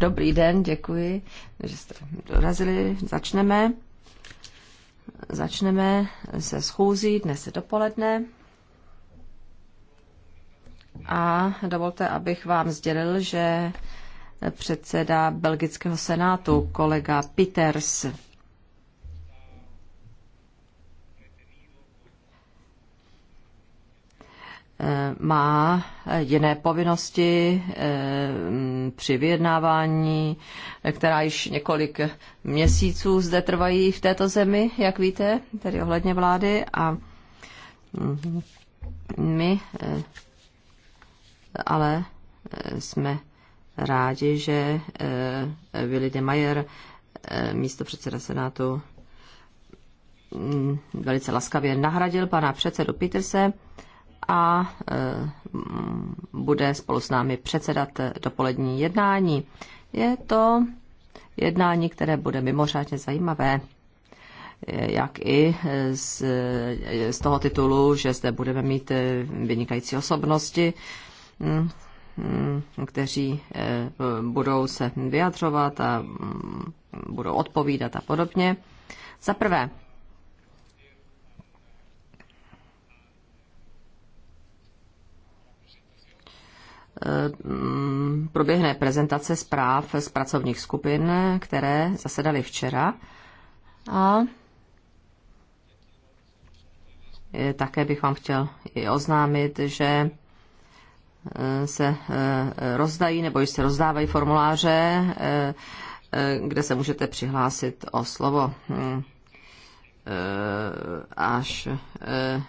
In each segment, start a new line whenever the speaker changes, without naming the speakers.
Dobrý
den, děkuji, že jste dorazili. Začneme. Začneme se schůzí dnes dopoledne. A dovolte, abych vám sdělil, že předseda Belgického senátu, kolega Peters, má jiné povinnosti eh, při vyjednávání, která již několik měsíců zde trvají v této zemi, jak víte, tedy ohledně vlády. A mm, my eh, ale eh, jsme rádi, že Willy de Mayer, místo předseda Senátu, mm, velice laskavě nahradil pana předsedu Peterse a e, bude spolu s námi předsedat dopolední jednání. Je to jednání, které bude mimořádně zajímavé, e, jak i z, e, z toho titulu, že zde budeme mít vynikající osobnosti, kteří budou se vyjadřovat a budou odpovídat a podobně. Za prvé, Eh, proběhne prezentace zpráv z pracovních skupin, které zasedaly včera. A eh, také bych vám chtěl i oznámit, že eh, se rozdají nebo se rozdávají formuláře, kde se můžete přihlásit o slovo. Hmm. Eh, až eh,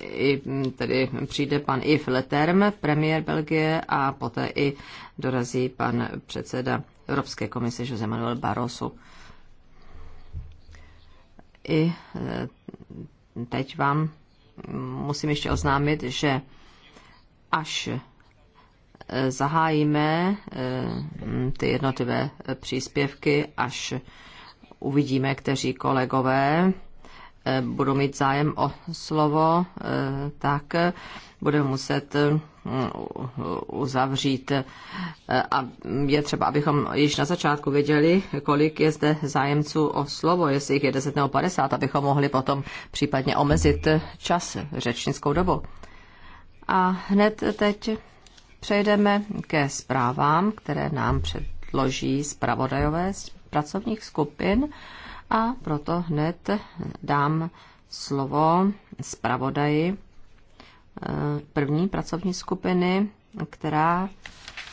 i hm, tedy přijde pan Yves Leterm, premiér Belgie, a poté i dorazí pan předseda Evropské komise Jose Manuel Barroso. I eh, teď vám musím ještě oznámit, že až zahájíme hm, ty jednotlivé příspěvky, až uvidíme, kteří kolegové Eh, budou mít zájem o slovo, eh, tak eh, budeme muset uzavřít. A je třeba, abychom již na začátku věděli, kolik je zde zájemců o slovo, jestli jich je 10 nebo 50, abychom mohli potom případně omezit čas řečnickou dobu. A hned teď přejdeme ke zprávám, které nám předloží zpravodajové z pracovních skupin. A proto hned dám slovo zpravodaji eh, první pracovní skupiny, která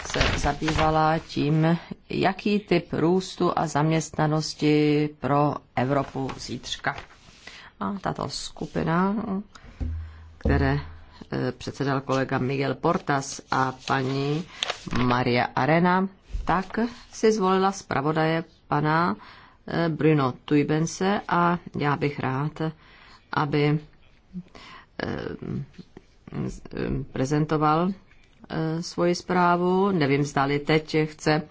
se zabývala tím, jaký typ růstu a zaměstnanosti pro Evropu zítřka. A tato skupina, které eh, předsedal kolega Miguel Portas a paní Maria Arena, tak si zvolila zpravodaje pana Bruno Tuibense a já bych rád, aby eh, eh, prezentoval eh, svoji zprávu. Nevím, zdali teď chce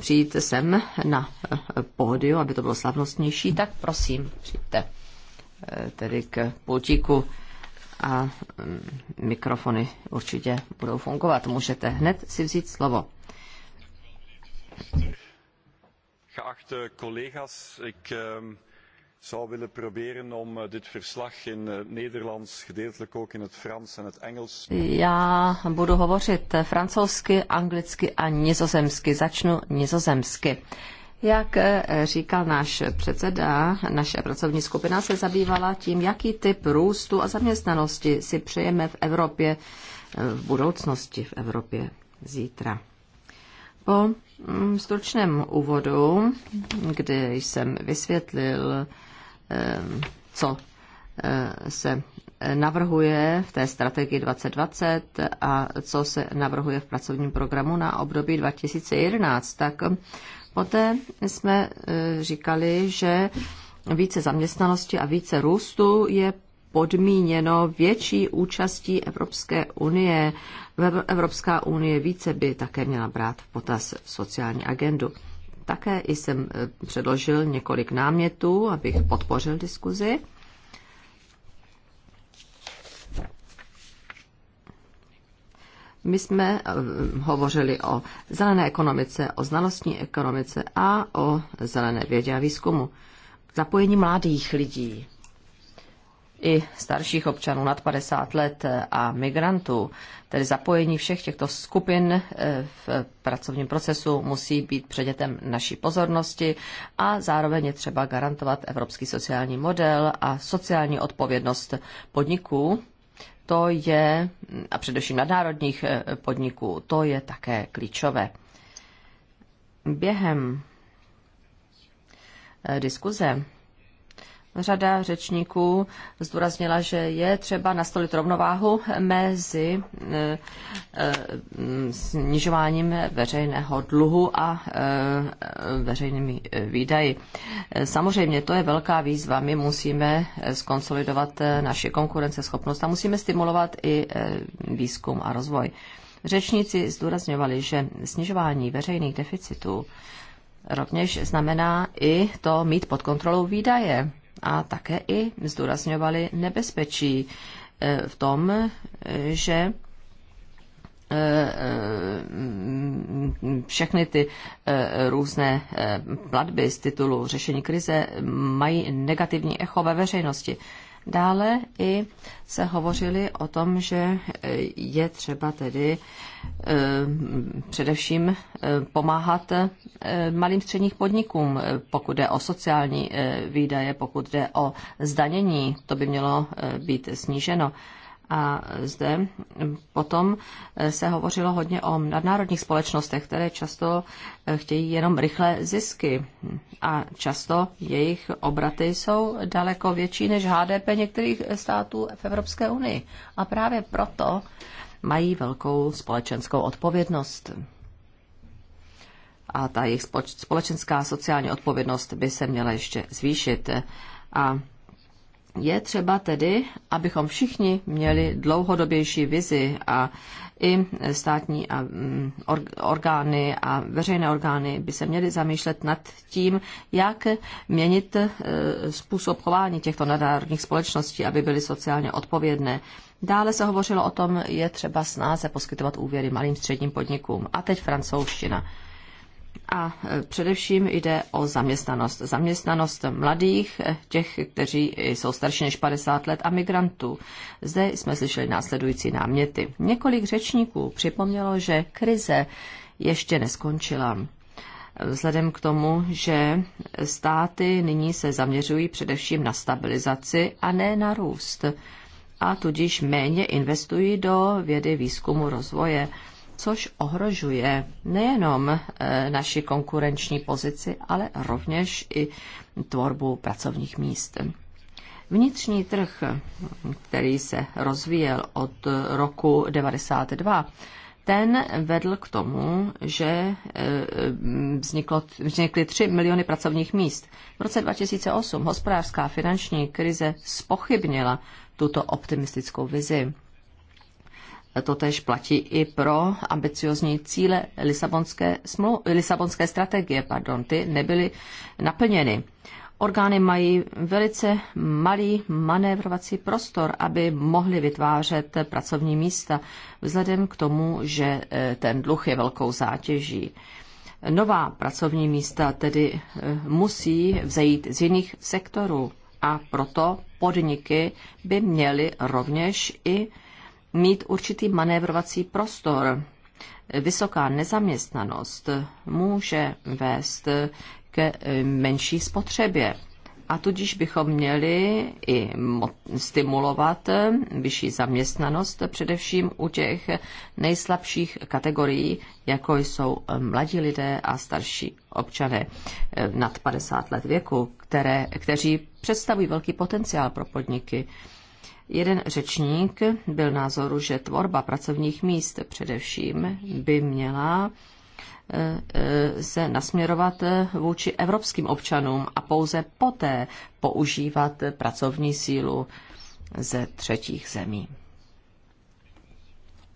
přijít sem na pódiu, aby to bylo slavnostnější, tak prosím, přijďte tedy k pultíku a mm, mikrofony určitě budou fungovat. Můžete hned si vzít slovo
geachte collega's, ik ehm, zou willen proberen
om eh, dit verslag in het eh, Nederlands, gedeeltelijk ook in het Frans en het Engels. Ja,
budu hovořit eh, francouzsky, anglicky a nizozemsky. Začnu nizozemsky. Jak říkal náš předseda, naše pracovní skupina se zabývala tím, jaký typ růstu a zaměstnanosti si přejeme v Evropě v budoucnosti, v Evropě zítra. Po stručném úvodu, kdy jsem vysvětlil, co eh, se navrhuje v té strategii 2020 a co se navrhuje v pracovním programu na období 2011, tak poté jsme eh, říkali, že více zaměstnanosti a více růstu je podmíněno větší účastí Evropské unie. Evropská unie více by také měla brát v potaz sociální agendu. Také jsem e, předložil několik námětů, abych podpořil diskuzi. My jsme e, hovořili o zelené ekonomice, o znalostní ekonomice a o zelené vědě a výzkumu. Zapojení mladých lidí i starších občanů nad 50 let a migrantů, tedy zapojení všech těchto skupin eh, v pracovním procesu musí být předmětem naší pozornosti a zároveň je třeba garantovat evropský sociální model a sociální odpovědnost podniků. To je, a především nadnárodních eh, podniků, to je také klíčové. Během eh, diskuze Řada řečníků zdůraznila, že je třeba nastolit rovnováhu mezi eh, eh, snižováním veřejného dluhu a eh, veřejnými výdaji. Samozřejmě to je velká výzva. My musíme skonsolidovat naši konkurenceschopnost a musíme stimulovat i výzkum a rozvoj. Řečníci zdůrazňovali, že snižování veřejných deficitů rovněž znamená i to mít pod kontrolou výdaje a také i zdůrazňovali nebezpečí e, v tom, e, že e, všechny ty různé platby z titulu řešení krize mají negativní echo ve veřejnosti. Dále i se hovořili o tom, že e, je třeba tedy e, především e, pomáhat malým středních podnikům, pokud jde o sociální výdaje, pokud jde o zdanění, to by mělo být sníženo. A zde potom eh, se hovořilo hodně o nadnárodních společnostech, které často eh, chtějí jenom rychlé zisky a často jejich obraty jsou daleko větší než HDP některých států v Evropské unii. A právě proto mají velkou společenskou odpovědnost. A ta jejich společenská sociální odpovědnost by se měla ještě zvýšit. A je třeba tedy, abychom všichni měli dlouhodobější vizi a i státní a, mm, orgány a veřejné orgány by se měly zamýšlet nad tím, jak měnit e, způsob chování těchto nadárodních společností, aby byly sociálně odpovědné. Dále se hovořilo o tom, je třeba snáze poskytovat úvěry malým středním podnikům. A teď francouzština. A e, především jde o zaměstnanost. Zaměstnanost mladých, e, těch, kteří jsou starší než 50 let a migrantů. Zde jsme slyšeli následující náměty. Několik řečníků připomnělo, že krize ještě neskončila. Vzhledem k tomu, že státy nyní se zaměřují především na stabilizaci a ne na růst a tudíž méně investují do vědy, výzkumu, rozvoje což ohrožuje nejenom e, naši konkurenční pozici, ale rovněž i tvorbu pracovních míst. Vnitřní trh, který se rozvíjel od roku 1992, ten vedl k tomu, že e, vzniklo, vznikly 3 miliony pracovních míst. V roce 2008 hospodářská finanční krize spochybnila tuto optimistickou vizi to tež platí i pro ambiciozní cíle Lisabonské, smlu- Lisabonské strategie. Pardon, ty nebyly naplněny. Orgány mají velice malý manévrovací prostor, aby mohly vytvářet pracovní místa, vzhledem k tomu, že eh, ten dluh je velkou zátěží. Nová pracovní místa tedy eh, musí vzejít z jiných sektorů a proto podniky by měly rovněž i mít určitý manévrovací prostor. Vysoká nezaměstnanost může vést ke eh, menší spotřebě. A tudíž bychom měli i stimulovat eh, vyšší zaměstnanost, především u těch nejslabších kategorií, jako jsou eh, mladí lidé a starší občané nad 50 let věku, které, kteří představují velký potenciál pro podniky. Jeden řečník byl názoru, že tvorba pracovních míst především by měla eh, eh, se nasměrovat vůči evropským občanům a pouze poté používat pracovní sílu ze třetích zemí.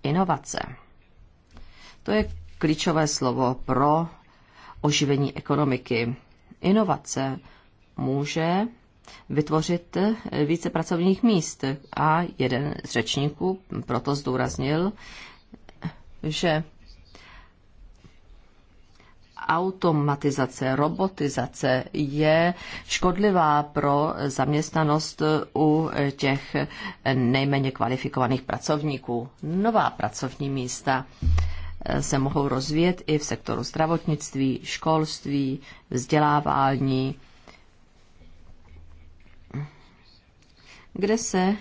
Inovace. To je klíčové slovo pro oživení ekonomiky. Inovace může vytvořit eh, více pracovních míst. A jeden z řečníků proto zdůraznil, že automatizace, robotizace je škodlivá pro zaměstnanost u těch nejméně kvalifikovaných pracovníků. Nová pracovní místa eh, se mohou rozvíjet i v sektoru zdravotnictví, školství, vzdělávání, kde se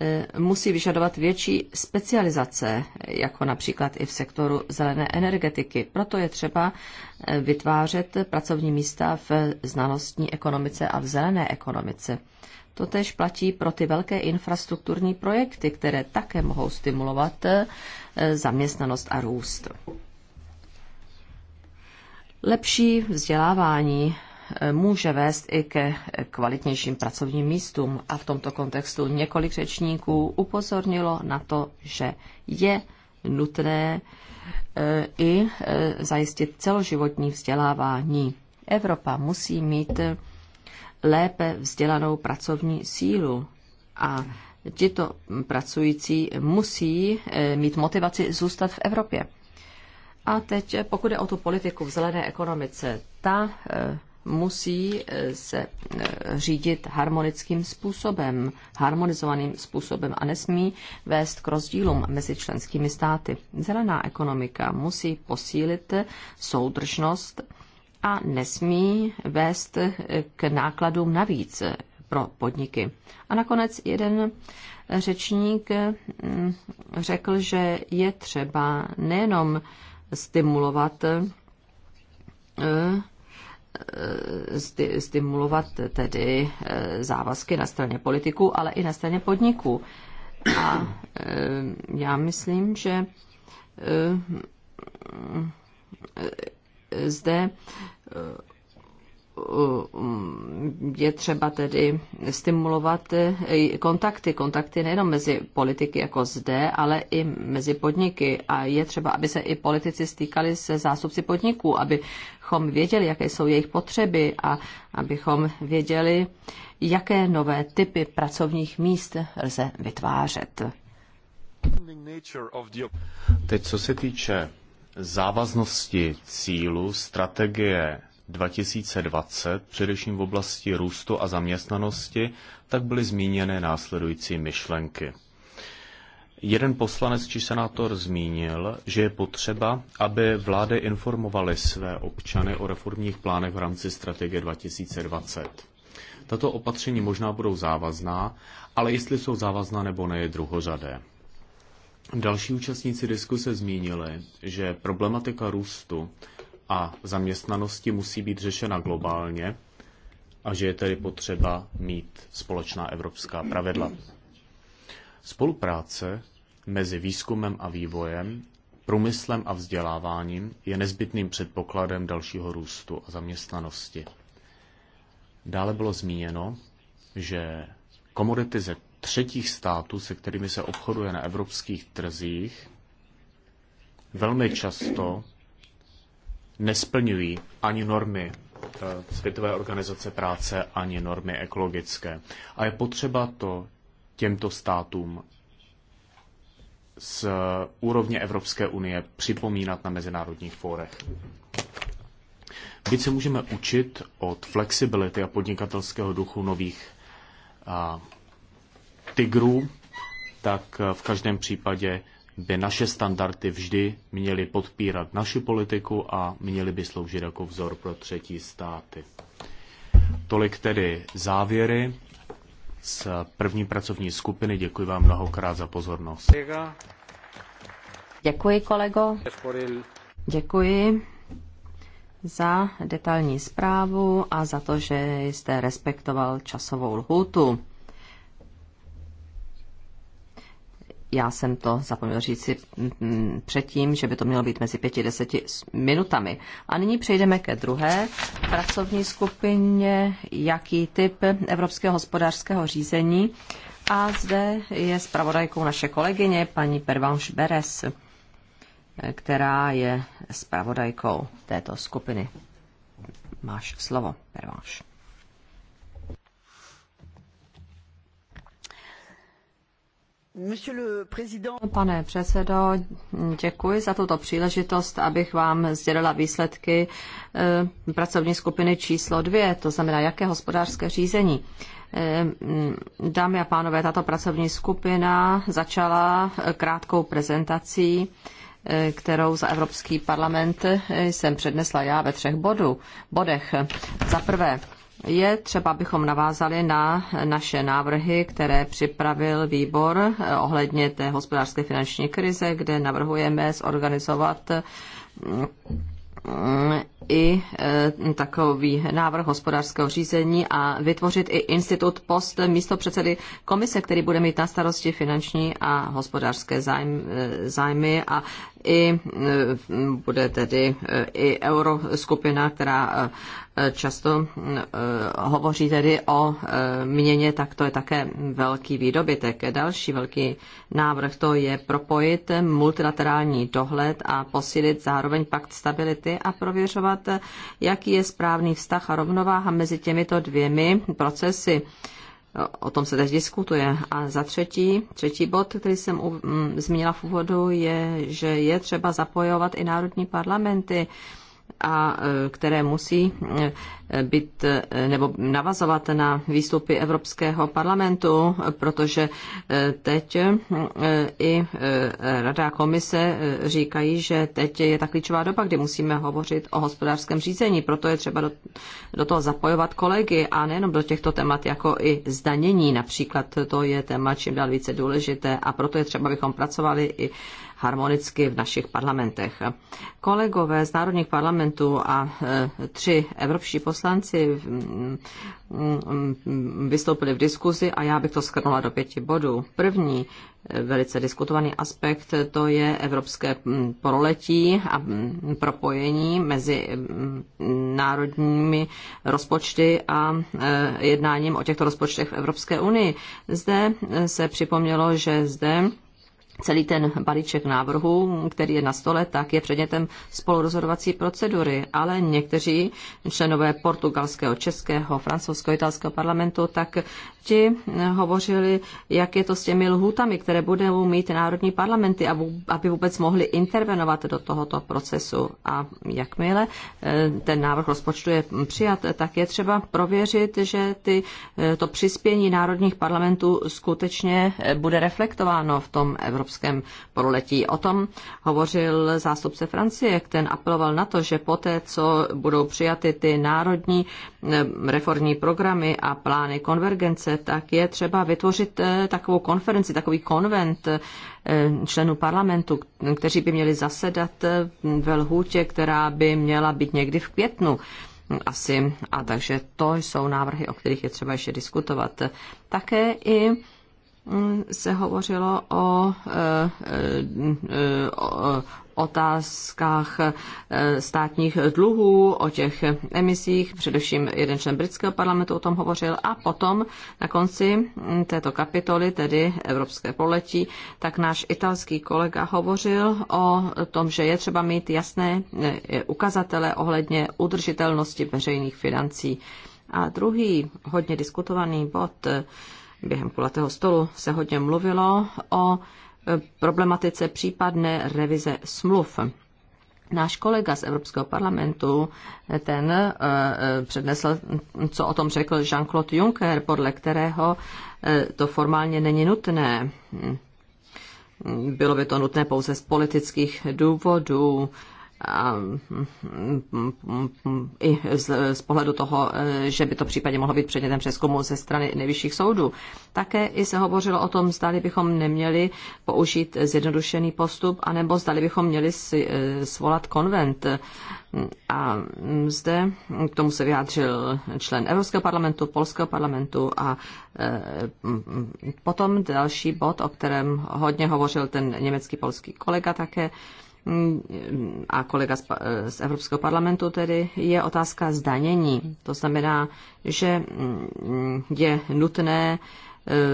e, musí vyžadovat větší specializace, jako například i v sektoru zelené energetiky. Proto je třeba e, vytvářet pracovní místa v znalostní ekonomice a v zelené ekonomice. Totež platí pro ty velké infrastrukturní projekty, které také mohou stimulovat e, zaměstnanost a růst. Lepší vzdělávání Eh, může vést i ke kvalitnějším pracovním místům. A v tomto kontextu několik řečníků upozornilo na to, že je nutné eh, i eh, zajistit celoživotní vzdělávání. Evropa musí mít lépe vzdělanou pracovní sílu a tito pracující musí mít motivaci zůstat v Evropě. A teď, pokud je o tu politiku v zelené ekonomice, ta musí eh, se eh, řídit harmonickým způsobem, harmonizovaným způsobem a nesmí vést k rozdílům mezi členskými státy. Zelená ekonomika musí posílit soudržnost a nesmí vést eh, k nákladům navíc pro podniky. A nakonec jeden řečník mm, řekl, že je třeba nejenom stimulovat Eh, stimulovat tedy eh, závazky na straně politiků, ale i na straně podniků. A eh, já myslím, že zde Eh, je třeba tedy stimulovat eh, kontakty. Kontakty nejenom mezi politiky jako zde, ale i mezi podniky. A je třeba, aby se i politici stýkali se zástupci podniků, abychom věděli, jaké jsou jejich potřeby a abychom věděli, jaké nové typy pracovních míst lze vytvářet.
Teď, co se týče závaznosti cílu strategie 2020, především v oblasti růstu a zaměstnanosti, tak byly zmíněny následující myšlenky. Jeden poslanec či senátor zmínil, že je potřeba, aby vlády informovaly své občany o reformních plánech v rámci strategie 2020. Tato opatření možná budou závazná, ale jestli jsou závazná nebo ne, je druhořadé. Další účastníci diskuse zmínili, že problematika růstu a zaměstnanosti musí být řešena globálně a že je tedy potřeba mít společná evropská pravidla. Spolupráce mezi výzkumem a vývojem, průmyslem a vzděláváním je nezbytným předpokladem dalšího růstu a zaměstnanosti. Dále bylo zmíněno, že komodity ze třetích států, se kterými se obchoduje na evropských trzích, velmi často nesplňují ani normy eh, Světové organizace práce, ani normy ekologické. A je potřeba to těmto státům z úrovně Evropské unie připomínat na mezinárodních fórech. Byť se můžeme učit od flexibility a podnikatelského duchu nových a, eh, tigrů, tak eh, v každém případě by naše standardy vždy měly podpírat naši politiku a měly by sloužit jako vzor pro třetí státy. Tolik tedy závěry z první pracovní skupiny. Děkuji vám mnohokrát za pozornost.
Děkuji, kolego. Děkuji za detailní zprávu a za to, že jste respektoval časovou lhůtu. Já jsem to zapomněl říci mm, mm, předtím, že by to mělo být mezi pěti deseti minutami. A nyní přejdeme ke druhé pracovní skupině, jaký typ evropského hospodářského řízení. A zde je zpravodajkou naše kolegyně, paní Pervanš Beres, která je zpravodajkou této skupiny. Máš slovo, Pervanš. Pane předsedo, děkuji za tuto příležitost, abych vám sdělila výsledky eh, pracovní skupiny číslo dvě, to znamená, jaké hospodářské řízení. Eh, dámy a pánové, tato pracovní skupina začala krátkou prezentací, eh, kterou za Evropský parlament jsem přednesla já ve třech bodu, bodech. Za prvé, je třeba, abychom navázali na naše návrhy, které připravil výbor eh, ohledně té hospodářské finanční krize, kde navrhujeme zorganizovat mm, i eh, takový návrh hospodářského řízení a vytvořit i institut post místo předsedy komise, který bude mít na starosti finanční a hospodářské eh, zájmy a i e, bude tedy e, i euroskupina, která e, často hovoří tedy o měně, tak to je také velký výdobytek. Další velký návrh to je propojit multilaterální dohled a posílit zároveň pakt stability a prověřovat, jaký je správný vztah a rovnováha mezi těmito dvěmi procesy. O tom se teď diskutuje. A za třetí, třetí bod, který jsem zmínila v úvodu, je, že je třeba zapojovat i národní parlamenty a e, které musí e, být e, nebo navazovat na výstupy Evropského parlamentu, protože teď i Rada komise říkají, že teď je ta klíčová doba, kdy musíme hovořit o hospodářském řízení, proto je třeba do, do toho zapojovat kolegy a nejenom do těchto témat, jako i zdanění například, to je téma čím dál více důležité a proto je třeba, abychom pracovali i harmonicky v našich parlamentech. Kolegové z národních parlamentů a e, tři evropští poslanci mm, vystoupili v diskuzi a já bych to skrnula do pěti bodů. První e, velice diskutovaný aspekt, to je evropské mm, proletí a mm, propojení mezi národními rozpočty a e, jednáním o těchto rozpočtech v Evropské unii. Zde se připomnělo, že zde celý ten balíček návrhů, který je na stole, tak je předmětem spolurozhodovací procedury, ale někteří členové portugalského, českého, francouzského, italského parlamentu, tak ti hovořili, jak je to s těmi lhůtami, které budou mít národní parlamenty, aby vůbec mohli intervenovat do tohoto procesu. A jakmile eh, ten návrh rozpočtu je přijat, tak je třeba prověřit, že ty, eh, to přispění národních parlamentů skutečně eh, bude reflektováno v tom Evropě evropském pololetí. O tom hovořil zástupce Francie, ten apeloval na to, že poté, co budou přijaty ty národní eh, reformní programy a plány konvergence, tak je třeba vytvořit eh, takovou konferenci, takový konvent eh, členů parlamentu, kteří by měli zasedat ve lhůtě, která by měla být někdy v květnu asi. A takže to jsou návrhy, o kterých je třeba ještě diskutovat. Také i se hovořilo o, eh, eh, o otázkách eh, státních dluhů, o těch emisích, především jeden člen britského parlamentu o tom hovořil a potom na konci této kapitoly, tedy Evropské poletí, tak náš italský kolega hovořil o tom, že je třeba mít jasné ukazatele ohledně udržitelnosti veřejných financí. A druhý hodně diskutovaný bod během kulatého stolu se hodně mluvilo o e, problematice případné revize smluv. Náš kolega z Evropského parlamentu, e, ten e, přednesl, co o tom řekl Jean-Claude Juncker, podle kterého to formálně není nutné. Bylo by to nutné pouze z politických důvodů, a, mm, mm, mm, i z, z pohledu toho, e, že by to případně mohlo být předmětem přeskumu ze strany nejvyšších soudů. Také i se hovořilo o tom, zdali bychom neměli použít zjednodušený postup, anebo zdali bychom měli si, e, svolat konvent. A zde k tomu se vyjádřil člen Evropského parlamentu, Polského parlamentu a e, potom další bod, o kterém hodně hovořil ten německý polský kolega také, a kolega z Evropského parlamentu tedy, je otázka zdanění. To znamená, že mm, je nutné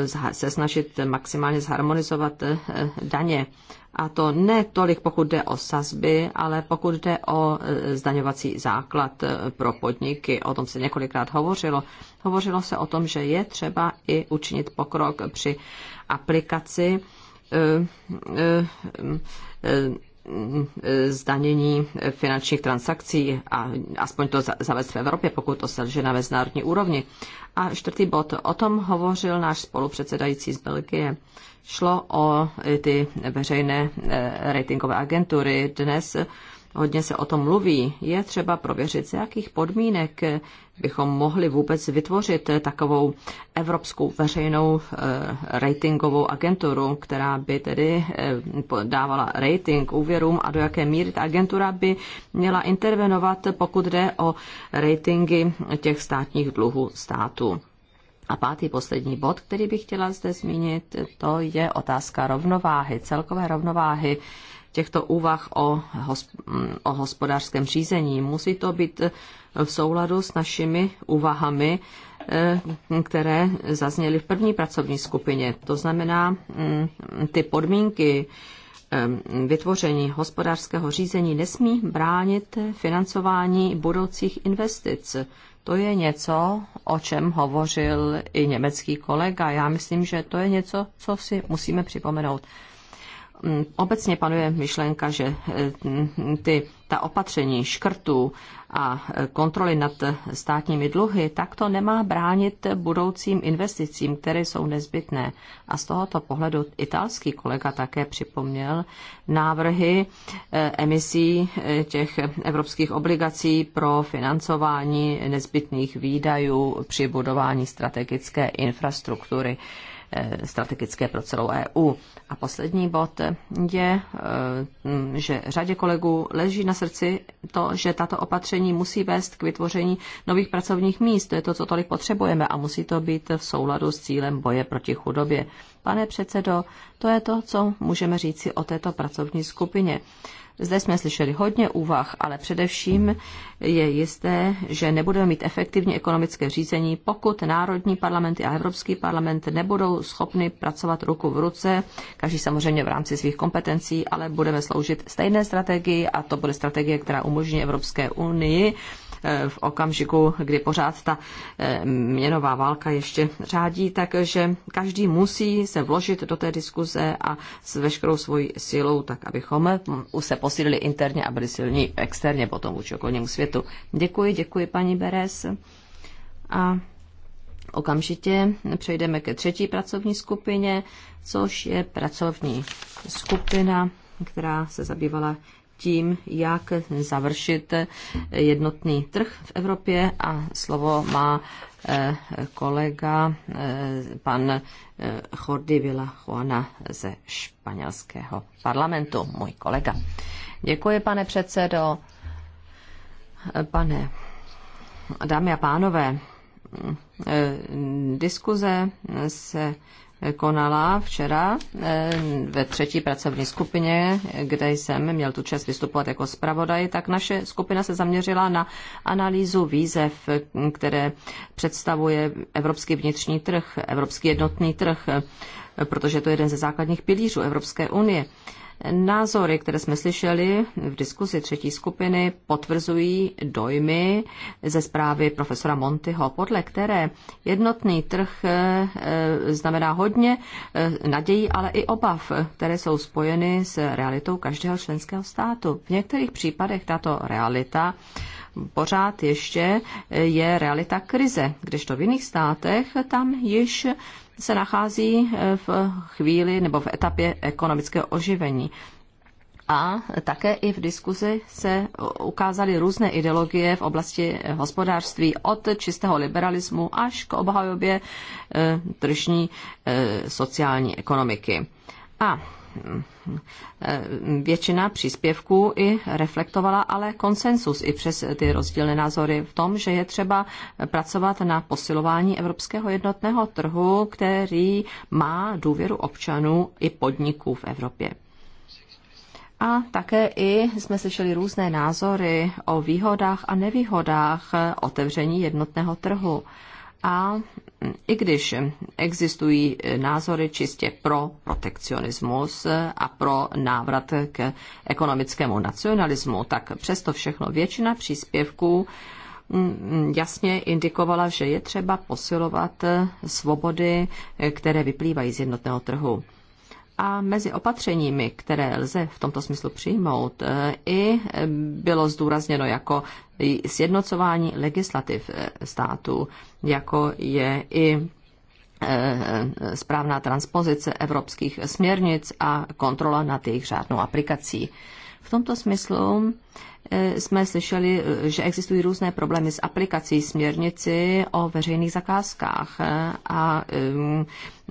eh, se snažit maximálně zharmonizovat eh, daně. A to ne tolik, pokud jde o sazby, ale pokud jde o eh, zdaňovací základ pro podniky. O tom se několikrát hovořilo. Hovořilo se o tom, že je třeba i učinit pokrok při aplikaci mm, zdanění finančních transakcí a aspoň to zavést v Evropě, pokud to selže na mezinárodní úrovni. A čtvrtý bod, o tom hovořil náš spolupředsedající z Belgie. Šlo o ty veřejné eh, ratingové agentury. Dnes hodně se o tom mluví, je třeba prověřit, z jakých podmínek bychom mohli vůbec vytvořit takovou evropskou veřejnou eh, ratingovou agenturu, která by tedy eh, dávala rating úvěrům a do jaké míry ta agentura by měla intervenovat, pokud jde o ratingy těch státních dluhů státu. A pátý poslední bod, který bych chtěla zde zmínit, to je otázka rovnováhy, celkové rovnováhy těchto úvah o, mm, o hospodářském řízení. Musí to být eh, v souladu s našimi úvahami, eh, které zazněly v první pracovní skupině. To znamená, mm, ty podmínky eh, vytvoření hospodářského řízení nesmí bránit financování budoucích investic. To je něco, o čem hovořil i německý kolega. Já myslím, že to je něco, co si musíme připomenout. Mm, obecně panuje myšlenka, že mm, ty, ta opatření škrtů a e, kontroly nad státními dluhy, tak to nemá bránit budoucím investicím, které jsou nezbytné. A z tohoto pohledu italský kolega také připomněl návrhy e, emisí e, těch evropských obligací pro financování nezbytných výdajů při budování strategické infrastruktury strategické pro celou EU. A poslední bod je, eh, že řadě kolegů leží na srdci to, že tato opatření musí vést k vytvoření nových pracovních míst. To je to, co tolik potřebujeme a musí to být v souladu s cílem boje proti chudobě. Pane předsedo, to je to, co můžeme říci o této pracovní skupině. Zde jsme slyšeli hodně úvah, ale především je jisté, že nebudeme mít efektivní ekonomické řízení, pokud národní parlamenty a Evropský parlament nebudou schopny pracovat ruku v ruce, každý samozřejmě v rámci svých kompetencí, ale budeme sloužit stejné strategii a to bude strategie, která umožní Evropské unii Eh, v okamžiku, kdy pořád ta eh, měnová válka ještě řádí, takže každý musí se vložit do té diskuze a s veškerou svojí silou, tak abychom hm, se posílili interně a byli silní externě potom vůči okolnímu světu. Děkuji, děkuji paní Beres. A Okamžitě přejdeme ke třetí pracovní skupině, což je pracovní skupina, která se zabývala tím, jak završit jednotný trh v Evropě a slovo má eh, kolega eh, pan eh, Jordi Vila Juana ze španělského parlamentu, můj kolega. Děkuji, pane předsedo. Pane, dámy a pánové, diskuze se konala včera eh, ve třetí pracovní skupině, kde jsem měl tu čest vystupovat jako zpravodaj, tak naše skupina se zaměřila na analýzu výzev, které představuje evropský vnitřní trh, evropský jednotný trh, protože to je jeden ze základních pilířů Evropské unie. Názory, které jsme slyšeli v diskuzi třetí skupiny, potvrzují dojmy ze zprávy profesora Montyho, podle které jednotný trh eh, eh, znamená hodně eh, nadějí, ale i obav, které jsou spojeny s realitou každého členského státu. V některých případech tato realita pořád ještě je realita krize, kdežto v jiných státech tam již se nachází eh, v chvíli nebo v etapě ekonomického oživení. A také i v diskuzi se ukázaly různé ideologie v oblasti eh, hospodářství od čistého liberalismu až k obhajobě eh, tržní sociální ekonomiky. A hm, Eh, většina příspěvků i reflektovala ale konsensus i přes ty rozdílné názory v tom, že je třeba pracovat na posilování evropského jednotného trhu, který má důvěru občanů i podniků v Evropě. A také i jsme slyšeli různé názory o výhodách a nevýhodách otevření jednotného trhu a i když existují názory čistě pro protekcionismus a pro návrat k ekonomickému nacionalismu, tak přesto všechno většina příspěvků mm, mm, jasně indikovala, že je třeba posilovat svobody, které vyplývají z jednotného trhu. A mezi opatřeními, které lze v tomto smyslu přijmout, e, i e, bylo zdůrazněno jako sjednocování legislativ e, států, jako je i správná transpozice evropských směrnic a kontrola nad jejich řádnou aplikací. V tomto smyslu jsme slyšeli, že existují různé problémy s aplikací směrnici o veřejných zakázkách a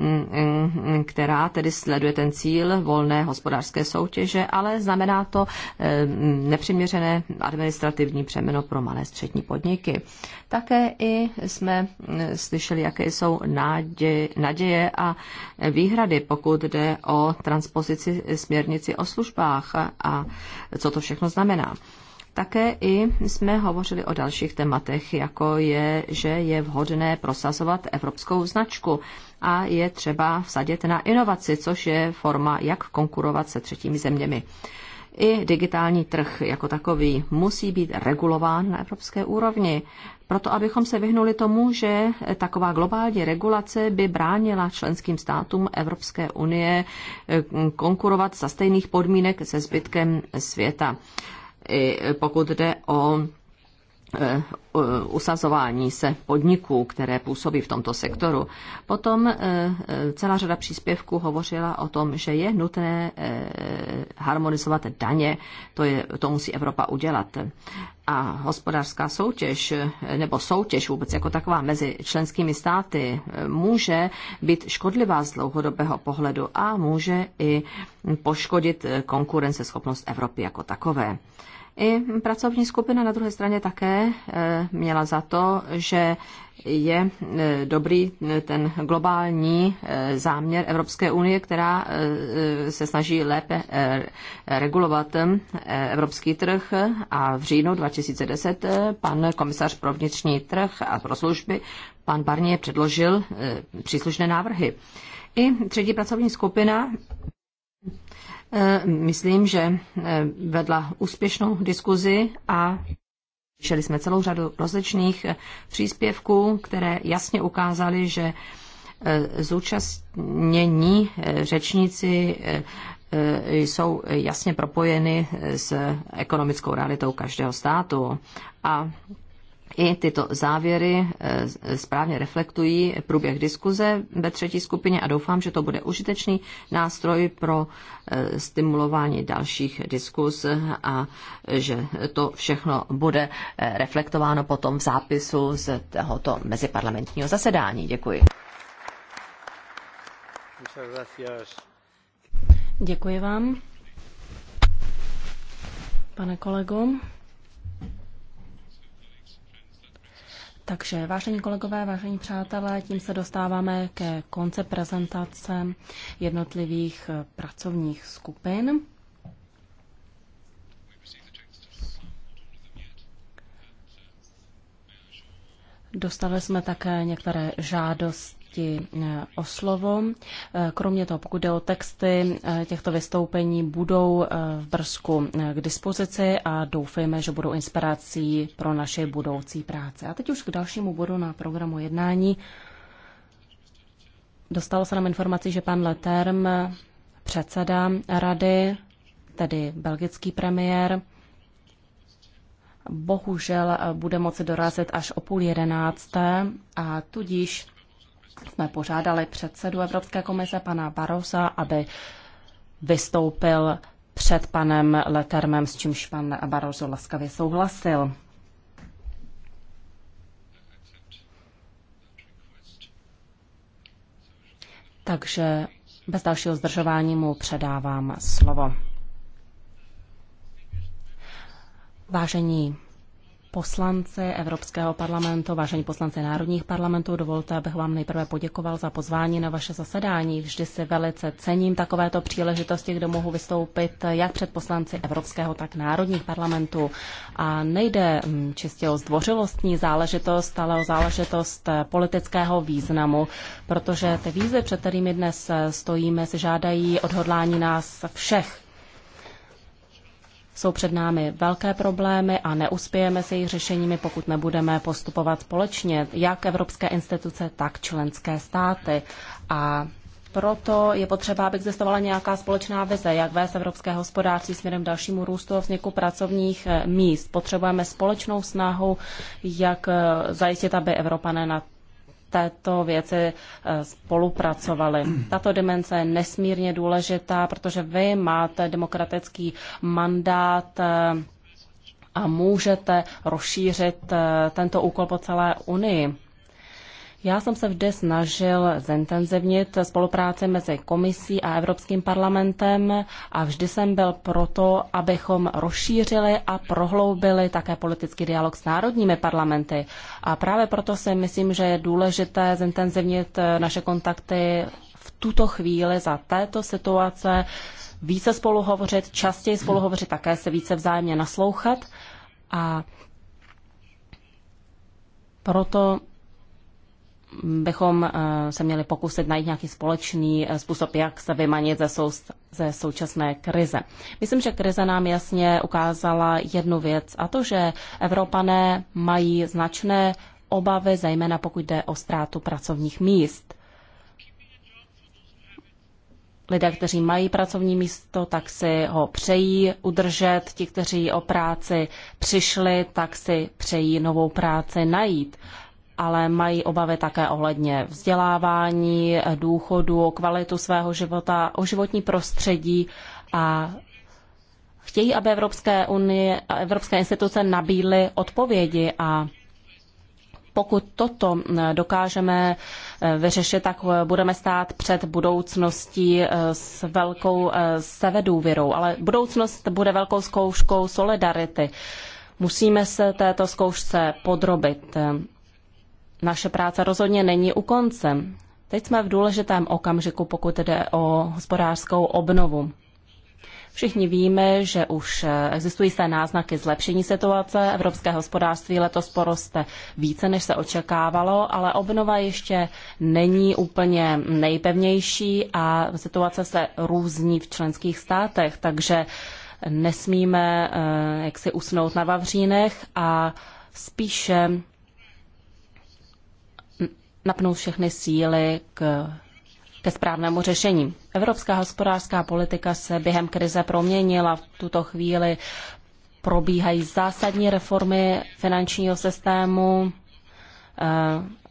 Mm, mm, která tedy sleduje ten cíl volné hospodářské soutěže, ale znamená to eh, nepřiměřené administrativní přemeno pro malé střední podniky. Také i jsme mm, slyšeli, jaké jsou naděje, naděje a výhrady, pokud jde o transpozici směrnici o službách a co to všechno znamená. Také i jsme hovořili o dalších tématech, jako je, že je vhodné prosazovat evropskou značku a je třeba vsadit na inovaci, což je forma, jak konkurovat se třetími zeměmi. I digitální trh jako takový musí být regulován na evropské úrovni, proto abychom se vyhnuli tomu, že taková globální regulace by bránila členským státům Evropské unie eh, konkurovat za stejných podmínek se zbytkem světa. I pokud jde o Eh, usazování se podniků, které působí v tomto sektoru. Potom eh, eh, celá řada příspěvků hovořila o tom, že je nutné harmonizovat daně, to, je, to musí Evropa udělat. A hospodářská soutěž, nebo soutěž vůbec jako taková mezi členskými státy, může být škodlivá z dlouhodobého pohledu a může i poškodit konkurenceschopnost Evropy jako takové. I pracovní skupina na druhé straně také eh, měla za to, že je eh, dobrý eh, ten globální záměr Evropské unie, která se snaží lépe regulovat evropský trh a v říjnu 2010 pan komisař pro vnitřní trh a pro služby, pan Barnier předložil příslušné návrhy. I třetí pracovní skupina Eh, myslím, že eh, vedla úspěšnou diskuzi a Šeli jsme celou řadu rozličných eh, příspěvků, které jasně ukázaly, že zúčastnění řečníci jsou jasně propojeny s ekonomickou realitou každého státu. A i tyto závěry eh, správně reflektují průběh diskuze ve třetí skupině a doufám, že to bude užitečný nástroj pro eh, stimulování dalších diskus a že to všechno bude eh, reflektováno potom v zápisu z tohoto meziparlamentního zasedání. Děkuji.
Děkuji vám, pane kolego. Takže, vážení kolegové, vážení přátelé, tím se dostáváme ke konce prezentace jednotlivých eh, pracovních skupin. Dostali jsme také některé žádosti žádosti eh, o slovo. Eh, kromě toho, pokud jde o texty eh, těchto vystoupení, budou v Brzku k dispozici a doufejme, že budou inspirací pro naše budoucí práce. A teď už k dalšímu bodu na programu jednání. Dostalo se nám informaci, že pan Leterm, předseda rady, tedy belgický premiér, bohužel bude moci dorazit až o půl jedenácté a tudíž jsme pořádali předsedu Evropské komise pana Barosa, aby vystoupil před panem Letermem, s čímž pan Barroso laskavě souhlasil. Takže bez dalšího zdržování mu předávám slovo. Vážení Poslance Evropského parlamentu, vážení poslanci národních parlamentů, dovolte, abych vám nejprve poděkoval za pozvání na vaše zasedání. Vždy si velice cením takovéto příležitosti, kde mohu vystoupit jak před poslanci Evropského, tak národních parlamentů. A nejde mm, čistě o zdvořilostní záležitost, ale o záležitost eh, politického významu, protože ty výzvy, před kterými dnes eh, stojíme, si žádají odhodlání nás všech jsou před námi velké problémy a neuspějeme s jejich řešeními, pokud nebudeme postupovat společně, jak evropské instituce, tak členské státy. A proto je potřeba, aby existovala nějaká společná vize, jak vést evropské hospodářství směrem dalšímu růstu a vzniku pracovních eh, míst. Potřebujeme společnou snahu, jak eh, zajistit, aby Evropané na této věci eh, spolupracovali. Tato dimenze je nesmírně důležitá, protože vy máte demokratický mandát eh, a můžete rozšířit eh, tento úkol po celé Unii. Já jsem se vždy snažil zintenzivnit spolupráci mezi komisí a Evropským parlamentem a vždy jsem byl proto, abychom rozšířili a prohloubili také politický dialog s národními parlamenty. A právě proto si myslím, že je důležité zintenzivnit naše kontakty v tuto chvíli za této situace, více spolu hovořit, častěji spolu hovořit, také se více vzájemně naslouchat. A proto bychom eh, se měli pokusit najít nějaký společný eh, způsob, jak se vymanit ze, sou, ze současné krize. Myslím, že krize nám jasně ukázala jednu věc, a to, že Evropané mají značné obavy, zejména pokud jde o ztrátu pracovních míst. Lidé, kteří mají pracovní místo, tak si ho přejí udržet. Ti, kteří o práci přišli, tak si přejí novou práci najít ale mají obavy také ohledně vzdělávání, důchodu, o kvalitu svého života, o životní prostředí a chtějí, aby Evropské unie Evropské instituce nabídly odpovědi a pokud toto dokážeme e, vyřešit, tak e, budeme stát před budoucností e, s velkou sevedůvěrou. Ale budoucnost bude velkou zkouškou solidarity. Musíme se této zkoušce podrobit naše práce rozhodně není u konce. Teď jsme v důležitém okamžiku, pokud jde o hospodářskou obnovu. Všichni víme, že už existují své náznaky zlepšení situace. Evropské hospodářství letos poroste více, než se očekávalo, ale obnova ještě není úplně nejpevnější a situace se různí v členských státech, takže nesmíme eh, jak si usnout na vavřínech a spíše napnout všechny síly k, ke správnému řešení. Evropská hospodářská politika se během krize proměnila. V tuto chvíli probíhají zásadní reformy finančního systému,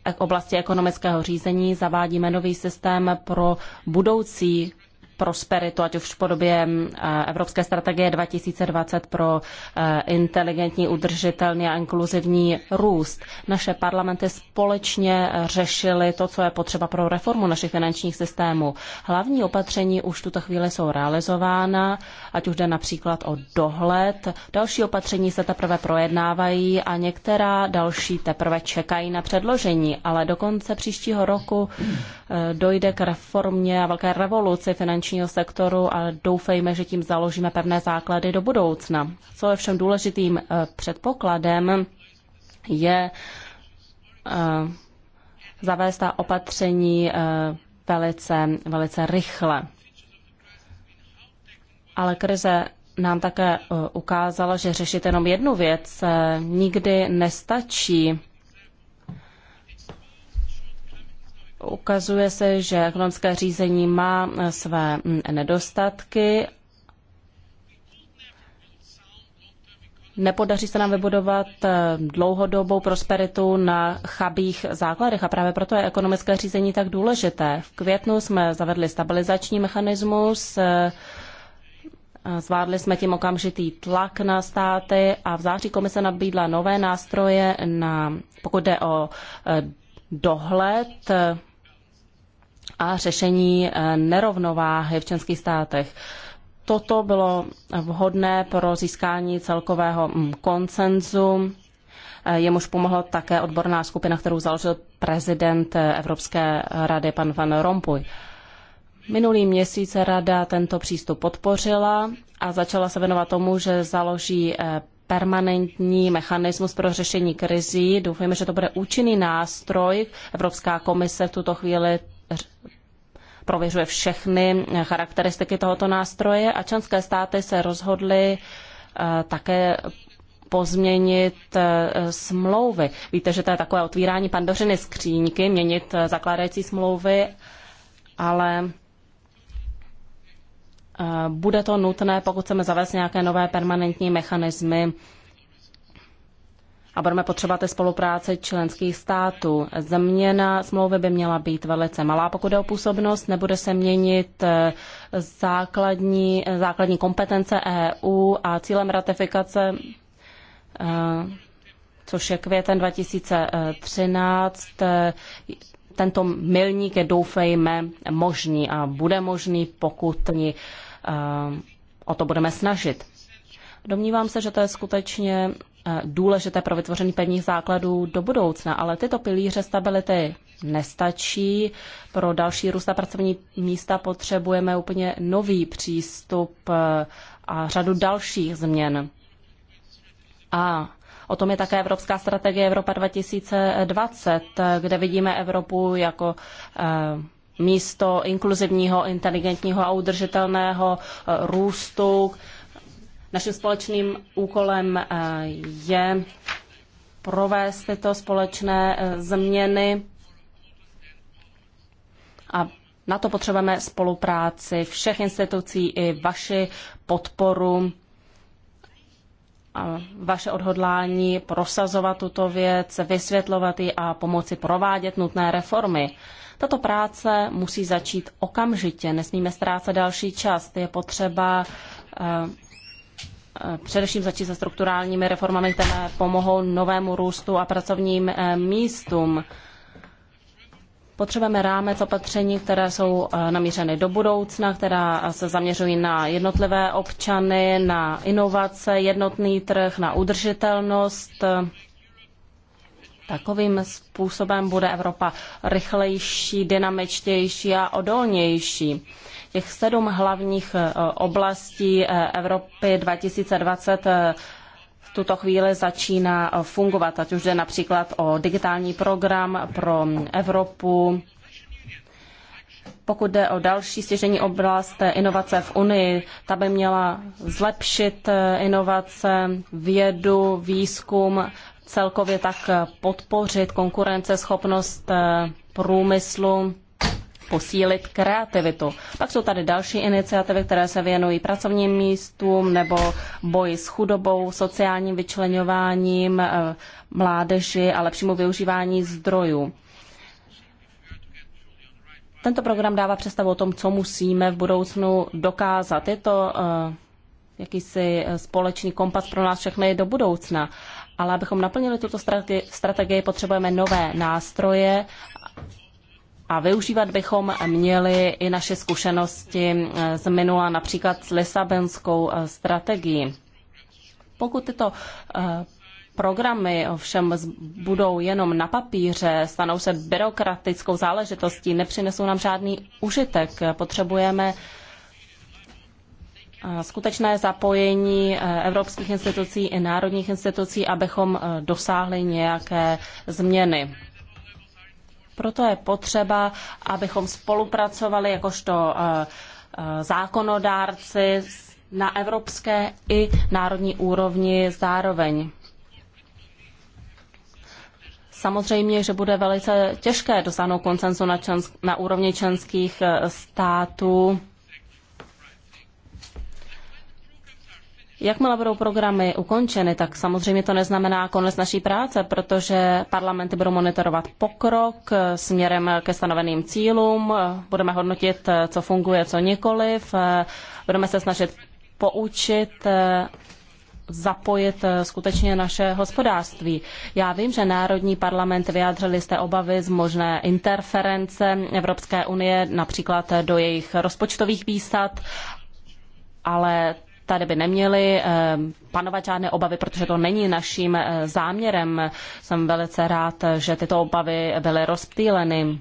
eh, v oblasti ekonomického řízení zavádíme nový systém pro budoucí prosperitu, ať už v podobě eh, Evropské strategie 2020 pro eh, inteligentní, udržitelný a inkluzivní růst. Naše parlamenty společně řešily to, co je potřeba pro reformu našich finančních systémů. Hlavní opatření už v tuto chvíli jsou realizována, ať už jde například o dohled. Další opatření se teprve projednávají a některá další teprve čekají na předložení, ale do konce příštího roku eh, dojde k reformě a velké revoluci finanční finančního sektoru a doufejme, že tím založíme pevné základy do budoucna. Co je všem důležitým eh, předpokladem, je eh, zavést ta opatření eh, velice, velice rychle. Ale krize nám také ukázala, že řešit jenom jednu věc nikdy nestačí. Ukazuje se, že ekonomické řízení má své nedostatky. Nepodaří se nám vybudovat dlouhodobou prosperitu na chabých základech a právě proto je ekonomické řízení tak důležité. V květnu jsme zavedli stabilizační mechanismus, Zvládli jsme tím okamžitý tlak na státy a v září komise nabídla nové nástroje, na, pokud jde o dohled a řešení eh, nerovnováhy v členských státech. Toto bylo vhodné pro získání celkového mm, koncenzu eh, jemuž pomohla také odborná skupina, kterou založil prezident eh, Evropské rady pan Van Rompuy. Minulý měsíc rada tento přístup podpořila a začala se věnovat tomu, že založí permanentní mechanismus pro řešení krizí. Doufujeme, že to bude účinný nástroj. Evropská komise v tuto chvíli prověřuje všechny charakteristiky tohoto nástroje a členské státy se rozhodly eh, také pozměnit eh, smlouvy. Víte, že to je takové otvírání pandořiny skříňky, měnit eh, zakládající smlouvy, ale bude to nutné, pokud chceme zavést nějaké nové permanentní mechanismy a budeme potřebovat i spolupráci členských států. Změna smlouvy by měla být velice malá, pokud je o působnost, nebude se měnit eh, základní, eh, základní kompetence EU a cílem ratifikace eh, což je květen 2013. Tento milník je, doufejme, možný a bude možný, pokud o to budeme snažit. Domnívám se, že to je skutečně eh, důležité pro vytvoření pevných základů do budoucna, ale tyto pilíře stability nestačí. Pro další růst a pracovní místa potřebujeme úplně nový přístup eh, a řadu dalších změn. A o tom je také Evropská strategie Evropa 2020, kde vidíme Evropu jako eh, místo inkluzivního, inteligentního a udržitelného růstu, Naším společným úkolem eh, je provést tyto společné eh, změny a na to potřebujeme spolupráci všech institucí i vaši podporu a vaše odhodlání prosazovat tuto věc, vysvětlovat ji a pomoci provádět nutné reformy. Tato práce musí začít okamžitě, nesmíme ztrácet další čas. Je potřeba eh, především začít se strukturálními reformami, které pomohou novému růstu a pracovním eh, místům. Potřebujeme rámec opatření, které jsou eh, namířeny do budoucna, která se zaměřují na jednotlivé občany, na inovace, jednotný trh, na udržitelnost, Takovým způsobem bude Evropa rychlejší, dynamičtější a odolnější. Těch sedm hlavních e, oblastí e, Evropy 2020 e, v tuto chvíli začíná fungovat, ať už jde například o digitální program pro Evropu, pokud jde o další stěžení oblast inovace v Unii, ta by měla zlepšit inovace, vědu, výzkum celkově tak podpořit konkurenceschopnost eh, průmyslu, posílit kreativitu. Pak jsou tady další iniciativy, které se věnují pracovním místům nebo boji s chudobou, sociálním vyčlenováním eh, mládeži a lepšímu využívání zdrojů. Tento program dává představu o tom, co musíme v budoucnu dokázat. Je to eh, jakýsi společný kompas pro nás všechny do budoucna. Ale abychom naplnili tuto strategii, potřebujeme nové nástroje a využívat bychom měli i naše zkušenosti eh, z minula, například s Lisabonskou eh, strategií. Pokud tyto eh, programy ovšem budou jenom na papíře, stanou se byrokratickou záležitostí, nepřinesou nám žádný užitek. Potřebujeme skutečné zapojení eh, evropských institucí i národních institucí, abychom eh, dosáhli nějaké změny. Proto je potřeba, abychom spolupracovali jakožto eh, zákonodárci na evropské i národní úrovni zároveň. Samozřejmě, že bude velice těžké dosáhnout koncenzu na, na úrovni členských států Jakmile budou programy ukončeny, tak samozřejmě to neznamená konec naší práce, protože parlamenty budou monitorovat pokrok eh, směrem ke stanoveným cílům, eh, budeme hodnotit, eh, co funguje, co nikoliv, budeme se snažit poučit zapojit skutečně naše hospodářství. Já vím, že Národní parlament vyjádřili jste obavy z možné interference Evropské unie, například do jejich rozpočtových výstat, ale tady by neměly eh, panovat žádné obavy, protože to není naším eh, záměrem. Jsem velice rád, že tyto obavy byly rozptýleny.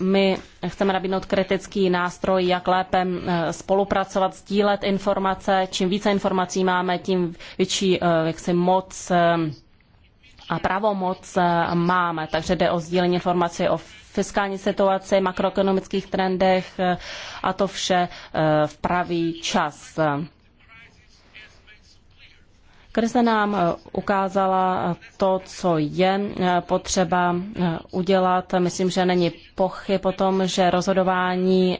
My chceme nabídnout kritický nástroj, jak lépe eh, spolupracovat, sdílet informace. Čím více informací máme, tím větší jaksi, moc a pravomoc máme. Takže jde o sdílení informací o fiskální situaci, makroekonomických trendech eh, a to vše eh, v pravý čas. Krize nám eh, ukázala to, co je eh, potřeba eh, udělat. Myslím, že není pochyb o tom, že rozhodování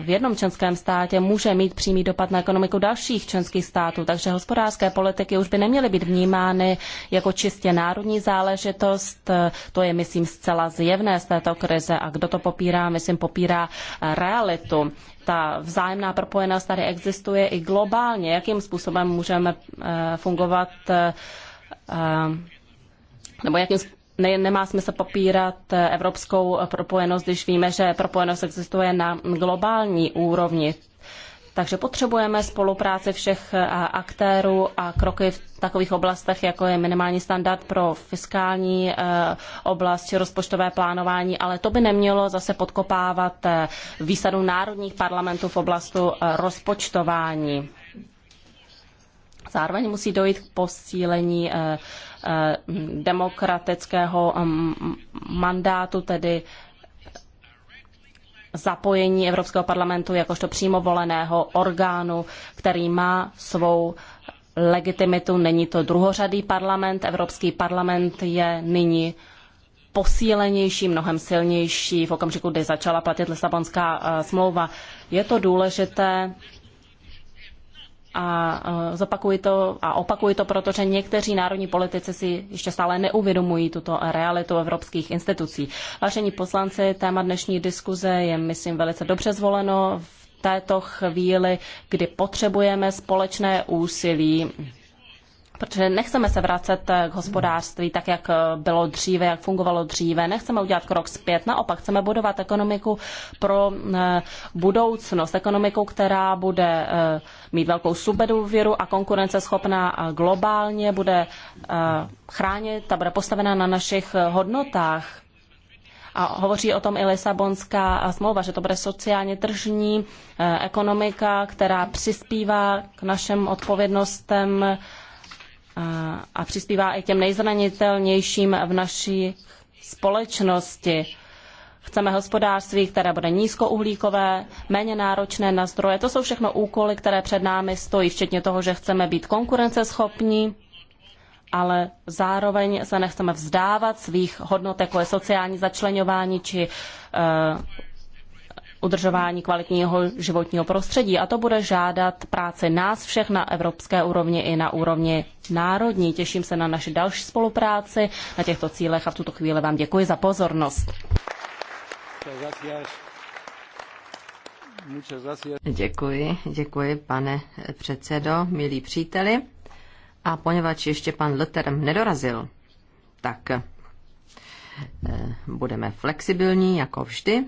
v jednom členském státě může mít přímý dopad na ekonomiku dalších členských států, takže hospodářské politiky už by neměly být vnímány jako čistě národní záležitost. To je, myslím, zcela zjevné z této krize a kdo to popírá, myslím, popírá realitu ta vzájemná propojenost tady existuje i globálně, jakým způsobem můžeme eh, fungovat, eh, eh, nebo jakým ne, nemá smysl popírat evropskou propojenost, když víme, že propojenost existuje na globální úrovni. Takže potřebujeme spolupráci všech eh, aktérů a kroky v takových oblastech, jako je minimální standard pro fiskální eh, oblast či rozpočtové plánování, ale to by nemělo zase podkopávat eh, výsadu národních parlamentů v oblasti rozpočtování. Zároveň musí dojít k posílení demokratického mm, mandátu, tedy zapojení Evropského parlamentu jakožto přímo voleného orgánu, který má svou legitimitu. Není to druhořadý parlament. Evropský parlament je nyní posílenější, mnohem silnější v okamžiku, kdy začala platit Lisabonská eh, smlouva. Je to důležité a e, zopakuji to a opakuji to, protože někteří národní politici si ještě stále neuvědomují tuto realitu evropských institucí. Vážení poslanci, téma dnešní diskuze je, myslím, velice dobře zvoleno v této chvíli, kdy potřebujeme společné úsilí protože nechceme se vracet k hospodářství tak, jak bylo dříve, jak fungovalo dříve. Nechceme udělat krok zpět, naopak chceme budovat ekonomiku pro eh, budoucnost, ekonomiku, která bude eh, mít velkou subedůvěru a konkurenceschopná a globálně, bude eh, chránit a bude postavená na našich hodnotách. A hovoří o tom i Lisabonská smlouva, že to bude sociálně tržní ekonomika, která přispívá k našem odpovědnostem a přispívá i těm nejzranitelnějším v naší společnosti. Chceme hospodářství, které bude nízkouhlíkové, méně náročné na zdroje. To jsou všechno úkoly, které před námi stojí, včetně toho, že chceme být konkurenceschopní, ale zároveň se nechceme vzdávat svých hodnot, jako je sociální začlenování či eh, udržování kvalitního životního prostředí a to bude žádat práci nás všech na evropské úrovni i na úrovni národní. Těším se na naši další spolupráci na těchto cílech a v tuto chvíli vám děkuji za pozornost.
Děkuji, děkuji, pane předsedo, milí příteli. A poněvadž ještě pan Leter nedorazil, tak eh, budeme flexibilní jako vždy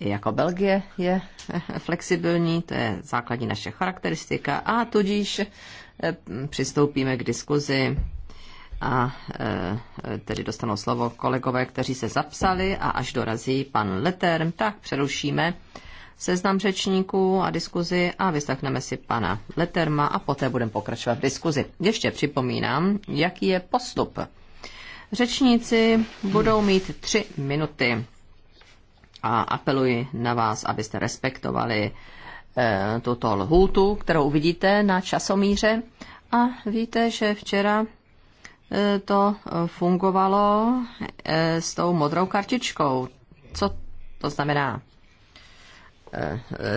jako Belgie je flexibilní, to je základní naše charakteristika a tudíž eh, přistoupíme k diskuzi a eh, tedy dostanou slovo kolegové, kteří se zapsali a až dorazí pan Leter, tak přerušíme seznam řečníků a diskuzi a vyslechneme si pana Leterma a poté budeme pokračovat v diskuzi. Ještě připomínám, jaký je postup. Řečníci budou mít tři minuty a apeluji na vás, abyste respektovali eh, tuto lhůtu, kterou vidíte na časomíře. A víte, že včera eh, to fungovalo eh, s tou modrou kartičkou. Co to znamená?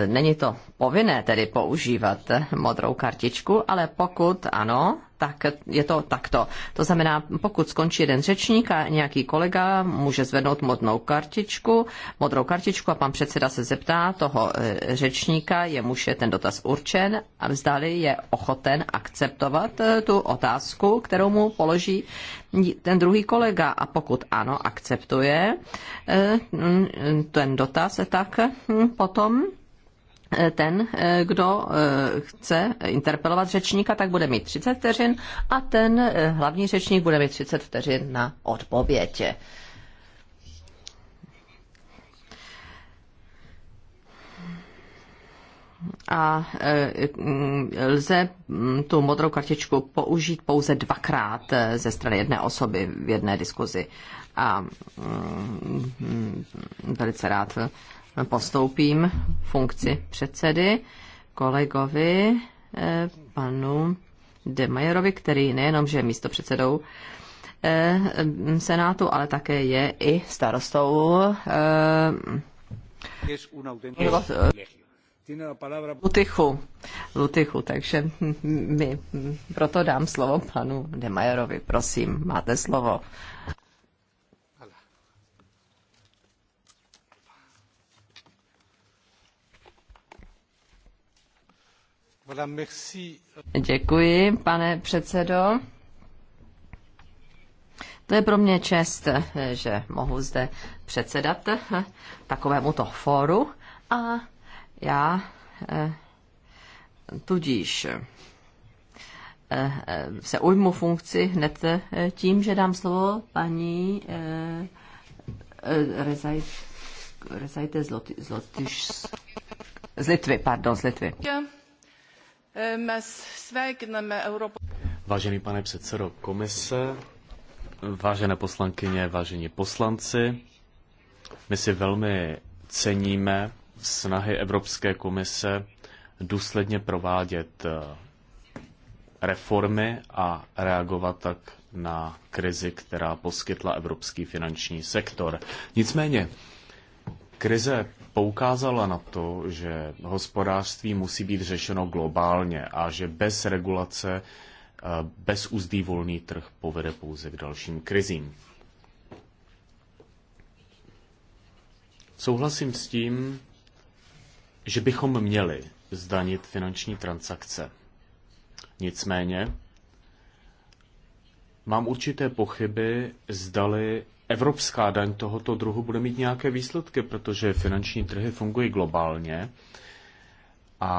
Není to povinné tedy používat modrou kartičku, ale pokud ano, tak je to takto. To znamená, pokud skončí jeden řečník a nějaký kolega může zvednout modnou kartičku, modrou kartičku a pan předseda se zeptá toho e, řečníka, muž je ten dotaz určen a vzdali je ochoten akceptovat e, tu otázku, kterou mu položí ten druhý kolega a pokud ano, akceptuje e, ten dotaz, tak hm, potom Eh, ten, eh, kdo eh, chce interpelovat řečníka, tak bude mít 30 vteřin a ten hlavní řečník bude mít 30 vteřin na odpověď. a mm, lze mm, tu modrou kartičku použít pouze dvakrát ze strany jedné osoby v jedné diskuzi. A mm, velice rád postoupím funkci předsedy kolegovi eh, panu Demajerovi, který nejenom, že je místo předsedou eh, Senátu, ale také je i starostou eh, Lutychu. Lutychu, takže my proto dám slovo panu Demajerovi, prosím, máte slovo. Děkuji, pane předsedo. To je pro mě čest, že mohu zde předsedat takovému fóru a já eh, tudíž eh, se ujmu funkci hned tím, že dám slovo paní eh, Rezaj, Rezajte z, z Litvy. Pardon, z Litvy.
Yeah. Ehm,
Vážený pane předsedo komise, vážené poslankyně, vážení poslanci, my si velmi ceníme snahy Evropské komise důsledně provádět eh, reformy a reagovat tak na krizi, která poskytla evropský finanční sektor. Nicméně, krize poukázala na to, že hospodářství musí být řešeno globálně a že bez regulace, eh, bez úzdý volný trh povede pouze k dalším krizím. Souhlasím s tím, že bychom měli zdanit finanční transakce. Nicméně mám určité pochyby, zdali evropská daň tohoto druhu bude mít nějaké výsledky, protože finanční trhy fungují globálně a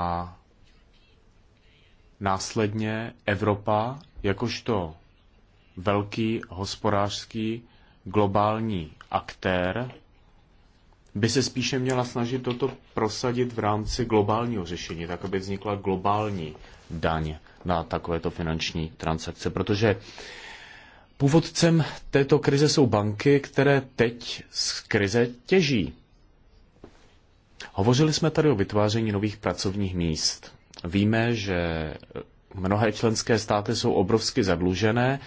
následně Evropa jakožto velký hospodářský globální aktér by se spíše měla snažit toto prosadit v rámci globálního řešení, tak aby vznikla globální daň na takovéto finanční transakce, protože Původcem této krize jsou banky, které teď z krize těží. Hovořili jsme tady o vytváření nových pracovních míst. Víme, že mnohé členské státy jsou obrovsky zadlužené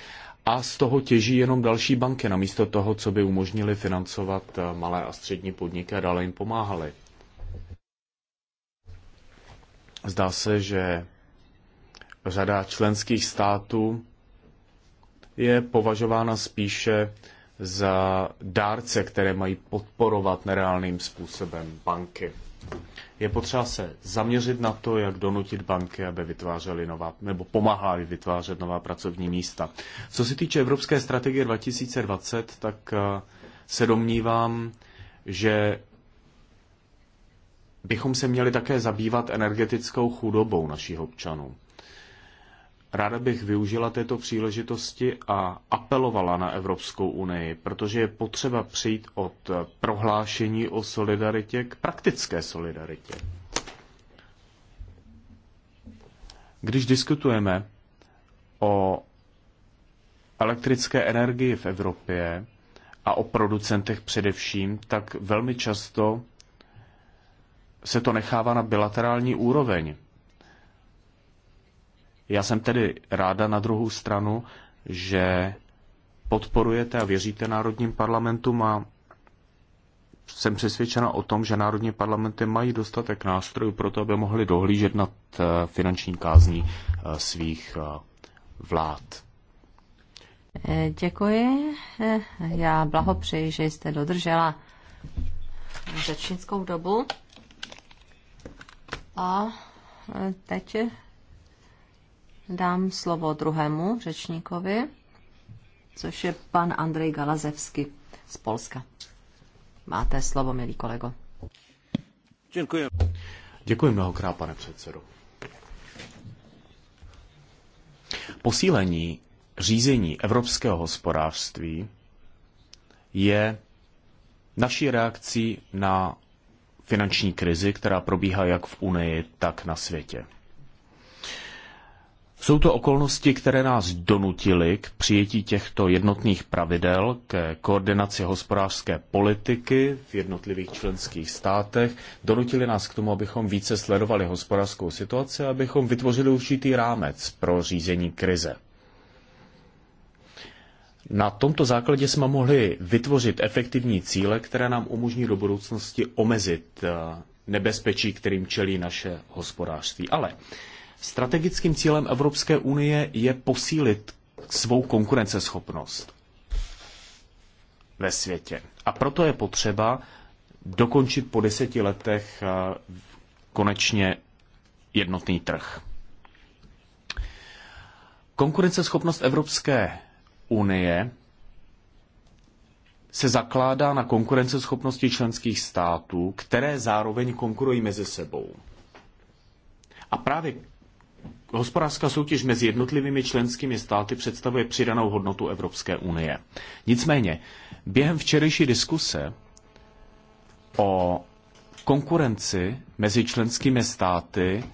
a z toho těží jenom další banky, namísto toho, co by umožnili financovat eh, malé a střední podniky a dále jim pomáhali. Zdá se, že řada členských států je považována spíše za dárce, které mají podporovat nereálným způsobem banky. Je potřeba se zaměřit na to, jak donutit banky, aby vytvářely nová, nebo pomáhali vytvářet nová pracovní místa. Co se týče Evropské strategie 2020, tak eh, se domnívám, že bychom se měli také zabývat energetickou chudobou našich občanů. Ráda bych využila této příležitosti a apelovala na Evropskou unii, protože je potřeba přijít od prohlášení o solidaritě k praktické solidaritě. Když diskutujeme o elektrické energii v Evropě a o producentech především, tak velmi často se to nechává na bilaterální úroveň. Já jsem tedy ráda na druhou stranu, že podporujete a věříte národním parlamentům a jsem přesvědčena o tom, že národní parlamenty mají dostatek nástrojů pro to, aby mohli dohlížet nad eh, finanční kázní eh, svých eh, vlád.
Děkuji. Já blahopřeji, že jste dodržela řečnickou dobu. A teď dám slovo druhému řečníkovi, což je pan Andrej Galazevsky z Polska. Máte slovo, milý kolego.
Děkuji. Děkuji mnohokrát, pane předsedo. Posílení řízení evropského hospodářství je naší reakcí na finanční krizi, která probíhá jak v Unii, tak na světě. Jsou to okolnosti, které nás donutily k přijetí těchto jednotných pravidel, k koordinaci hospodářské politiky v jednotlivých členských státech, donutily nás k tomu, abychom více sledovali hospodářskou situaci, abychom vytvořili určitý rámec pro řízení krize. Na tomto základě jsme mohli vytvořit efektivní cíle, které nám umožní do budoucnosti omezit eh, nebezpečí, kterým čelí naše hospodářství. Ale Strategickým cílem Evropské unie je posílit svou konkurenceschopnost ve světě. A proto je potřeba dokončit po deseti letech eh, konečně jednotný trh. Konkurenceschopnost Evropské unie se zakládá na konkurenceschopnosti členských států, které zároveň konkurují mezi sebou. A právě Hospodářská soutěž mezi jednotlivými členskými státy představuje přidanou hodnotu Evropské unie. Nicméně, během včerejší diskuse o konkurenci mezi členskými státy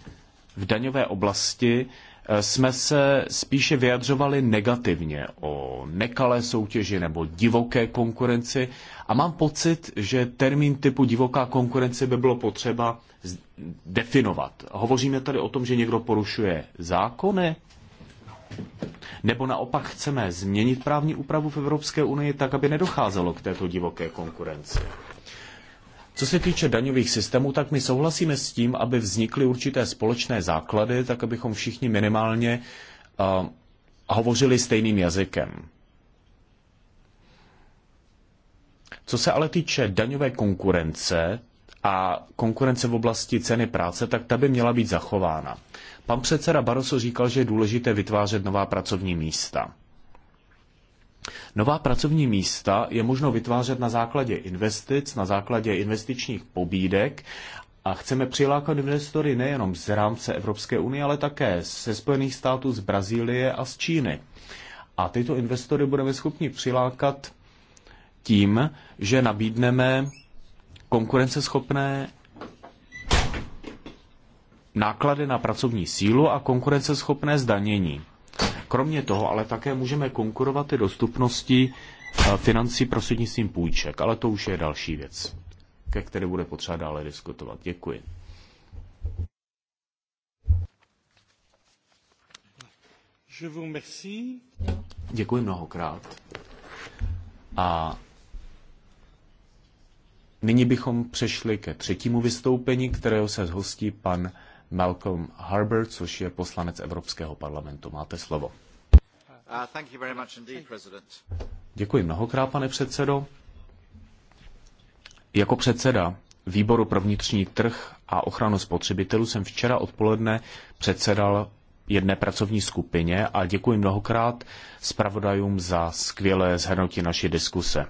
v daňové oblasti Eh, jsme se spíše vyjadřovali negativně o nekalé soutěži nebo divoké konkurenci a mám pocit, že termín typu divoká konkurence by bylo potřeba definovat. Hovoříme tady o tom, že někdo porušuje zákony, nebo naopak chceme změnit právní úpravu v Evropské unii tak, aby nedocházelo k této divoké konkurenci. Co se týče daňových systémů, tak my souhlasíme s tím, aby vznikly určité společné základy, tak abychom všichni minimálně uh, hovořili stejným jazykem. Co se ale týče daňové konkurence a konkurence v oblasti ceny práce, tak ta by měla být zachována. Pan předseda Baroso říkal, že je důležité vytvářet nová pracovní místa. Nová pracovní místa je možno vytvářet na základě investic, na základě investičních pobídek a chceme přilákat investory nejenom z rámce Evropské unie, ale také ze Spojených států, z Brazílie a z Číny. A tyto investory budeme schopni přilákat tím, že nabídneme konkurenceschopné náklady na pracovní sílu a konkurenceschopné zdanění. Kromě toho ale také můžeme konkurovat i dostupnosti eh, financí prostřednictvím půjček, ale to už je další věc, ke které bude potřeba dále diskutovat. Děkuji. Děkuji mnohokrát. A nyní bychom přešli ke třetímu vystoupení, kterého se zhostí pan Malcolm Harbour, což je poslanec Evropského parlamentu. Máte slovo.
Uh,
děkuji mnohokrát, pane předsedo. Jako předseda výboru pro vnitřní trh a ochranu spotřebitelů jsem včera odpoledne předsedal jedné pracovní skupině a děkuji mnohokrát zpravodajům za skvělé zhrnutí naší diskuse.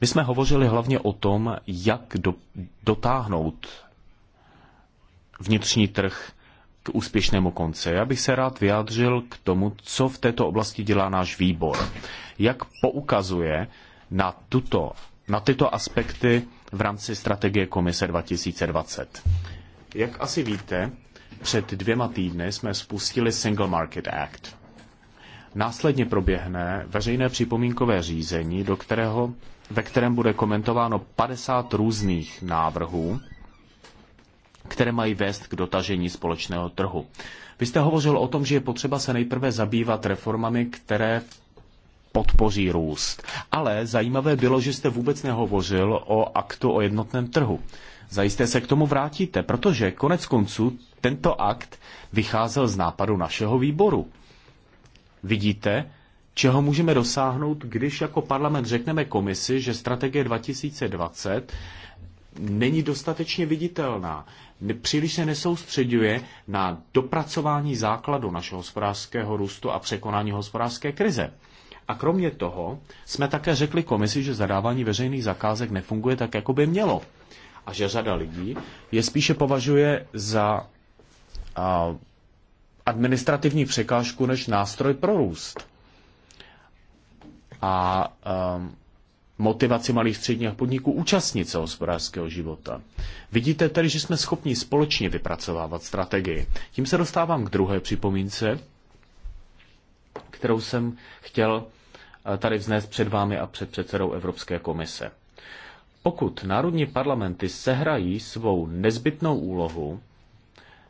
My jsme hovořili hlavně o tom, jak do, dotáhnout vnitřní trh k úspěšnému konci. Já bych se rád vyjádřil k tomu, co v této oblasti dělá náš výbor. Jak poukazuje na, tuto, na tyto aspekty v rámci strategie Komise 2020. Jak asi víte, před dvěma týdny jsme spustili Single Market Act. Následně proběhne veřejné připomínkové řízení, do kterého, ve kterém bude komentováno 50 různých návrhů které mají vést k dotažení společného trhu. Vy jste hovořil o tom, že je potřeba se nejprve zabývat reformami, které podpoří růst. Ale zajímavé bylo, že jste vůbec nehovořil o aktu o jednotném trhu. Zajisté se k tomu vrátíte, protože konec konců tento akt vycházel z nápadu našeho výboru. Vidíte, čeho můžeme dosáhnout, když jako parlament řekneme komisi, že strategie 2020 není dostatečně viditelná. Příliš se nesoustředuje na dopracování základu našeho hospodářského růstu a překonání hospodářské krize. A kromě toho jsme také řekli komisi, že zadávání veřejných zakázek nefunguje tak, jako by mělo. A že řada lidí je spíše považuje za a, administrativní překážku než nástroj pro růst. A a motivaci malých středních podniků účastnit se hospodářského života. Vidíte tedy, že jsme schopni společně vypracovávat strategii. Tím se dostávám k druhé připomínce, kterou jsem chtěl eh, tady vznést před vámi a před předsedou Evropské komise. Pokud národní parlamenty sehrají svou nezbytnou úlohu,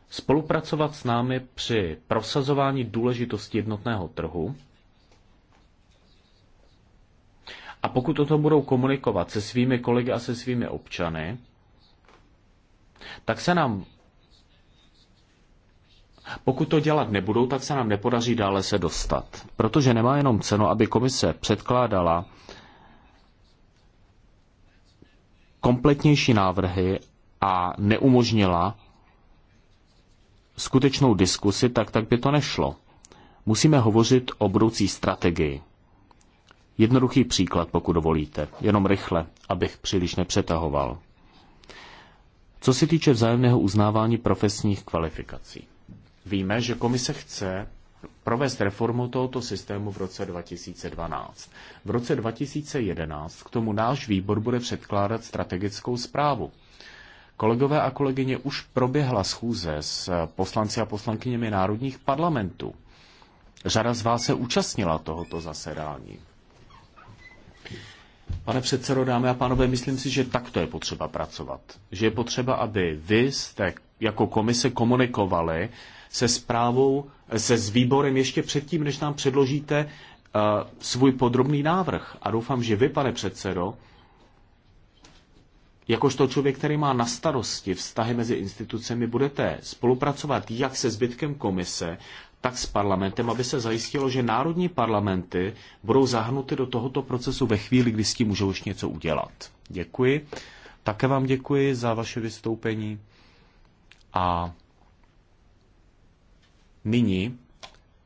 spolupracovat s námi při prosazování důležitosti jednotného trhu, A pokud o tom budou komunikovat se svými kolegy a se svými občany, tak se nám pokud to dělat nebudou, tak se nám nepodaří dále se dostat. Protože nemá jenom cenu, aby komise předkládala kompletnější návrhy a neumožnila skutečnou diskusi, tak tak by to nešlo. Musíme hovořit o budoucí strategii. Jednoduchý příklad, pokud dovolíte, jenom rychle, abych příliš nepřetahoval. Co se týče vzájemného uznávání profesních kvalifikací, víme, že komise chce provést reformu tohoto systému v roce 2012. V roce 2011 k tomu náš výbor bude předkládat strategickou zprávu. Kolegové a kolegyně už proběhla schůze s poslanci a poslankyněmi národních parlamentů. Řada z vás se účastnila tohoto zasedání. Pane předsedo, dámy a pánové, myslím si, že takto je potřeba pracovat. Že je potřeba, aby vy jste jako komise komunikovali se zprávou, se s výborem ještě předtím, než nám předložíte uh, svůj podrobný návrh. A doufám, že vy, pane předsedo, jakožto člověk, který má na starosti vztahy mezi institucemi, budete spolupracovat jak se zbytkem komise, tak s parlamentem, aby se zajistilo, že národní parlamenty budou zahrnuty do tohoto procesu ve chvíli, kdy s tím můžou už něco udělat. Děkuji. Také vám děkuji za vaše vystoupení a nyní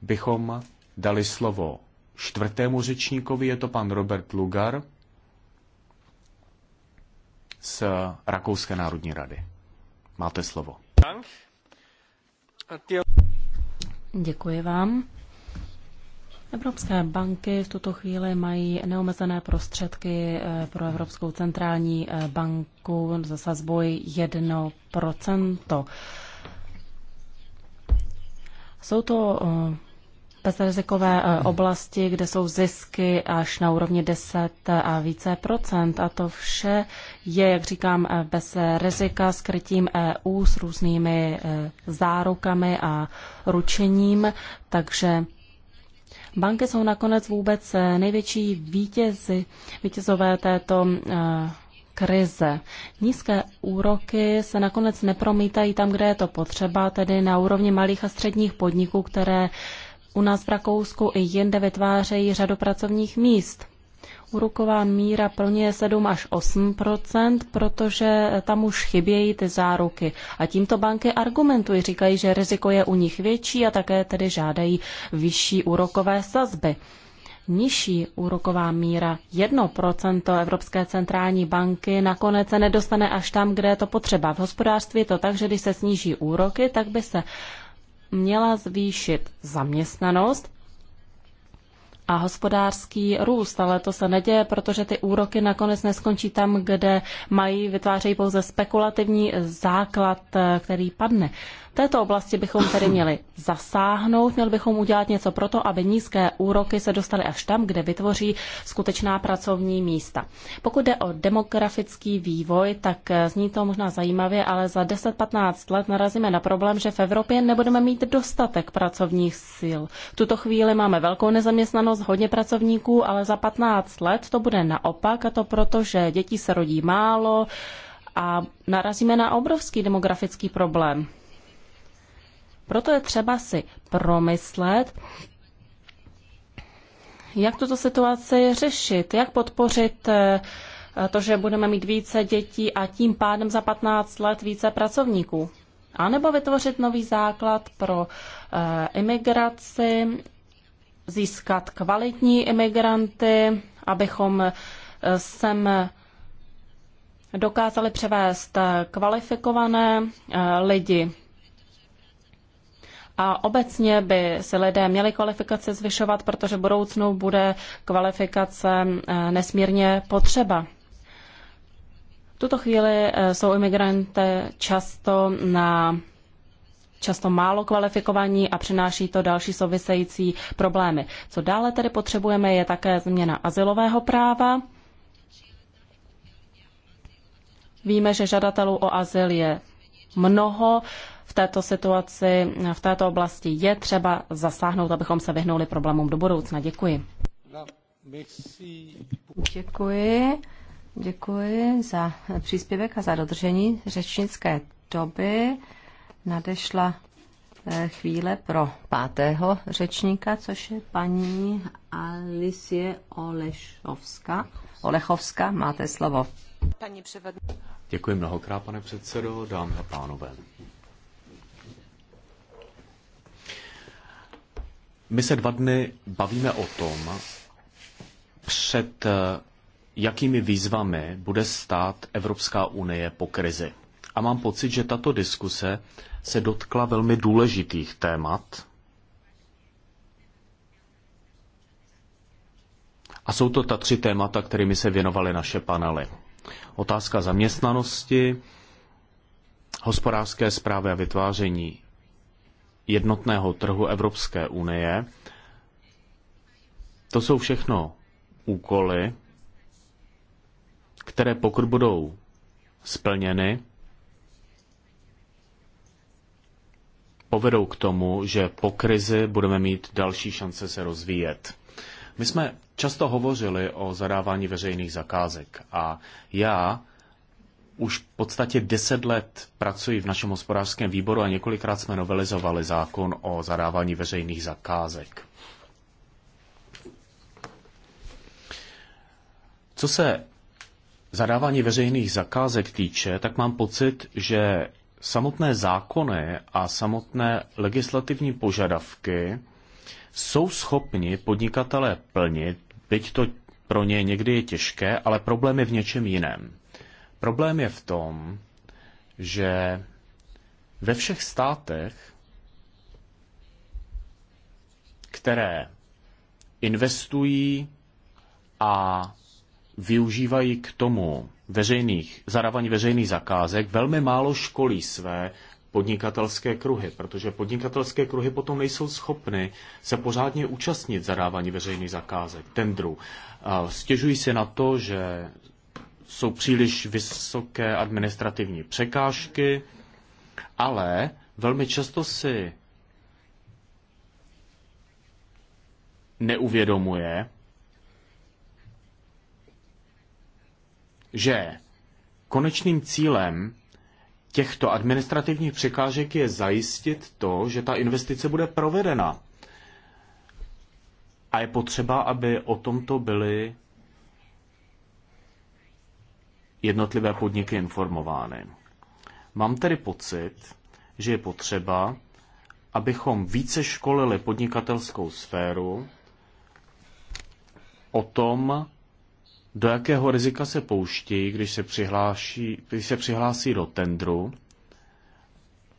bychom dali slovo čtvrtému řečníkovi, je to pan Robert Lugar z Rakouské národní rady. Máte slovo. Dank.
Děkuji vám. Evropské banky v tuto chvíli mají neomezené prostředky eh, pro Evropskou centrální eh, banku za sazbu 1%. Jsou to eh, bezrizikové eh, mhm. oblasti, kde jsou zisky až na úrovni 10 eh, a více procent. A to vše je, jak říkám, eh, bez rizika s krytím EU s různými zárukami a ručením. Takže banky jsou nakonec vůbec největší vítězi, vítězové této krize. Nízké úroky se nakonec nepromítají tam, kde je to potřeba, tedy na úrovni malých a středních podniků, které u nás v Rakousku i jinde vytvářejí řadu pracovních míst. Úroková míra pro ně je 7 až 8 protože tam už chybějí ty záruky. A tímto banky argumentují, říkají, že riziko je u nich větší a také tedy žádají vyšší úrokové sazby. Nižší úroková míra 1% Evropské centrální banky nakonec se nedostane až tam, kde je to potřeba. V hospodářství je to tak, že když se sníží úroky, tak by se měla zvýšit zaměstnanost a hospodářský růst, ale to se neděje, protože ty úroky nakonec neskončí tam, kde mají, vytvářejí pouze spekulativní základ, eh, který padne této oblasti bychom tedy měli zasáhnout, měli bychom udělat něco pro to, aby nízké úroky se dostaly až tam, kde vytvoří skutečná pracovní místa. Pokud jde o demografický vývoj, tak eh, zní to možná zajímavě, ale za 10-15 let narazíme na problém, že v Evropě nebudeme mít dostatek pracovních sil. V tuto chvíli máme velkou nezaměstnanost, hodně pracovníků, ale za 15 let to bude naopak a to proto, že dětí se rodí málo, a narazíme na obrovský demografický problém. Proto je třeba si promyslet, jak tuto situaci řešit, jak podpořit eh, to, že budeme mít více dětí a tím pádem za 15 let více pracovníků. A nebo vytvořit nový základ pro eh, imigraci, získat kvalitní imigranty, abychom eh, sem dokázali převést kvalifikované lidi a obecně by si lidé měli kvalifikace zvyšovat, protože budoucnou bude kvalifikace eh, nesmírně potřeba. V tuto chvíli eh, jsou imigranté často na často málo kvalifikovaní a přináší to další související problémy. Co dále tedy potřebujeme, je také změna asilového práva. Víme, že žadatelů o azyl je mnoho v této situaci, v této oblasti je třeba zasáhnout, abychom se vyhnuli problémům do budoucna. Děkuji. Děkuji. Děkuji za příspěvek a za dodržení řečnické
doby. Nadešla eh, chvíle pro pátého řečníka, což je paní Alicie Olešovská. Olechovská, máte slovo.
Děkuji mnohokrát, pane předsedo, dámy a pánové. My se dva dny bavíme o tom, před eh, jakými výzvami bude stát Evropská unie po krizi. A mám pocit, že tato diskuse se dotkla velmi důležitých témat. A jsou to ta tři témata, kterými se věnovaly naše panely. Otázka zaměstnanosti, hospodářské zprávy a vytváření jednotného trhu Evropské unie. To jsou všechno úkoly, které pokud budou splněny, povedou k tomu, že po krizi budeme mít další šance se rozvíjet. My jsme často hovořili o zadávání veřejných zakázek a já už v podstatě deset let pracuji v našem hospodářském výboru a několikrát jsme novelizovali zákon o zadávání veřejných zakázek. Co se zadávání veřejných zakázek týče, tak mám pocit, že samotné zákony a samotné legislativní požadavky jsou schopni podnikatelé plnit, byť to pro ně někdy je těžké, ale problém je v něčem jiném. Problém je v tom, že ve všech státech, které investují a využívají k tomu veřejných, zadávání veřejných zakázek, velmi málo školí své podnikatelské kruhy, protože podnikatelské kruhy potom nejsou schopny se pořádně účastnit zadávání veřejných zakázek, tendru. Stěžují se na to, že jsou příliš vysoké administrativní překážky, ale velmi často si neuvědomuje, že konečným cílem těchto administrativních překážek je zajistit to, že ta investice bude provedena. A je potřeba, aby o tomto byly jednotlivé podniky informovány. Mám tedy pocit, že je potřeba, abychom více školili podnikatelskou sféru o tom, do jakého rizika se pouští, když se, přihláší, když se přihlásí do tendru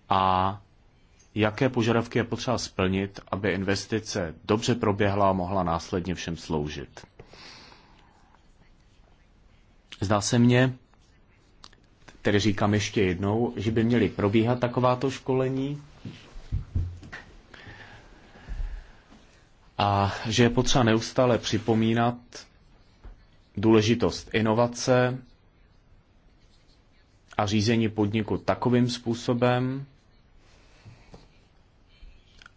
a jaké požadavky je potřeba splnit, aby investice dobře proběhla a mohla následně všem sloužit. Zdá se mně, tedy říkám ještě jednou, že by měly probíhat takováto školení a že je potřeba neustále připomínat důležitost inovace a řízení podniku takovým způsobem,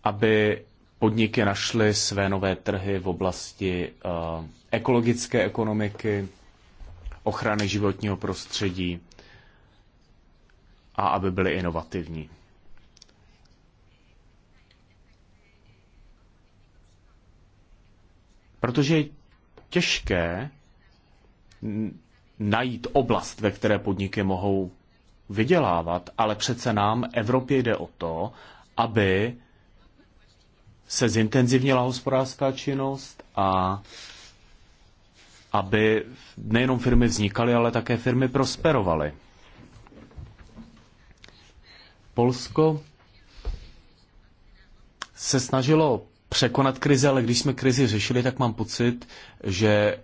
aby podniky našly své nové trhy v oblasti eh, ekologické ekonomiky, ochrany životního prostředí a aby byly inovativní. Protože je těžké najít oblast, ve které podniky mohou vydělávat, ale přece nám Evropě jde o to, aby se zintenzivnila hospodářská činnost a aby nejenom firmy vznikaly, ale také firmy prosperovaly. Polsko se snažilo překonat krizi, ale když jsme krizi řešili, tak mám pocit, že eh,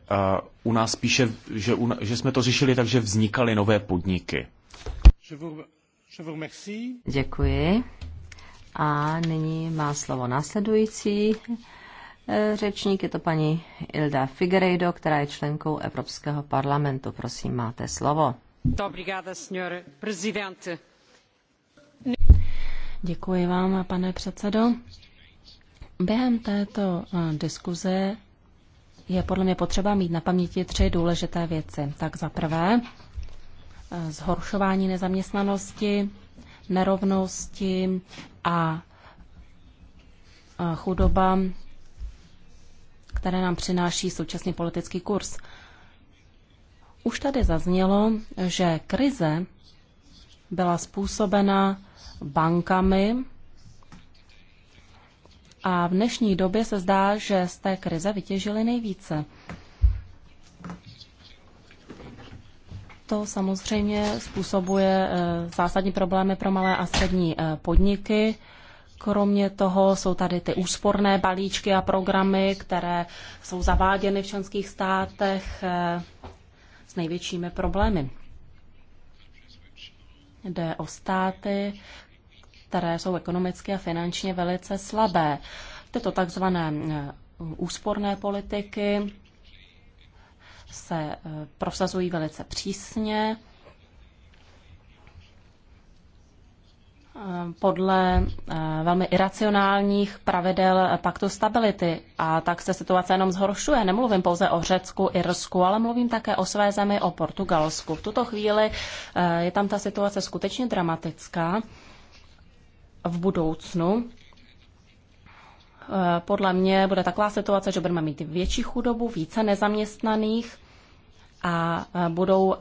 u nás spíše, že, u, že jsme to řešili tak, že vznikaly nové podniky.
Děkuji. A nyní má slovo následující Eh, řečník je to paní Ilda Figueiredo, která je členkou Evropského
parlamentu. Prosím, máte slovo. Děkuji vám, pane předsedo. Během této eh, diskuze je podle mě potřeba mít na paměti tři důležité věci. Tak za prvé, eh, zhoršování nezaměstnanosti, nerovnosti a chudoba které nám přináší současný politický kurz. Už tady zaznělo, že krize byla způsobena bankami a v dnešní době se zdá, že z té krize vytěžili nejvíce. To samozřejmě způsobuje eh, zásadní problémy pro malé a střední eh, podniky, Kromě toho jsou tady ty úsporné balíčky a programy, které jsou zaváděny v členských státech eh, s největšími problémy. Jde o státy, které jsou ekonomicky a finančně velice slabé. Tyto takzvané eh, úsporné politiky se eh, prosazují velice přísně podle eh, velmi iracionálních pravidel paktu stability. A tak se situace jenom zhoršuje. Nemluvím pouze o Řecku, Irsku, ale mluvím také o své zemi, o Portugalsku. V tuto chvíli eh, je tam ta situace skutečně dramatická. V budoucnu eh, podle mě bude taková situace, že budeme mít větší chudobu, více nezaměstnaných a budou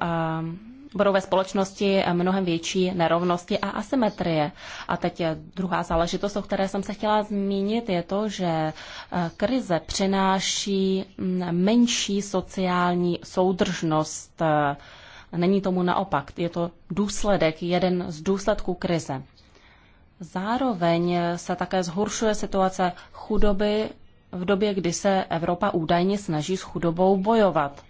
budou ve společnosti eh, mnohem větší nerovnosti a asymetrie. A teď je druhá záležitost, o které jsem se chtěla zmínit, je to, že eh, krize přináší mm, menší sociální soudržnost. Eh, není tomu naopak, je to důsledek, jeden z důsledků krize. Zároveň se také zhoršuje situace chudoby v době, kdy se Evropa údajně snaží s chudobou bojovat.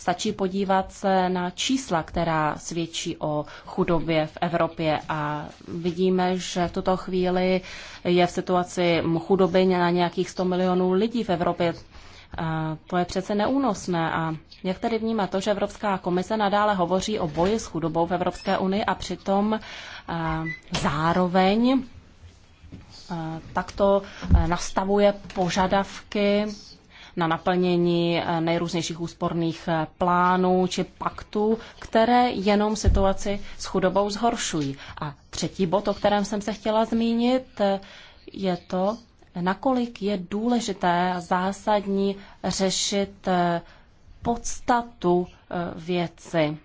Stačí podívat se na čísla, která svědčí o chudobě v Evropě a vidíme, že v tuto chvíli je v situaci chudoby na nějakých 100 milionů lidí v Evropě. A to je přece neúnosné. A jak tedy vnímá to, že Evropská komise nadále hovoří o boji s chudobou v Evropské unii a přitom a zároveň takto nastavuje požadavky na naplnění eh, nejrůznějších úsporných eh, plánů či paktů, které jenom situaci s chudobou zhoršují. A třetí bod, o kterém jsem se chtěla zmínit, eh, je to, nakolik je důležité a zásadní řešit podstatu věci.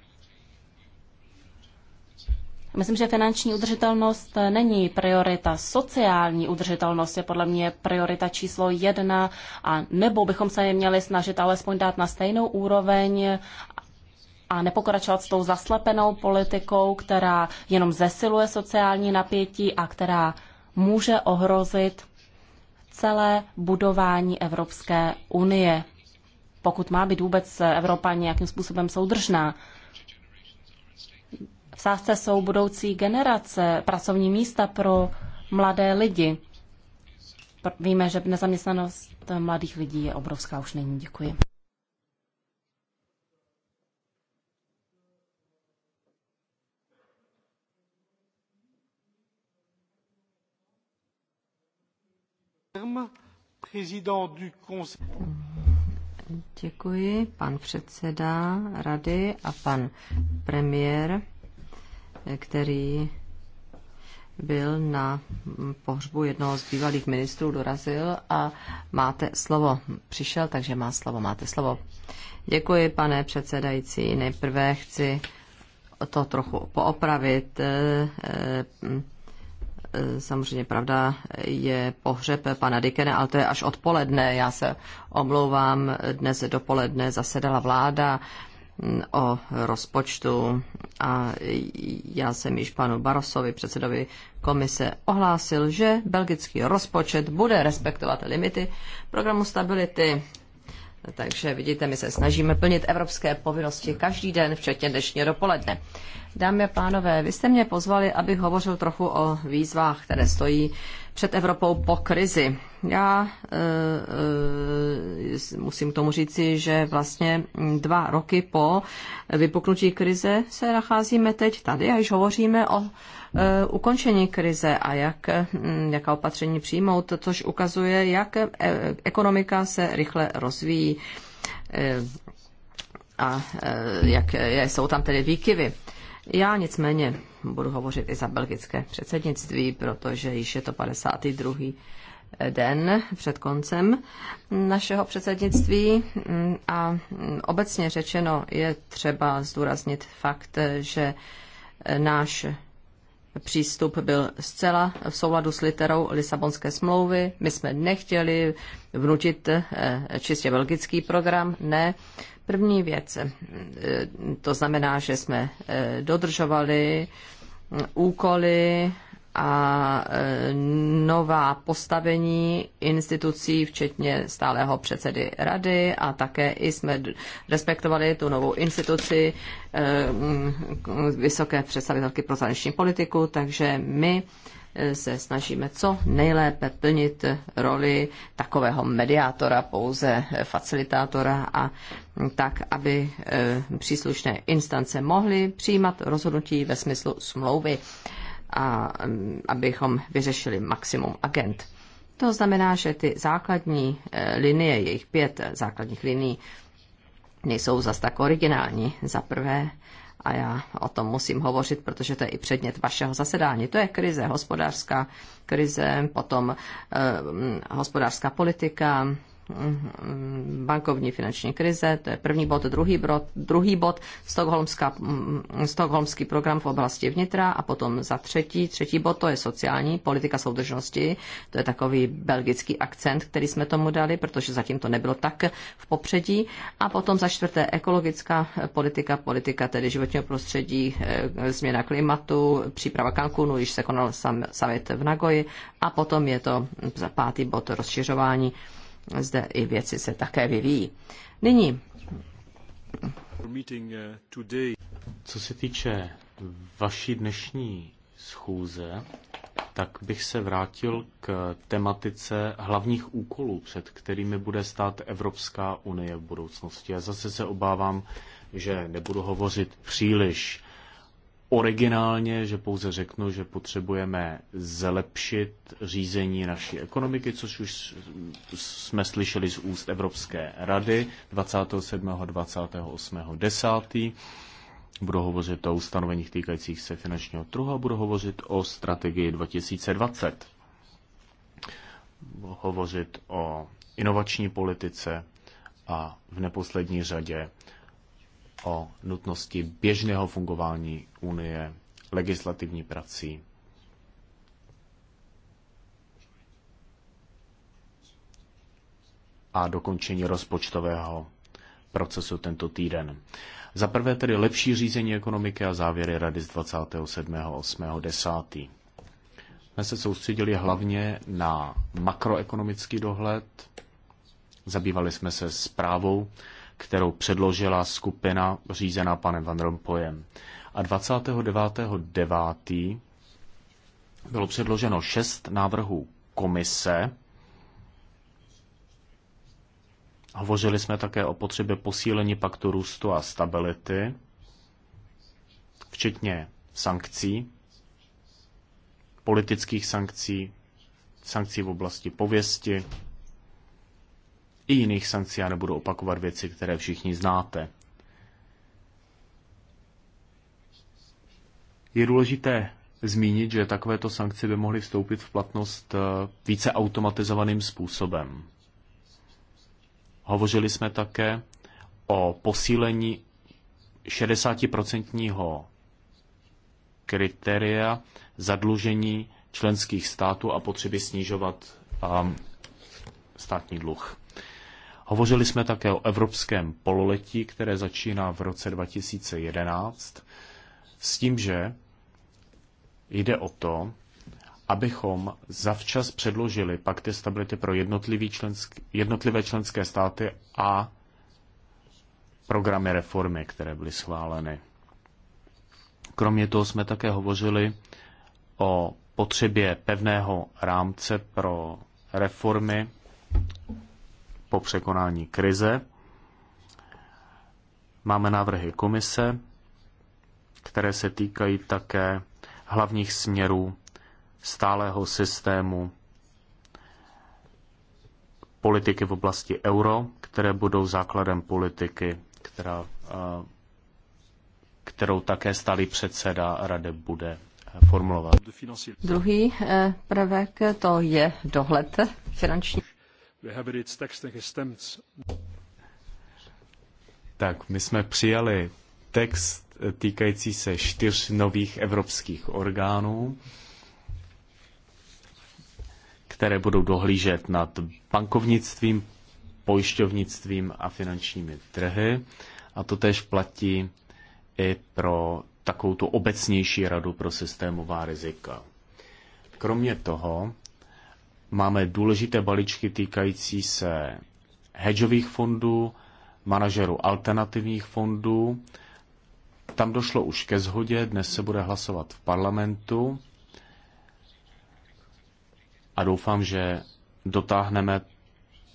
Myslím, že finanční udržitelnost není priorita. Sociální udržitelnost je podle mě priorita číslo jedna a nebo bychom se je měli snažit alespoň dát na stejnou úroveň a nepokračovat s tou zaslepenou politikou, která jenom zesiluje sociální napětí a která může ohrozit celé budování Evropské unie, pokud má být vůbec Evropa nějakým způsobem soudržná. V sázce jsou budoucí generace, pracovní místa pro mladé lidi. Víme, že nezaměstnanost mladých lidí je obrovská už není. Děkuji.
Děkuji, pan předseda rady a pan premiér který byl na pohřbu jednoho z bývalých ministrů, dorazil a máte slovo. Přišel, takže má slovo, máte slovo. Děkuji, pane předsedající. Nejprve chci to trochu poopravit. Eh, eh, samozřejmě pravda je pohřeb pana Dikene, ale to je až odpoledne. Já se omlouvám, dnes dopoledne zasedala vláda o rozpočtu a já jsem již panu Barosovi, předsedovi komise, ohlásil, že belgický rozpočet bude respektovat limity programu stability. Takže vidíte, my se snažíme plnit evropské povinnosti každý den, včetně dnešního dopoledne. Dámy a pánové, vy jste mě pozvali, abych hovořil trochu o výzvách, které stojí před Evropou po krizi. Já eh, eh, musím k tomu říci, že vlastně dva roky po vypuknutí krize se nacházíme teď tady a již hovoříme o eh, ukončení krize a jak, hm, jaká opatření přijmout, což ukazuje, jak e, ekonomika se rychle rozvíjí. a jak jsou tam tedy výkyvy. Já nicméně budu hovořit i za belgické předsednictví, protože již je to 52. den před koncem našeho předsednictví a obecně řečeno je třeba zdůraznit fakt, že náš přístup byl zcela v souladu s literou Lisabonské smlouvy. My jsme nechtěli vnutit eh, čistě belgický program, ne. První věc, eh, to znamená, že jsme eh, dodržovali mm, úkoly a eh, nová postavení institucí, včetně stálého předsedy rady a také i jsme respektovali tu novou instituci mm, vysoké představitelky pro zahraniční politiku, takže my se snažíme co nejlépe plnit roli takového mediátora, pouze facilitátora a tak, aby e, příslušné instance mohly přijímat rozhodnutí ve smyslu smlouvy a mm, abychom vyřešili maximum agent. To znamená, že ty základní e, linie, jejich pět základních linií, nejsou zas tak originální. Za prvé a já o tom musím hovořit, protože to je i předmět vašeho zasedání. To je krize, hospodářská krize, potom eh, hm, hospodářská politika, Mhm. bankovní finanční krize, to je první bod, druhý bod, druhý bod Stockholmská, mm, Stockholmský program v oblasti vnitra a potom za třetí, třetí bod to je sociální politika soudržnosti, to je takový belgický akcent, který jsme tomu dali, protože zatím to nebylo tak v popředí a potom za čtvrté ekologická politika, politika tedy životního prostředí, eh, změna klimatu, příprava Cancunu, již se konal summit v Nagoji a potom je to za pátý bod rozšiřování zde i věci se také vyvíjí. Nyní.
Eh,
Co
se týče vaší dnešní schůze, tak bych se vrátil k tematice hlavních úkolů, před kterými bude stát Evropská unie v budoucnosti. Já zase se obávám, že nebudu hovořit příliš originálně, že pouze řeknu, že potřebujeme zlepšit řízení naší ekonomiky, což už jsme slyšeli z úst Evropské rady 27. a 28. 10. Budu hovořit o ustanoveních týkajících se finančního trhu a budu hovořit o strategii 2020. Budu hovořit o inovační politice a v neposlední řadě o nutnosti běžného fungování Unie legislativní prací. a dokončení rozpočtového procesu tento týden. Za prvé tedy lepší řízení ekonomiky a závěry Rady z 27. 8. 10. Jsme se soustředili hlavně na makroekonomický dohled, zabývali jsme se zprávou kterou předložila skupina řízená panem Van Rompuyem. A 29.9. bylo předloženo šest návrhů komise. Hovořili jsme také o potřebě posílení paktu růstu a stability, včetně sankcí, politických sankcí, sankcí v oblasti pověsti, i jiných sankcí. Já nebudu opakovat věci, které všichni znáte. Je důležité zmínit, že takovéto sankce by mohly vstoupit v platnost eh, více automatizovaným způsobem. Hovořili jsme také o posílení 60% kritéria zadlužení členských států a potřeby snižovat um, státní dluh. Hovořili jsme také o evropském pololetí, které začíná v roce 2011, s tím, že jde o to, abychom zavčas předložili pakty stability pro člensk, jednotlivé členské státy a programy reformy, které byly schváleny. Kromě toho jsme také hovořili o potřebě pevného rámce pro reformy po překonání krize. Máme návrhy komise, které se týkají také hlavních směrů stálého systému politiky v oblasti euro, které budou základem politiky, která, eh, kterou také stálý předseda Rady bude eh, formulovat.
Druhý eh, prvek to je dohled finanční.
Tak, my jsme přijali text eh, týkající se čtyř nových evropských orgánů, které budou dohlížet nad bankovnictvím, pojišťovnictvím a finančními trhy. A to tež platí i pro takovou tu obecnější radu pro systémová rizika. Kromě toho Máme důležité balíčky týkající se hedžových fondů, manažerů alternativních fondů. Tam došlo už ke shodě, dnes se bude hlasovat v parlamentu a doufám, že dotáhneme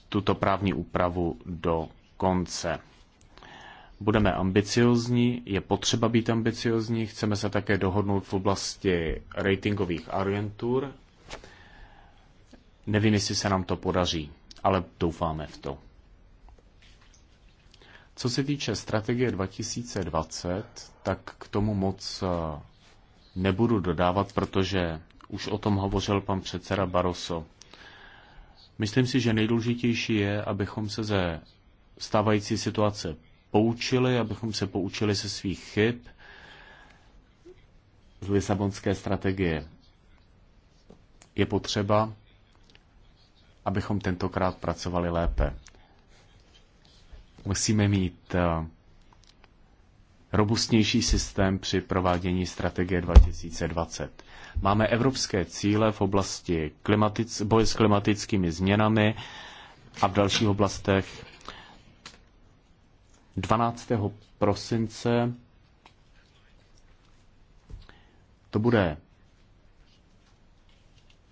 tuto právní úpravu do konce. Budeme ambiciozní, je potřeba být ambiciozní, chceme se také dohodnout v oblasti ratingových agentur Nevím, jestli se nám to podaří, ale doufáme v to. Co se týče strategie 2020, tak k tomu moc eh, nebudu dodávat, protože už o tom hovořil pan předseda Baroso. Myslím si, že nejdůležitější je, abychom se ze stávající situace poučili, abychom se poučili ze svých chyb z Lisabonské strategie. Je potřeba, abychom tentokrát pracovali lépe. Musíme mít eh, robustnější systém při provádění strategie 2020. Máme evropské cíle v oblasti klimatic, boje s klimatickými změnami a v dalších oblastech. 12. prosince to bude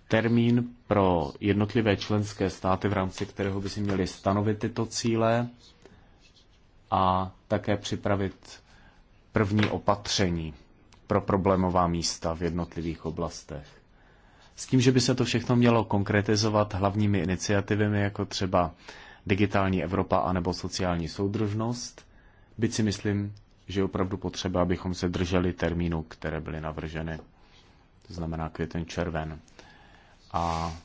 termín pro jednotlivé členské státy, v rámci kterého by si měli stanovit tyto cíle a také připravit první opatření pro problémová místa v jednotlivých oblastech. S tím, že by se to všechno mělo konkretizovat hlavními iniciativami, jako třeba digitální Evropa anebo sociální soudržnost, byť si myslím, že je opravdu potřeba, abychom se drželi termínu, které byly navrženy, to znamená květen červen. A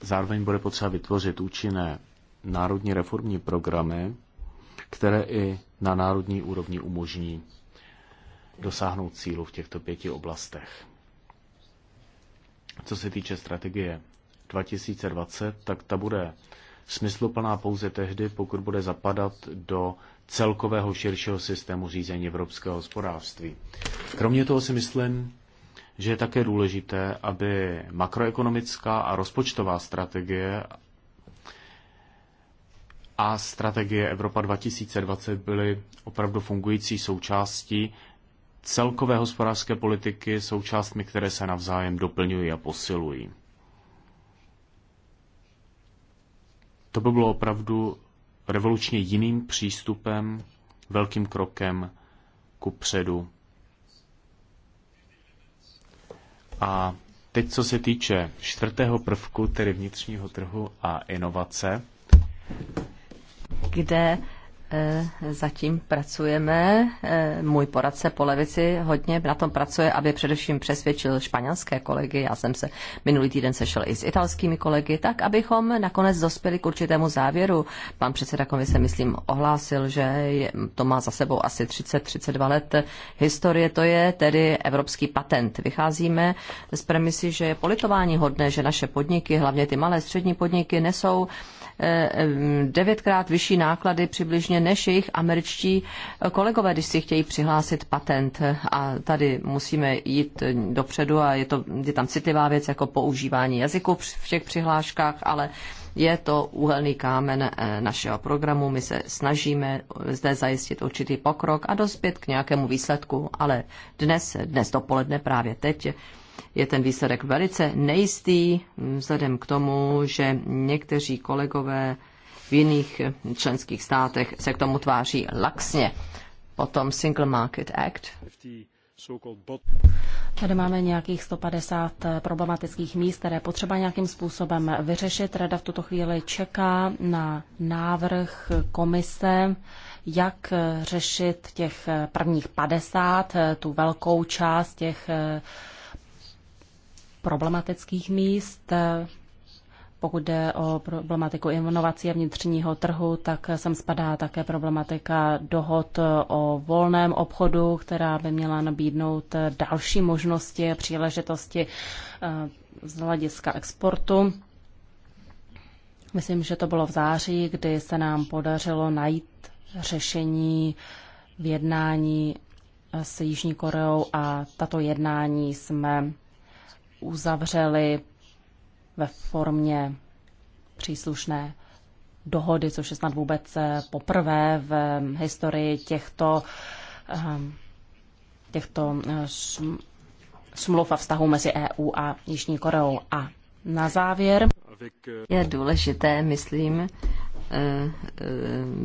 zároveň bude potřeba vytvořit účinné národní reformní programy, které i na národní úrovni umožní dosáhnout cílu v těchto pěti oblastech. Co se týče strategie 2020, tak ta bude smysluplná pouze tehdy, pokud bude zapadat do celkového širšího systému řízení evropského hospodářství. Kromě toho si myslím, že je také důležité, aby makroekonomická a rozpočtová strategie a strategie Evropa 2020 byly opravdu fungující součástí celkové hospodářské politiky, součástmi, které se navzájem doplňují a posilují. To by bylo opravdu revolučně jiným přístupem, velkým krokem ku předu A teď, co se týče čtvrtého prvku, tedy vnitřního trhu a inovace,
kde E, zatím pracujeme. E, můj poradce po levici hodně na tom pracuje, aby především přesvědčil španělské kolegy. Já jsem se minulý týden sešel i s italskými kolegy, tak abychom nakonec dospěli k určitému závěru. Pan předseda komise, myslím, ohlásil, že to má za sebou asi 30-32 let historie. To je tedy evropský patent. Vycházíme z premisy, že je politování hodné, že naše podniky, hlavně ty malé střední podniky, nesou e, devětkrát vyšší náklady přibližně než jejich američtí eh, kolegové, když si chtějí přihlásit patent. A tady musíme jít eh, dopředu a je, to, je tam citlivá věc jako používání jazyku v těch přihláškách, ale je to úhelný kámen eh, našeho programu. My se snažíme zde zajistit určitý pokrok a dospět k nějakému výsledku, ale dnes, dnes dopoledne právě teď je ten výsledek velice nejistý, mm, vzhledem k tomu, že někteří kolegové v jiných členských státech se k tomu tváří laxně. Potom Single Market Act.
Tady máme nějakých 150 problematických míst, které potřeba nějakým způsobem vyřešit. Rada v tuto chvíli čeká na návrh komise, jak řešit těch prvních 50, tu velkou část těch problematických míst pokud jde o problematiku inovací a vnitřního trhu, tak sem spadá také problematika dohod o volném obchodu, která by měla nabídnout další možnosti a příležitosti eh, z hlediska exportu. Myslím, že to bylo v září, kdy se nám podařilo najít řešení v jednání eh, s Jižní Koreou a tato jednání jsme uzavřeli ve formě příslušné dohody, což je snad vůbec eh, poprvé v eh, historii těchto, eh, těchto smluv a vztahů mezi EU a Jižní Koreou. A na závěr je
důležité, myslím,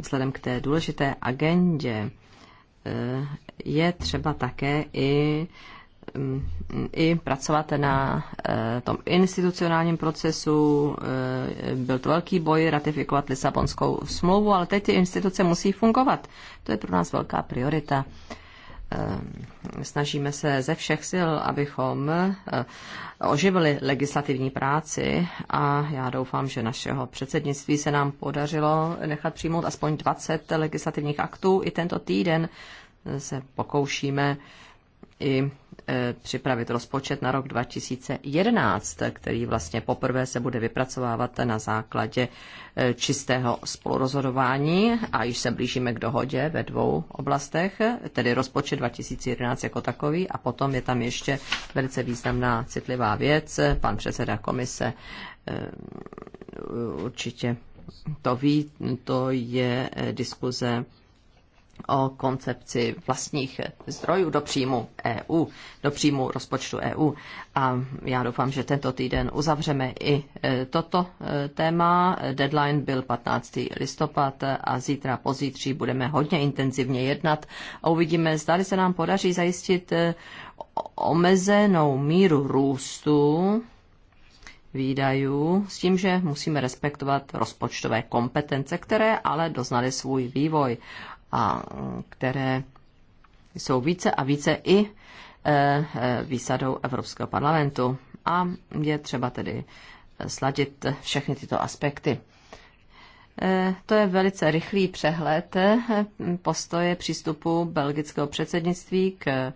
vzhledem k té důležité agendě, je třeba také i i pracovat na eh, tom institucionálním procesu. Eh, byl to velký boj ratifikovat Lisabonskou smlouvu, ale teď ty instituce musí fungovat. To je pro nás velká priorita. Eh, snažíme se ze všech sil, abychom oživili legislativní práci a já doufám, že našeho předsednictví se nám podařilo nechat přijmout aspoň 20 legislativních aktů. I tento týden se pokoušíme i Eh, připravit rozpočet na rok 2011, který vlastně poprvé se bude vypracovávat na základě eh, čistého spolurozhodování a již se blížíme k dohodě ve dvou oblastech, tedy rozpočet 2011 jako takový a potom je tam ještě velice významná citlivá věc. Pan předseda komise eh, určitě to ví, to je diskuze o koncepci vlastních zdrojů do příjmu EU, do příjmu rozpočtu EU. A já doufám, že tento týden uzavřeme i e, toto e, téma. Deadline byl 15. listopad a zítra pozítří budeme hodně intenzivně jednat a uvidíme, zda se nám podaří zajistit e, omezenou míru růstu výdajů, s tím, že musíme respektovat rozpočtové kompetence, které ale doznaly svůj vývoj a které jsou více a více i eh, eh, výsadou Evropského parlamentu. A je třeba tedy sladit všechny tyto aspekty. Eh, to je velice rychlý přehled postoje přístupu belgického předsednictví k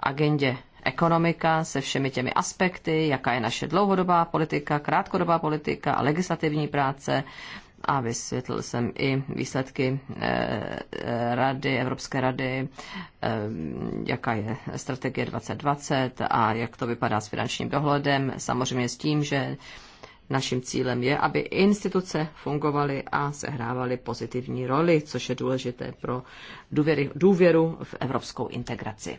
agendě ekonomika se všemi těmi aspekty, jaká je naše dlouhodobá politika, krátkodobá politika a legislativní práce, a vysvětlil jsem i výsledky eh, eh, rady, Evropské rady, eh, jaká je strategie 2020 a jak to vypadá s finančním dohledem. Samozřejmě s tím, že naším cílem je, aby instituce fungovaly a sehrávaly pozitivní roli, což je důležité pro důvěry, důvěru v evropskou integraci.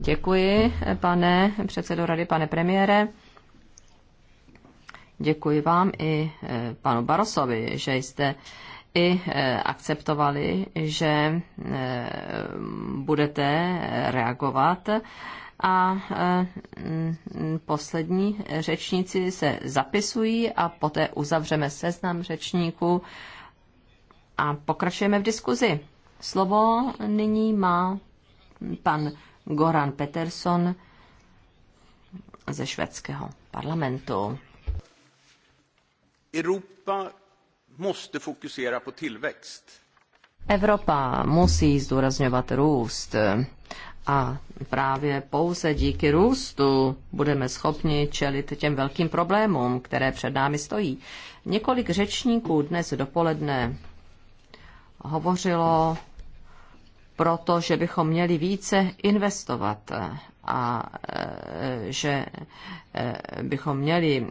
Děkuji, pane předsedo rady, pane premiére. Děkuji vám i eh, panu Barosovi, že jste i eh, akceptovali, že eh, budete reagovat. A poslední řečníci se zapisují a poté uzavřeme seznam řečníků a pokračujeme v diskuzi. Slovo nyní má pan Goran Peterson ze švédského parlamentu.
Europa måste fokusera på tillväxt.
Evropa musí zdůrazňovat růst a právě pouze díky růstu budeme schopni čelit těm velkým problémům, které před námi stojí. Několik řečníků dnes dopoledne hovořilo proto, že bychom měli více investovat a e, že e, bychom měli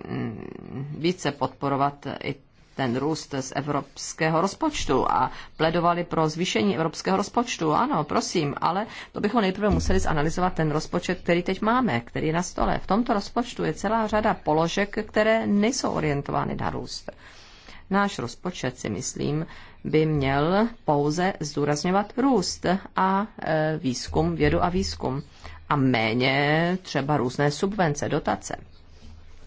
více podporovat i ten růst z evropského rozpočtu a pledovali pro zvýšení evropského rozpočtu. Ano, prosím, ale to bychom nejprve museli zanalizovat ten rozpočet, který teď máme, který je na stole. V tomto rozpočtu je celá řada položek, které nejsou orientovány na růst. Náš rozpočet, si myslím, by měl pouze zdůrazňovat růst a e, výzkum, vědu a výzkum a méně třeba různé subvence, dotace.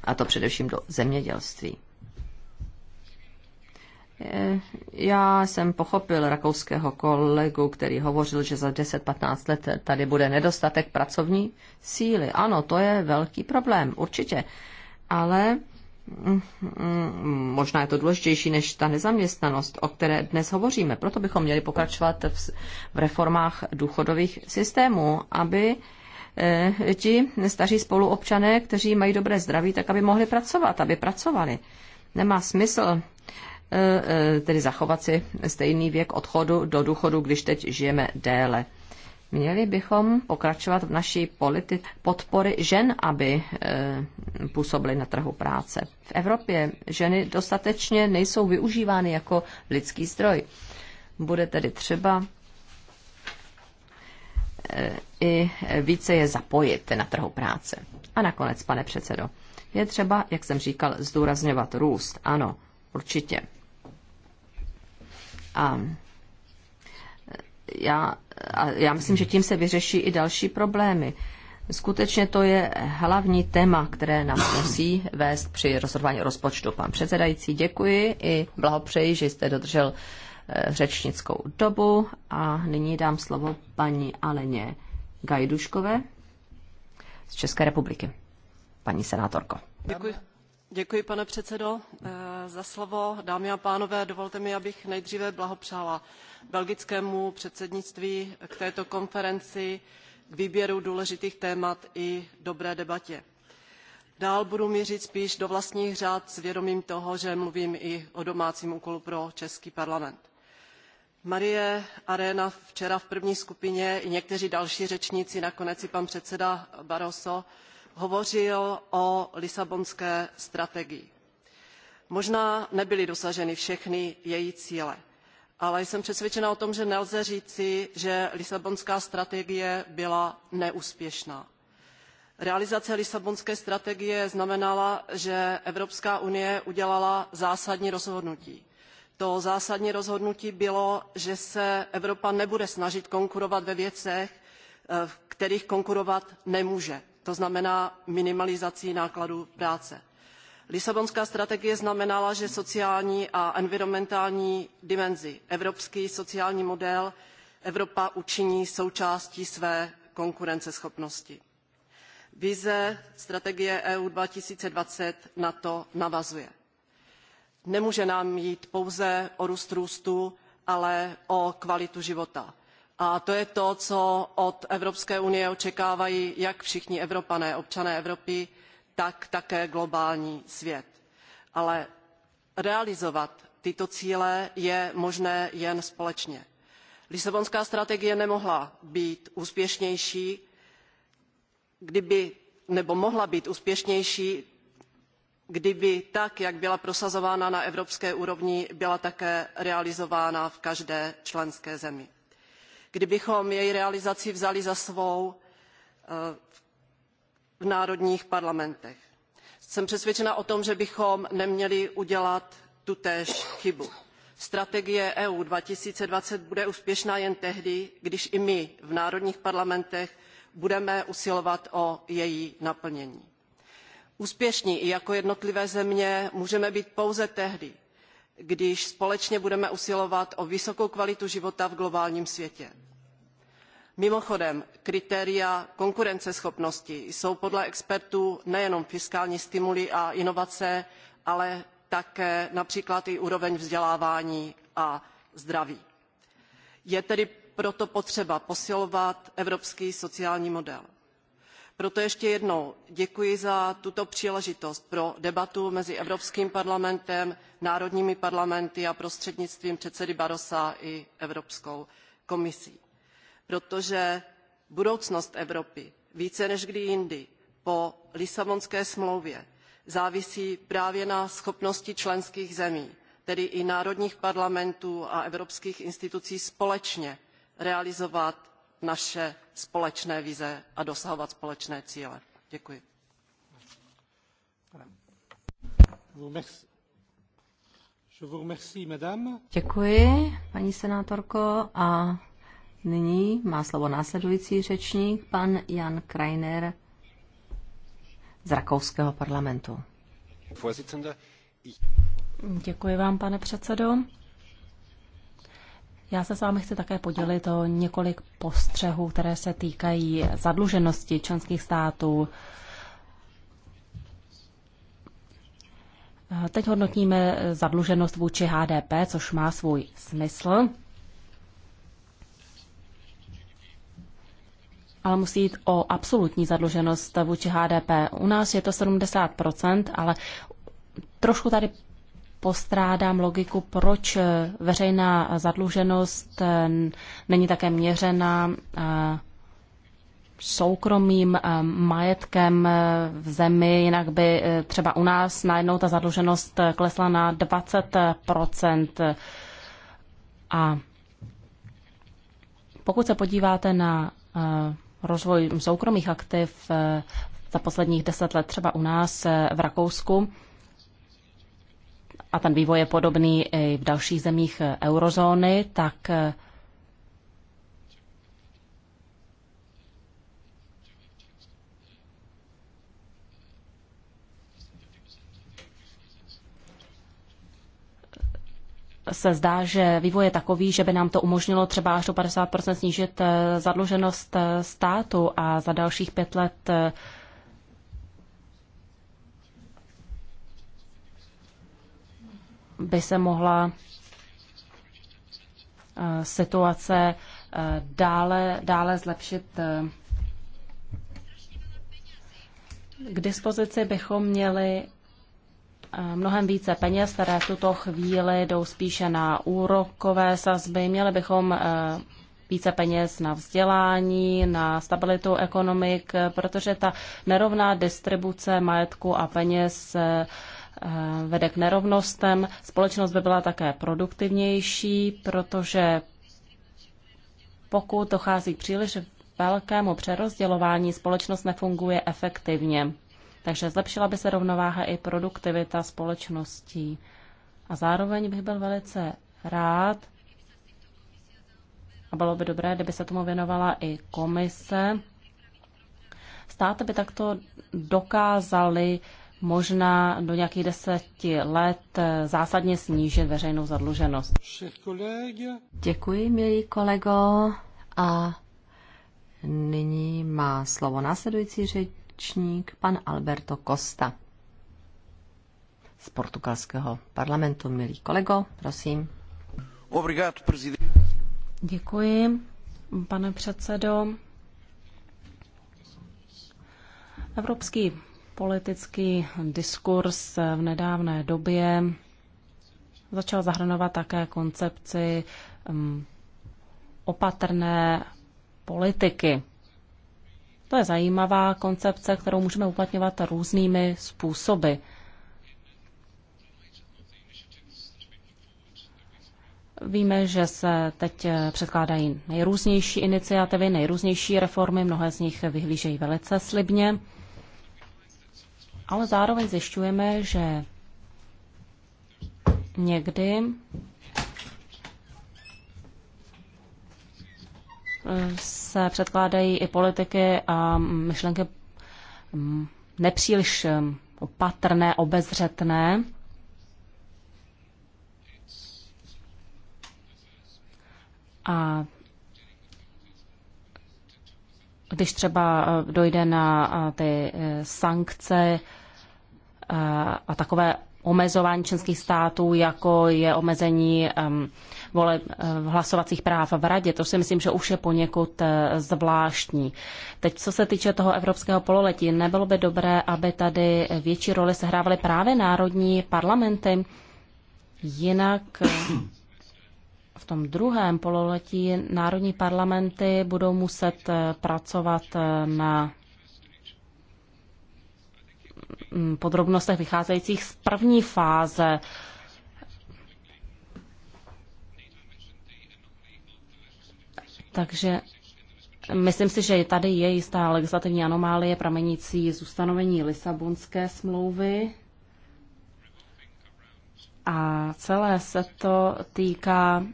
A to především do zemědělství. Já jsem pochopil rakouského kolegu, který hovořil, že za 10-15 let tady bude nedostatek pracovní síly. Ano, to je velký problém, určitě. Ale mm, mm, možná je to důležitější než ta nezaměstnanost, o které dnes hovoříme. Proto bychom měli pokračovat v, reformách důchodových systémů, aby Eh, ti staří spoluobčané, kteří mají dobré zdraví, tak aby mohli pracovat, aby pracovali. Nemá smysl eh, eh, tedy zachovat si stejný věk odchodu do důchodu, když teď žijeme déle. Měli bychom pokračovat v naší politi- podpory žen, aby působily na trhu práce. V Evropě ženy dostatečně nejsou využívány jako lidský zdroj. Bude tedy třeba i více je zapojit na trhu práce. A nakonec, pane předsedo, je třeba, jak jsem říkal, zdůrazňovat růst. Ano, určitě. A já, a já myslím, že tím se vyřeší i další problémy. Skutečně to je hlavní téma, které nás musí vést při rozhodování rozpočtu. Pan předsedající, děkuji i blahopřeji, že jste dodržel Eh, řečnickou dobu a nyní dám slovo paní Aleně Gajduškové z České republiky. Paní senátorko.
Děkuji. Děkuji, pane předsedo, eh, za slovo. Dámy a pánové, dovolte mi, abych nejdříve blahopřála belgickému předsednictví k této konferenci, k výběru důležitých témat i dobré debatě. Dál budu mířit spíš do vlastních řád s vědomím toho, že mluvím i o domácím úkolu pro Český parlament Marie Arena včera v první skupině i někteří další řečníci, nakonec i pan předseda Barroso, hovořil o Lisabonské strategii. Možná nebyly dosaženy všechny její cíle, ale jsem přesvědčena o tom, že nelze říci, že Lisabonská strategie byla neúspěšná. Realizace Lisabonské strategie znamenala, že Evropská unie udělala zásadní rozhodnutí to zásadní rozhodnutí bylo že se evropa nebude snažit konkurovat ve věcech eh, v kterých konkurovat nemůže to znamená minimalizací nákladů práce. lisabonská strategie znamenala že sociální a environmentální dimenzi evropský sociální model evropa učiní součástí své konkurenceschopnosti. vize strategie eu two thousand and twenty na to navazuje nemůže nám jít pouze o růst růstu, ale o kvalitu života. A to je to, co od Evropské unie očekávají jak všichni Evropané, občané Evropy, tak také globální svět. Ale realizovat tyto cíle je možné jen společně. Lisabonská strategie nemohla být úspěšnější, kdyby, nebo mohla být úspěšnější, kdyby tak jak byla prosazována na evropské úrovni byla také realizována v každé členské zemi. kdybychom její realizaci vzali za svou eh, v národních parlamentech. jsem přesvědčena o tom že bychom neměli udělat tutéž chybu. strategie eu two thousand and twenty bude úspěšná jen tehdy když i my v národních parlamentech budeme usilovat o její naplnění úspěšní i jako jednotlivé země můžeme být pouze tehdy když společně budeme usilovat o vysokou kvalitu života v globálním světě. mimochodem kritéria konkurenceschopnosti jsou podle expertů nejenom fiskální stimuly a inovace ale také například i úroveň vzdělávání a zdraví. je tedy proto potřeba posilovat evropský sociální model proto ještě jednou děkuji za tuto příležitost pro debatu mezi evropským parlamentem národními parlamenty a prostřednictvím předsedy barrosa i evropskou komisí protože budoucnost evropy více než kdy jindy po lisabonské smlouvě závisí právě na schopnosti členských zemí tedy i národních parlamentů a evropských institucí společně realizovat naše společné vize a dosahovat společné cíle. Děkuji.
Děkuji, paní senátorko. A nyní má slovo následující řečník, pan Jan Krajner
z Rakouského parlamentu. Děkuji vám, pane předsedo. Já se s vámi chci také podělit o několik postřehů, které se týkají zadluženosti členských států. Teď hodnotíme zadluženost vůči HDP, což má svůj smysl. ale musí jít o absolutní zadluženost vůči HDP. U nás je to 70%, ale trošku tady postrádám logiku, proč veřejná zadluženost eh, není také měřena eh, soukromým eh, majetkem v zemi, jinak by třeba u nás najednou ta zadluženost klesla na 20 A pokud se podíváte na rozvoj soukromých aktiv za posledních deset let třeba u nás v Rakousku, a ten vývoj je podobný i v dalších zemích eurozóny, tak eh, se zdá, že vývoj je takový, že by nám to umožnilo třeba až o 50 snížit eh, zadluženost eh, státu a za dalších pět let by se mohla eh, situace eh, dále, dále zlepšit. Eh, k dispozici bychom měli mnohem více peněz, které v tuto chvíli jdou spíše na úrokové sazby. Měli bychom více peněz na vzdělání, na stabilitu ekonomik, protože ta nerovná distribuce majetku a peněz Eh, vede k nerovnostem. Společnost by byla také produktivnější, protože pokud dochází k příliš velkému přerozdělování, společnost nefunguje efektivně. Takže zlepšila by se rovnováha i produktivita společností. A zároveň bych byl velice rád, a bylo by dobré, kdyby se tomu věnovala i komise, státy by takto dokázali možná do nějakých deseti let zásadně snížit veřejnou zadluženost. Děkuji, milí kolego. A nyní má slovo
následující řečník, pan Alberto Costa z portugalského parlamentu. Milý kolego, prosím.
Obrigado,
Děkuji, pane předsedo. Evropský Politický diskurs v nedávné době začal zahrnovat také koncepci mm, opatrné politiky. To je zajímavá koncepce, kterou můžeme uplatňovat různými způsoby. Víme, že se teď předkládají nejrůznější iniciativy, nejrůznější reformy, mnohé z nich vyhlížejí velice slibně ale zároveň zjišťujeme, že někdy eh, se předkládají i politiky a myšlenky mm, nepříliš eh, opatrné, obezřetné. A když třeba eh, dojde na eh, ty eh, sankce a takové omezování členských států, jako je omezení ehm, vole, hlasovacích práv v radě. To si myslím, že už je poněkud zvláštní. Teď, co se týče toho evropského pololetí, nebylo by dobré, aby tady větší roli sehrávaly právě národní parlamenty, jinak v tom druhém pololetí národní parlamenty budou muset eh, pracovat eh, na mm, podrobnostech vycházejících z první fáze Takže myslím si, že tady je jistá legislativní anomálie pramenící z ustanovení Lisabonské smlouvy. A celé se to týká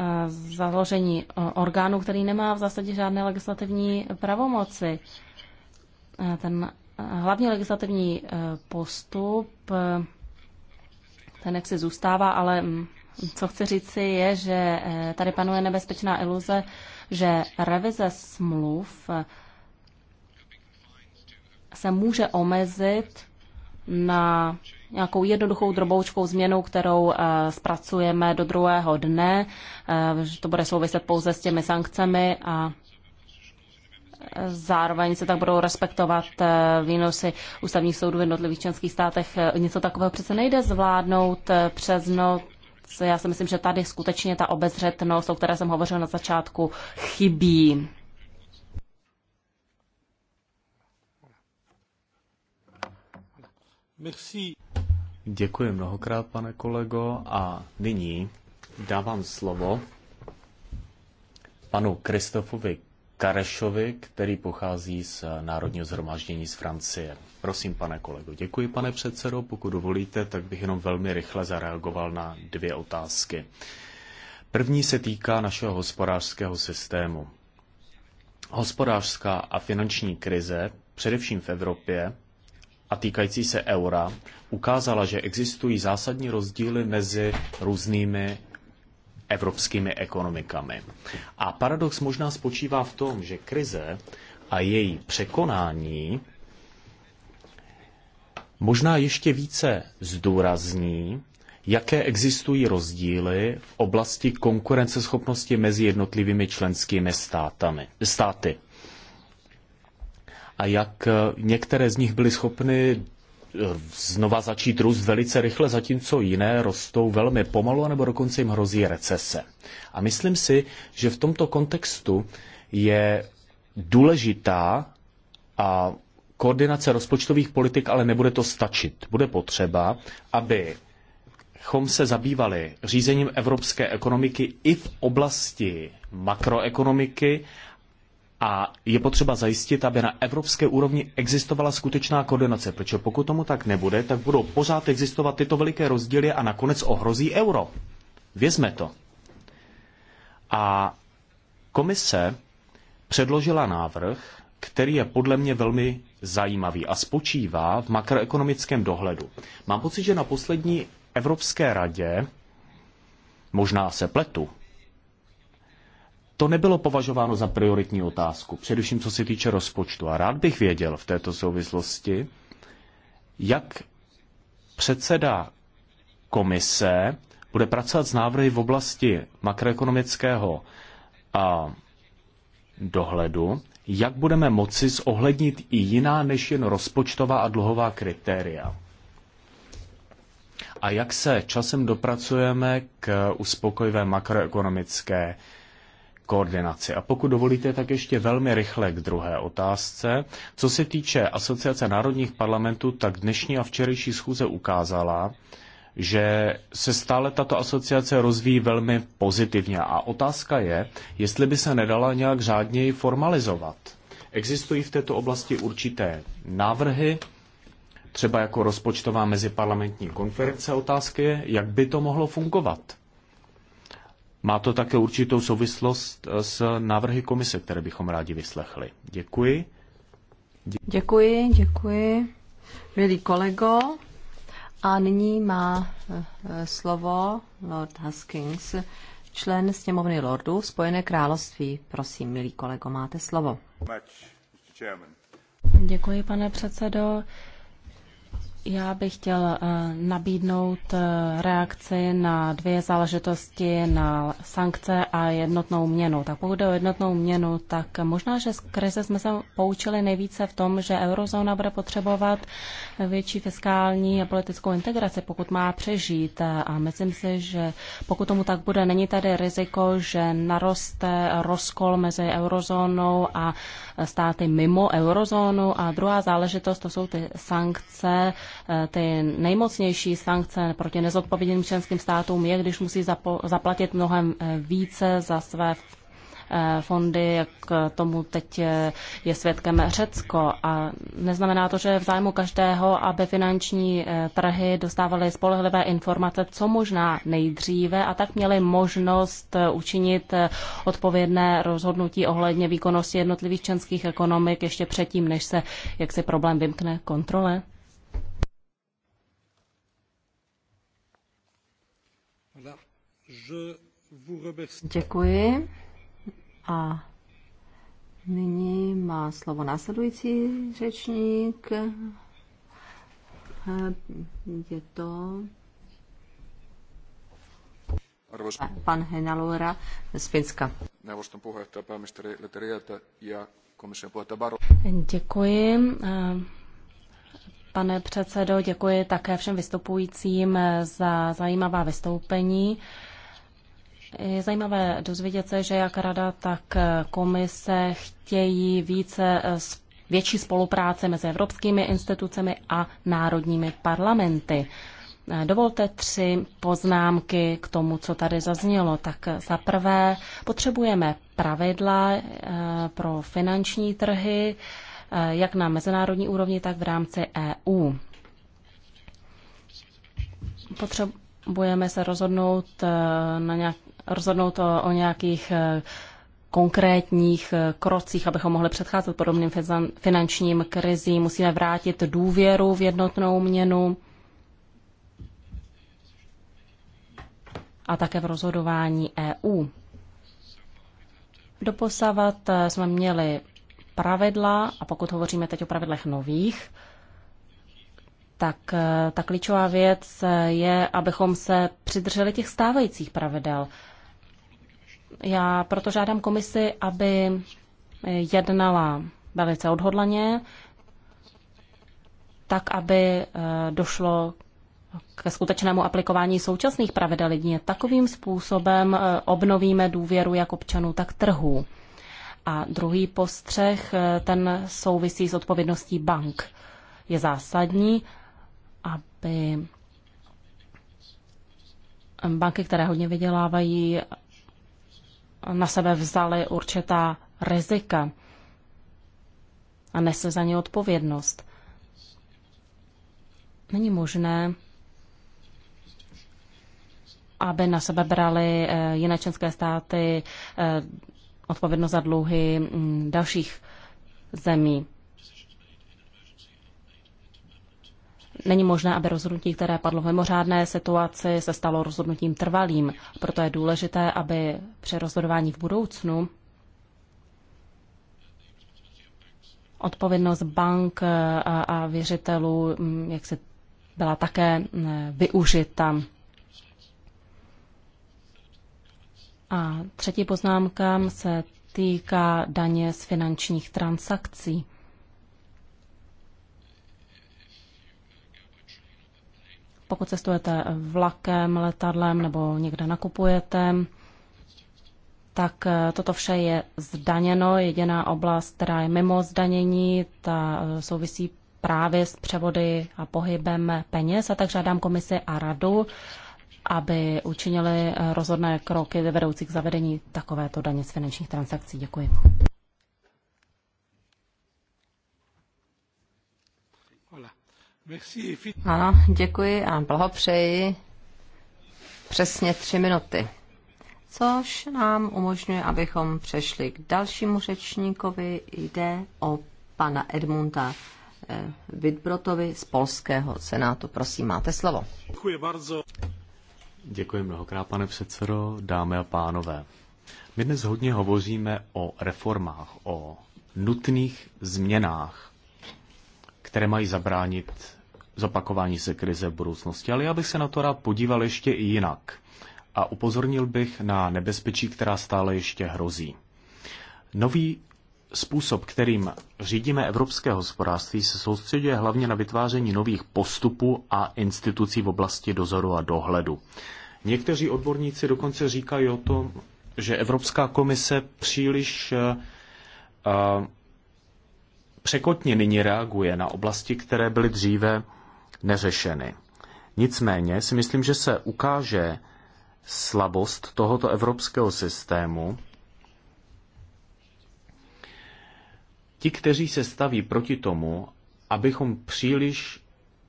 Eh, založení eh, orgánu, který nemá v zásadě žádné legislativní pravomoci. Eh, ten hlavní legislativní postup, ten jak si zůstává, ale mm, co chci říci je, že tady panuje nebezpečná iluze, že revize smluv se může omezit na nějakou jednoduchou droboučkou změnu, kterou eh, zpracujeme do druhého dne. Eh, to bude souviset pouze s těmi sankcemi a Zároveň se tak budou respektovat eh, výnosy ústavních soudů v jednotlivých členských státech. Něco takového přece nejde zvládnout přes noc. Já si myslím, že tady skutečně ta obezřetnost, o které jsem hovořil na začátku, chybí.
Merci.
Děkuji mnohokrát, pane kolego, a nyní dávám slovo panu Kristofovi Karešovi, který pochází z Národního zhromáždění z Francie. Prosím, pane kolego. Děkuji, pane předsedo. Pokud dovolíte, tak bych jenom velmi rychle zareagoval na dvě otázky. První se týká našeho hospodářského systému. Hospodářská a finanční krize, především v Evropě, a týkající se eura ukázala, že existují zásadní rozdíly mezi různými evropskými ekonomikami. A paradox možná spočívá v tom, že krize a její překonání možná ještě více zdůrazní, jaké existují rozdíly v oblasti konkurenceschopnosti mezi jednotlivými členskými státami, státy a jak eh, některé z nich byly schopny eh, znova začít růst velice rychle, zatímco jiné rostou velmi pomalu, anebo dokonce jim hrozí recese. A myslím si, že v tomto kontextu je důležitá a koordinace rozpočtových politik, ale nebude to stačit. Bude potřeba, aby chom se zabývali řízením evropské ekonomiky i v oblasti makroekonomiky a je potřeba zajistit, aby na evropské úrovni existovala skutečná koordinace, protože pokud tomu tak nebude, tak budou pořád existovat tyto veliké rozdíly a nakonec ohrozí euro. Vězme to. A komise předložila návrh, který je podle mě velmi zajímavý a spočívá v makroekonomickém dohledu. Mám pocit, že na poslední Evropské radě, možná se pletu, to nebylo považováno za prioritní otázku, především co se týče rozpočtu. A rád bych věděl v této souvislosti, jak předseda komise bude pracovat s návrhy v oblasti makroekonomického a dohledu, jak budeme moci zohlednit i jiná než jen rozpočtová a dluhová kritéria. A jak se časem dopracujeme k uspokojivé makroekonomické koordinaci. A pokud dovolíte, tak ještě velmi rychle k druhé otázce. Co se týče Asociace národních parlamentů, tak dnešní a včerejší schůze ukázala, že se stále tato asociace rozvíjí velmi pozitivně. A otázka je, jestli by se nedala nějak řádněji formalizovat. Existují v této oblasti určité návrhy, třeba jako rozpočtová meziparlamentní konference. Otázka je, jak by to mohlo fungovat. Má to také určitou souvislost eh, s návrhy komise, které bychom rádi vyslechli. Děkuji.
Děkuji, děkuji, milý kolego. A nyní má eh, slovo Lord Haskins, člen sněmovny Lordů Spojené království. Prosím, milý kolego, máte slovo.
Děkuji, pane předsedo. Já bych chtěl eh, nabídnout eh, reakci na dvě záležitosti, na sankce a jednotnou měnu. Tak pokud jde o jednotnou měnu, tak možná, že z krize jsme se poučili nejvíce v tom, že eurozóna bude potřebovat větší fiskální a politickou integraci, pokud má přežít. A myslím si, že pokud tomu tak bude, není tady riziko, že naroste rozkol mezi eurozónou a státy mimo eurozónu. A druhá záležitost, to jsou ty sankce, e, ty nejmocnější sankce proti nezodpovědným členským státům je, když musí zapo- zaplatit mnohem e, více za své Eh, fondy, jak tomu teď eh, je svědkem Řecko. A neznamená to, že je v zájmu každého, aby finanční eh, trhy dostávaly spolehlivé informace, co možná nejdříve a tak měly možnost učinit odpovědné rozhodnutí ohledně výkonnosti jednotlivých členských ekonomik ještě předtím, než se jak se problém vymkne kontrole?
Děkuji.
A nyní má slovo následující řečník. Je to pan Henalura z Finska. Neuvoston puheenjohtaja pääministeri Leterieltä ja komission puheenjohtaja Baro.
Děkuji. Eh, pane předsedo, děkuji také všem vystupujícím eh, za zajímavá vystoupení. Je zajímavé dozvědět se, že jak rada, tak komise chtějí více eh, větší spolupráce mezi evropskými institucemi a národními parlamenty. Eh, dovolte tři poznámky k tomu, co tady zaznělo. Tak eh, za prvé, potřebujeme pravidla pro finanční trhy, jak na mezinárodní úrovni, tak v rámci EU. Potřebujeme se rozhodnout na nějak, rozhodnout o, o nějakých e, konkrétních e, krocích, abychom mohli předcházet podobným finančním krizím. Musíme vrátit důvěru v jednotnou měnu a také v rozhodování EU. Doposavat e, jsme měli pravidla, a pokud hovoříme teď o pravidlech nových, tak ta klíčová věc je, abychom se přidrželi těch stávajících pravidel. Já proto žádám komisi, aby jednala velice odhodlaně, tak, aby e, došlo ke skutečnému aplikování současných pravidel jedině takovým způsobem e, obnovíme důvěru jak občanů, tak trhů. A druhý postřeh, e, ten souvisí s odpovědností bank. Je zásadní, aby banky, které hodně vydělávají, na sebe vzali určitá rizika a nese za ně odpovědnost. Není možné, aby na sebe brali eh, jiné členské státy eh, odpovědnost za dluhy mm, dalších zemí. není možné, aby rozhodnutí, které padlo v mimořádné situaci, se stalo rozhodnutím trvalým. Proto je důležité, aby při rozhodování v budoucnu odpovědnost bank a, věřitelů, mm, jak se byla také mm, využita. A třetí poznámka se týká daně z finančních transakcí. pokud cestujete vlakem, letadlem nebo někde nakupujete, tak eh, toto vše je zdaněno. Jediná oblast, která je mimo zdanění, ta eh, souvisí právě s převody a pohybem peněz. A tak žádám komisi a radu, aby učinili eh, rozhodné kroky vedoucí k zavedení takovéto daně z finančních transakcí. Děkuji. Ano, děkuji a
blahopřeji. Přesně tři minuty. Což nám umožňuje, abychom přešli k dalšímu řečníkovi. Jde o pana Edmunda eh, Vidbrotovi z Polského senátu. Prosím, máte slovo.
Děkuji bardzo. Děkuji mnohokrát, pane předsedo, dámy a pánové. My dnes hodně hovoříme o reformách, o nutných změnách, které mají zabránit zopakování se krize v budoucnosti, ale já bych se na to rád podíval ještě i jinak a upozornil bych na nebezpečí, která stále ještě hrozí. Nový způsob, kterým řídíme evropské hospodářství, se soustředuje hlavně na vytváření nových postupů a institucí v oblasti dozoru a dohledu. Někteří odborníci dokonce říkají o tom, že Evropská komise příliš uh, překotně nyní reaguje na oblasti, které byly dříve neřešeny. Nicméně si myslím, že se ukáže slabost tohoto evropského systému. Ti, kteří se staví proti tomu, abychom příliš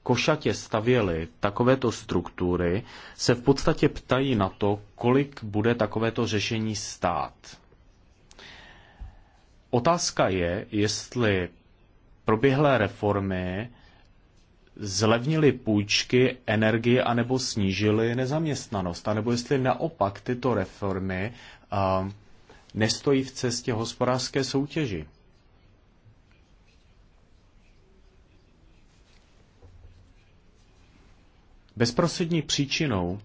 košatě stavěli takovéto struktury, se v podstatě ptají na to, kolik bude takovéto řešení stát. Otázka je, jestli proběhlé reformy zlevnili půjčky, energii, anebo snížili nezaměstnanost, anebo jestli naopak tyto reformy nestojí v cestě hospodářské soutěži. Bezprostřední příčinou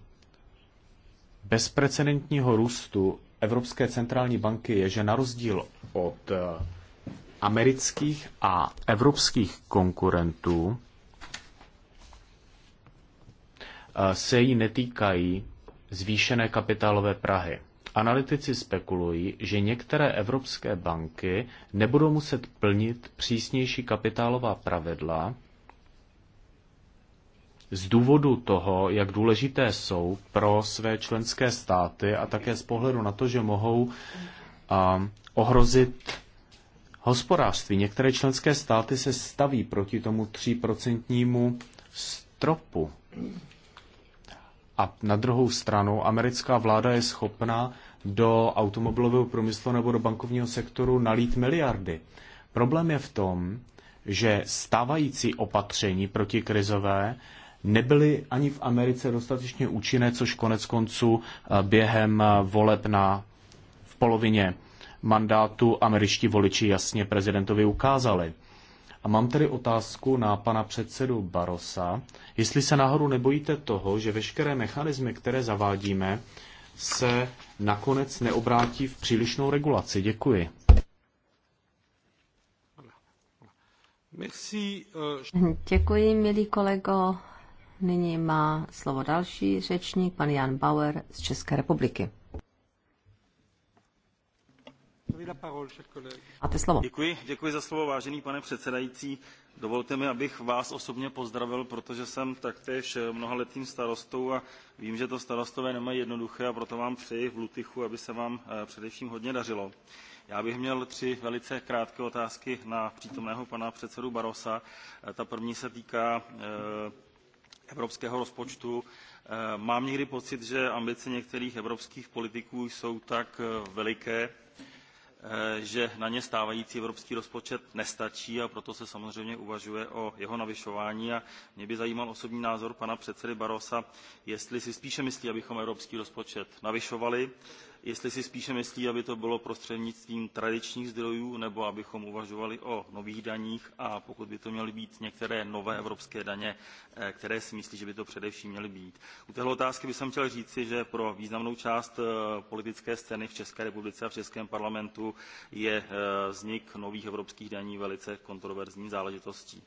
bezprecedentního růstu Evropské centrální banky je, že na rozdíl od amerických a evropských konkurentů se jí netýkají zvýšené kapitálové Prahy. Analytici spekulují, že některé evropské banky nebudou muset plnit přísnější kapitálová pravidla z důvodu toho, jak důležité jsou pro své členské státy a také z pohledu na to, že mohou ohrozit hospodářství. Některé členské státy se staví proti tomu tříprocentnímu stropu. A na druhou stranu americká vláda je schopná do automobilového průmyslu nebo do bankovního sektoru nalít miliardy. Problém je v tom, že stávající opatření protikrizové nebyly ani v Americe dostatečně účinné, což konec konců eh, během eh, voleb na v polovině mandátu američtí voliči jasně prezidentovi ukázali. A mám tedy otázku na pana předsedu Barosa, jestli se náhodou nebojíte toho, že veškeré mechanismy, které zavádíme, se nakonec neobrátí v přílišnou regulaci. Děkuji.
Eh, Děkuji, milý kolego. Nyní má slovo další řečník, pan Jan Bauer z České republiky. Máte
slovo.
Děkuji, děkuji za slovo, vážený pane předsedající. Dovolte mi, abych vás osobně pozdravil, protože jsem taktéž mnohaletým starostou a vím, že to starostové nemají jednoduché a proto vám přeji v Lutychu, aby se vám eh, především hodně dařilo. Já bych měl tři velice krátké otázky na přítomného pana předsedu Barosa. Eh, ta první se týká eh, evropského rozpočtu. Mám někdy pocit, že ambice některých evropských politiků jsou tak veliké, Eh, že na ně stávající evropský rozpočet nestačí a proto se samozřejmě uvažuje o jeho navyšování a mě by zajímal osobní názor pana předsedy barrosa jestli si spíše myslí abychom evropský rozpočet navyšovali jestli si spíše myslí, aby to bylo prostřednictvím tradičních zdrojů, nebo abychom uvažovali o nových daních a pokud by to měly být některé nové evropské daně, eh, které si myslí, že by to především měly být. U téhle otázky bych chtěl říci, že pro významnou část eh, politické scény v České republice a v Českém parlamentu je eh, vznik nových evropských daní velice kontroverzní záležitostí.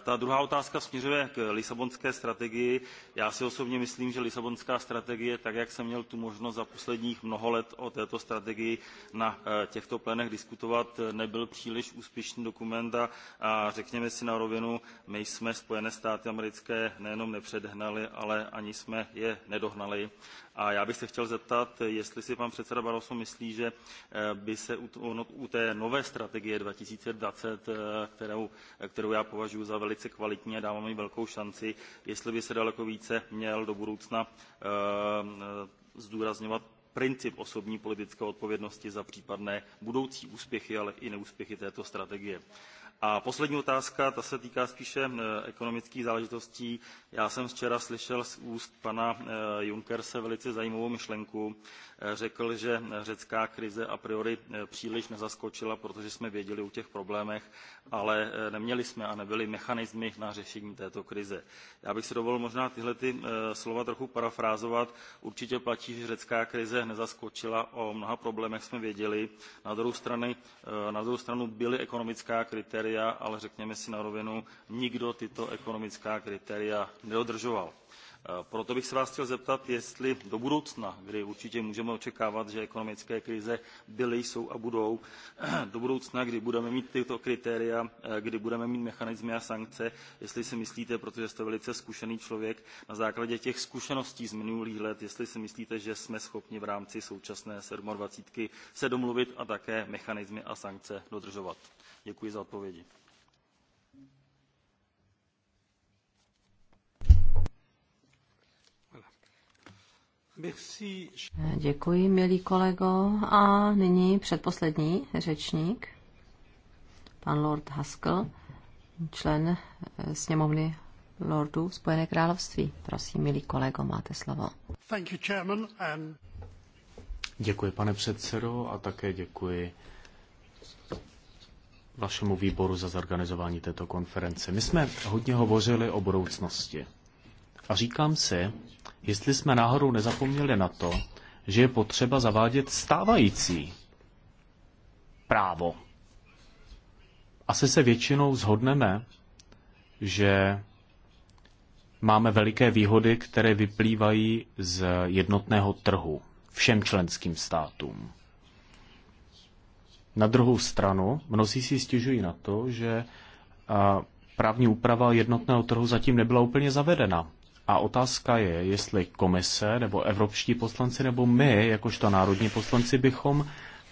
Ta druhá otázka směřuje k Lisabonské strategii. Já si osobně myslím, že Lisabonská strategie, tak jak jsem měl tu možnost za posledních mnoho mnoho let o této strategii na eh, těchto plénech diskutovat eh, nebyl příliš úspěšný dokument a řekněme si na rovinu my jsme spojené státy americké nejenom nepředehnali ale ani jsme je nedohnali a já bych se chtěl zeptat jestli si pan předseda barroso myslí že eh, by se u té nové strategie two thousand and twenty kterou já považuji za velice kvalitní a dávám jí velkou šanci jestli by se daleko více měl do budoucna zdůrazňovat princip osobní politické odpovědnosti za případné budoucí úspěchy ale i neúspěchy této strategie a poslední otázka ta se týká spíše eh, ekonomických záležitostí. já jsem včera slyšel z úst pana eh, junckerse velice zajímavou myšlenku eh, řekl že řecká krize a priori příliš nezaskočila protože jsme věděli o těch problémech ale neměli jsme a nebyly mechanismy na řešení této krize. já bych si dovolil možná tyhle ty slova trochu parafrázovat určitě platí že řecká krize nezaskočila o mnoha problémech jsme věděli na druhou stranu, na druhou stranu byla ekonomická kritéria kritéria, ale řekněme si na rovinu, nikdo tyto ekonomická kritéria nedodržoval. Eh, proto bych se vás chtěl zeptat, jestli do budoucna, kdy určitě můžeme očekávat, že ekonomické krize byly, jsou a budou, eh, do budoucna, kdy budeme mít tyto kritéria, eh, kdy budeme mít mechanismy a sankce, jestli si myslíte, protože jste velice zkušený člověk, na základě těch zkušeností z minulých let, jestli si myslíte, že jsme schopni v rámci současné sedmadvacítky se domluvit a také mechanismy a sankce dodržovat. Děkuji za odpovědi.
Děkuji, milý kolego. A nyní předposlední řečník, pan Lord Haskell, člen eh, sněmovny Lordů Spojené království. Prosím, milý kolego, máte slovo.
Děkuji, pane předsedo, a také děkuji vašemu výboru za zorganizování této konference. My jsme hodně hovořili o budoucnosti. A říkám si, jestli jsme náhodou nezapomněli na to, že je potřeba zavádět stávající právo. Asi se většinou zhodneme, že máme veliké výhody, které vyplývají z jednotného trhu všem členským státům. Na druhou stranu, mnozí si stěžují na to, že právní úprava jednotného trhu zatím nebyla úplně zavedena. A otázka je, jestli komise nebo evropští poslanci nebo my, jakožto národní poslanci, bychom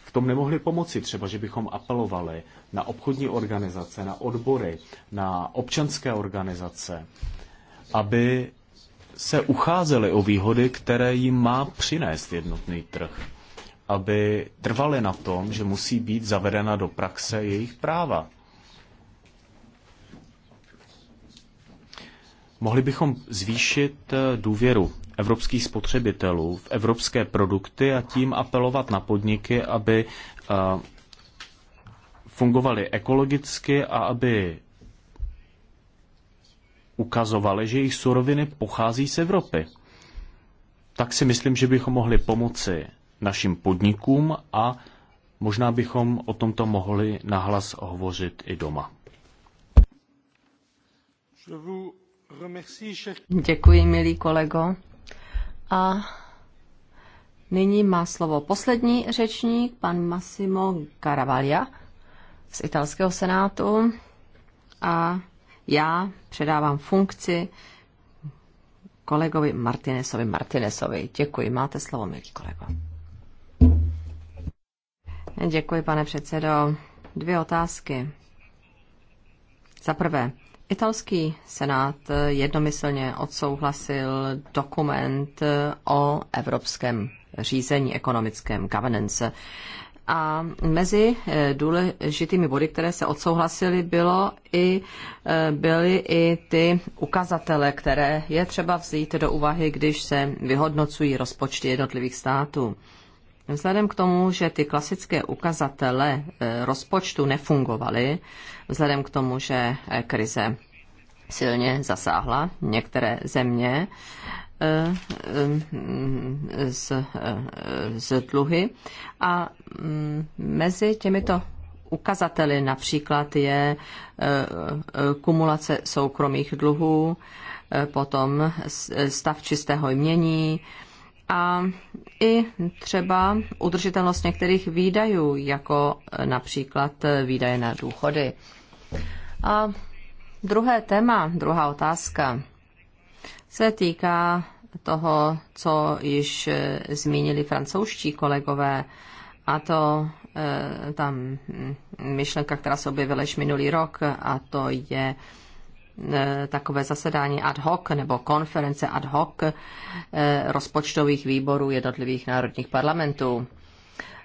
v tom nemohli pomoci. Třeba, že bychom apelovali na obchodní organizace, na odbory, na občanské organizace, aby se ucházeli o výhody, které jim má přinést jednotný trh aby trvali na tom, že musí být zavedena do praxe jejich práva. Mohli bychom zvýšit eh, důvěru evropských spotřebitelů v evropské produkty a tím apelovat na podniky, aby eh, fungovaly ekologicky a aby ukazovali, že jejich suroviny pochází z Evropy. Tak si myslím, že bychom mohli pomoci našim podnikům a možná bychom o tomto mohli nahlas hovořit i doma.
Děkuji, milý kolego. A nyní má slovo poslední řečník, pan Massimo Caravaglia z italského senátu. A já předávám funkci kolegovi Martinesovi Martinesovi. Děkuji, máte slovo, milý kolego. Děkuji, pane předsedo. Dvě otázky. Za prvé, italský senát jednomyslně odsouhlasil dokument o evropském řízení ekonomickém governance. A mezi eh, důležitými body, které se odsouhlasily, bylo i, eh, byly i ty ukazatele, které je třeba vzít do úvahy, když se vyhodnocují rozpočty jednotlivých států. Vzhledem k tomu, že ty klasické ukazatele eh, rozpočtu nefungovaly, vzhledem k tomu, že eh, krize silně zasáhla některé země eh, mm, z, z dluhy a mm, mezi těmito ukazateli například je kumulace soukromých dluhů, potom stav čistého jmění, a i třeba udržitelnost některých výdajů, jako například výdaje na důchody. A druhé téma, druhá otázka, se týká toho, co již eh, zmínili francouzští kolegové, a to eh, tam hm, myšlenka, která se objevila již minulý rok, a to je E, takové zasedání ad hoc nebo konference ad hoc e, rozpočtových výborů jednotlivých národních parlamentů.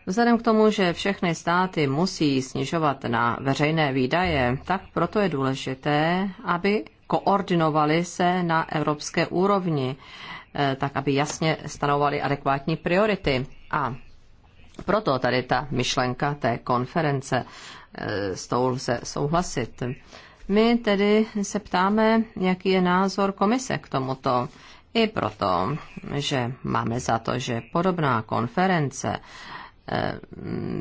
Vzhledem k tomu, že všechny státy musí snižovat na veřejné výdaje, tak proto je důležité, aby koordinovali se na evropské úrovni, e, tak aby jasně stanovali adekvátní priority. A proto tady ta myšlenka té konference, s tou lze souhlasit. My tedy se ptáme, jaký je názor komise k tomuto. I proto, že máme za to, že podobná konference eh,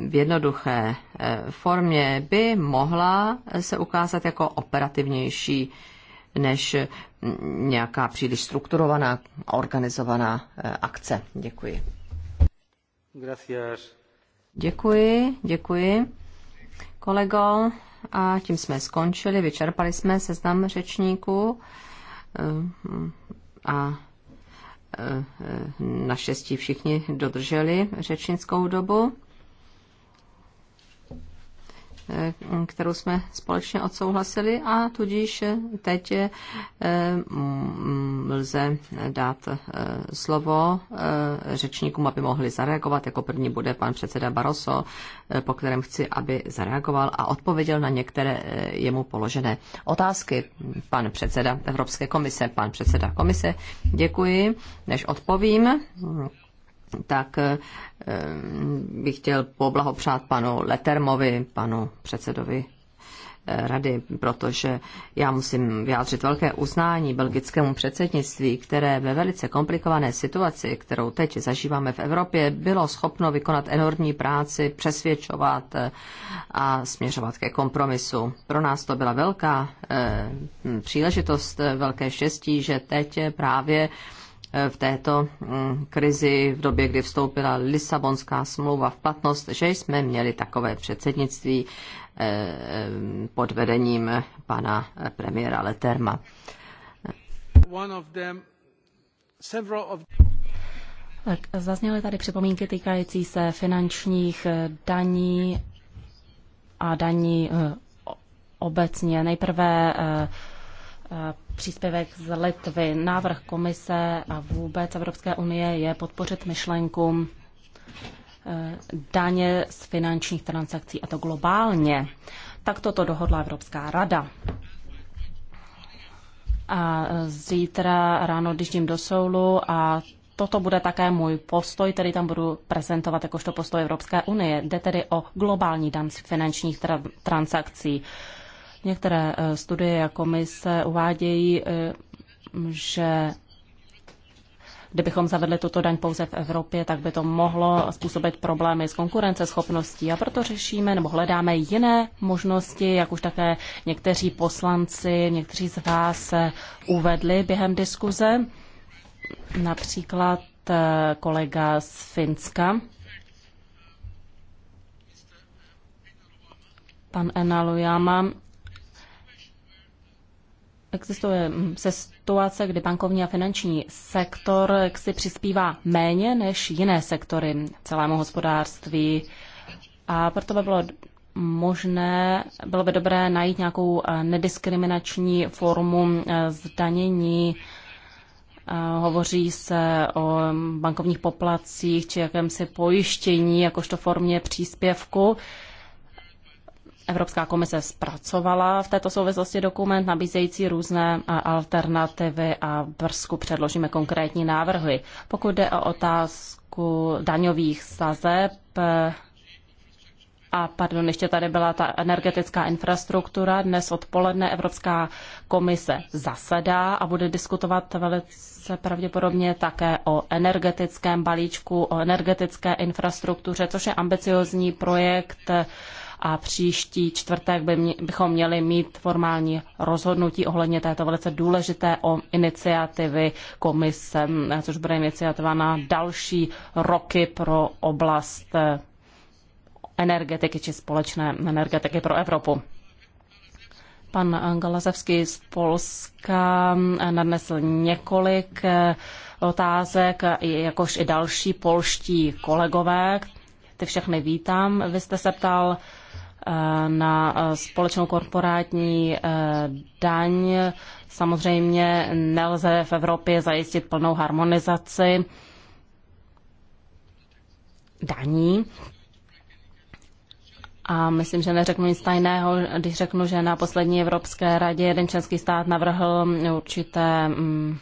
v jednoduché eh, formě by mohla se ukázat jako operativnější než mm, nějaká příliš strukturovaná a organizovaná eh, akce. Děkuji.
Gracias.
Děkuji, děkuji. Kolego, a tím jsme skončili, vyčerpali jsme seznam řečníků eh, a eh, eh, naštěstí všichni dodrželi řečnickou dobu. Eh, kterou jsme společně odsouhlasili a tudíž teď eh, lze dát eh, slovo řečníkům, aby mohli zareagovat. Jako první bude pan předseda Baroso, po kterém chci, aby zareagoval a odpověděl na některé jemu položené otázky. Pan předseda Evropské komise, pan předseda komise, děkuji. Než odpovím, tak eh, bych chtěl poblahopřát panu Letermovi, panu předsedovi eh, rady, protože já musím vyjádřit velké uznání belgickému předsednictví, které ve velice komplikované situaci, kterou teď zažíváme v Evropě, bylo schopno vykonat enormní práci, přesvědčovat eh, a směřovat ke kompromisu. Pro nás to byla velká příležitost, velké štěstí, že teď právě v této mm, krizi, v době, kdy vstoupila Lisabonská smlouva v platnost, že jsme měli takové předsednictví eh, eh, pod vedením pana premiéra Leterma.
Tak, zazněly tady připomínky týkající se finančních eh, daní a daní obecně. Nejprve Eh, příspěvek z Litvy, návrh komise a vůbec Evropské unie je podpořit myšlenku eh, daně z finančních transakcí, a to globálně. Tak toto dohodla Evropská rada. A zítra ráno, když do Soulu a toto bude také můj postoj, který tam budu prezentovat jakožto postoj Evropské unie. Jde tedy o globální dan z finančních tra- transakcí. Některé eh, studie a komise uvádějí, eh, že Kdybychom zavedli tuto daň pouze v Evropě, tak by to mohlo způsobit problémy s konkurenceschopností a proto řešíme nebo hledáme jiné možnosti, jak už také někteří poslanci, někteří z vás eh, uvedli během diskuze, například kolega z Finska. Pan Enalujama existuje mm, se situace, kdy bankovní a finanční sektor si přispívá méně než jiné sektory celému hospodářství. A proto by bylo možné, bylo by dobré najít nějakou eh, nediskriminační formu eh, zdanění. Eh, hovoří se o mm, bankovních poplacích či jakémsi pojištění jakožto formě příspěvku. Evropská komise zpracovala v této souvislosti dokument nabízející různé alternativy a brzku předložíme konkrétní návrhy. Pokud jde o otázku daňových sazeb, a pardon, ještě tady byla ta energetická infrastruktura. Dnes odpoledne Evropská komise zasedá a bude diskutovat velice pravděpodobně také o energetickém balíčku, o energetické infrastruktuře, což je ambiciozní projekt a příští čtvrtek by mě, bychom měli mít formální rozhodnutí ohledně této velice důležité o iniciativy komise, což bude iniciativa na další roky pro oblast eh, energetiky či společné energetiky pro Evropu. Pan Galazevský z Polska eh, nadnesl několik eh, otázek, jakož i další polští kolegové. Ty všechny vítám. Vy jste se ptal Eh, na eh, společnou korporátní eh, daň. Samozřejmě nelze v Evropě zajistit plnou harmonizaci daní. A myslím, že neřeknu nic tajného, když řeknu, že na poslední Evropské radě jeden členský stát navrhl určité mm,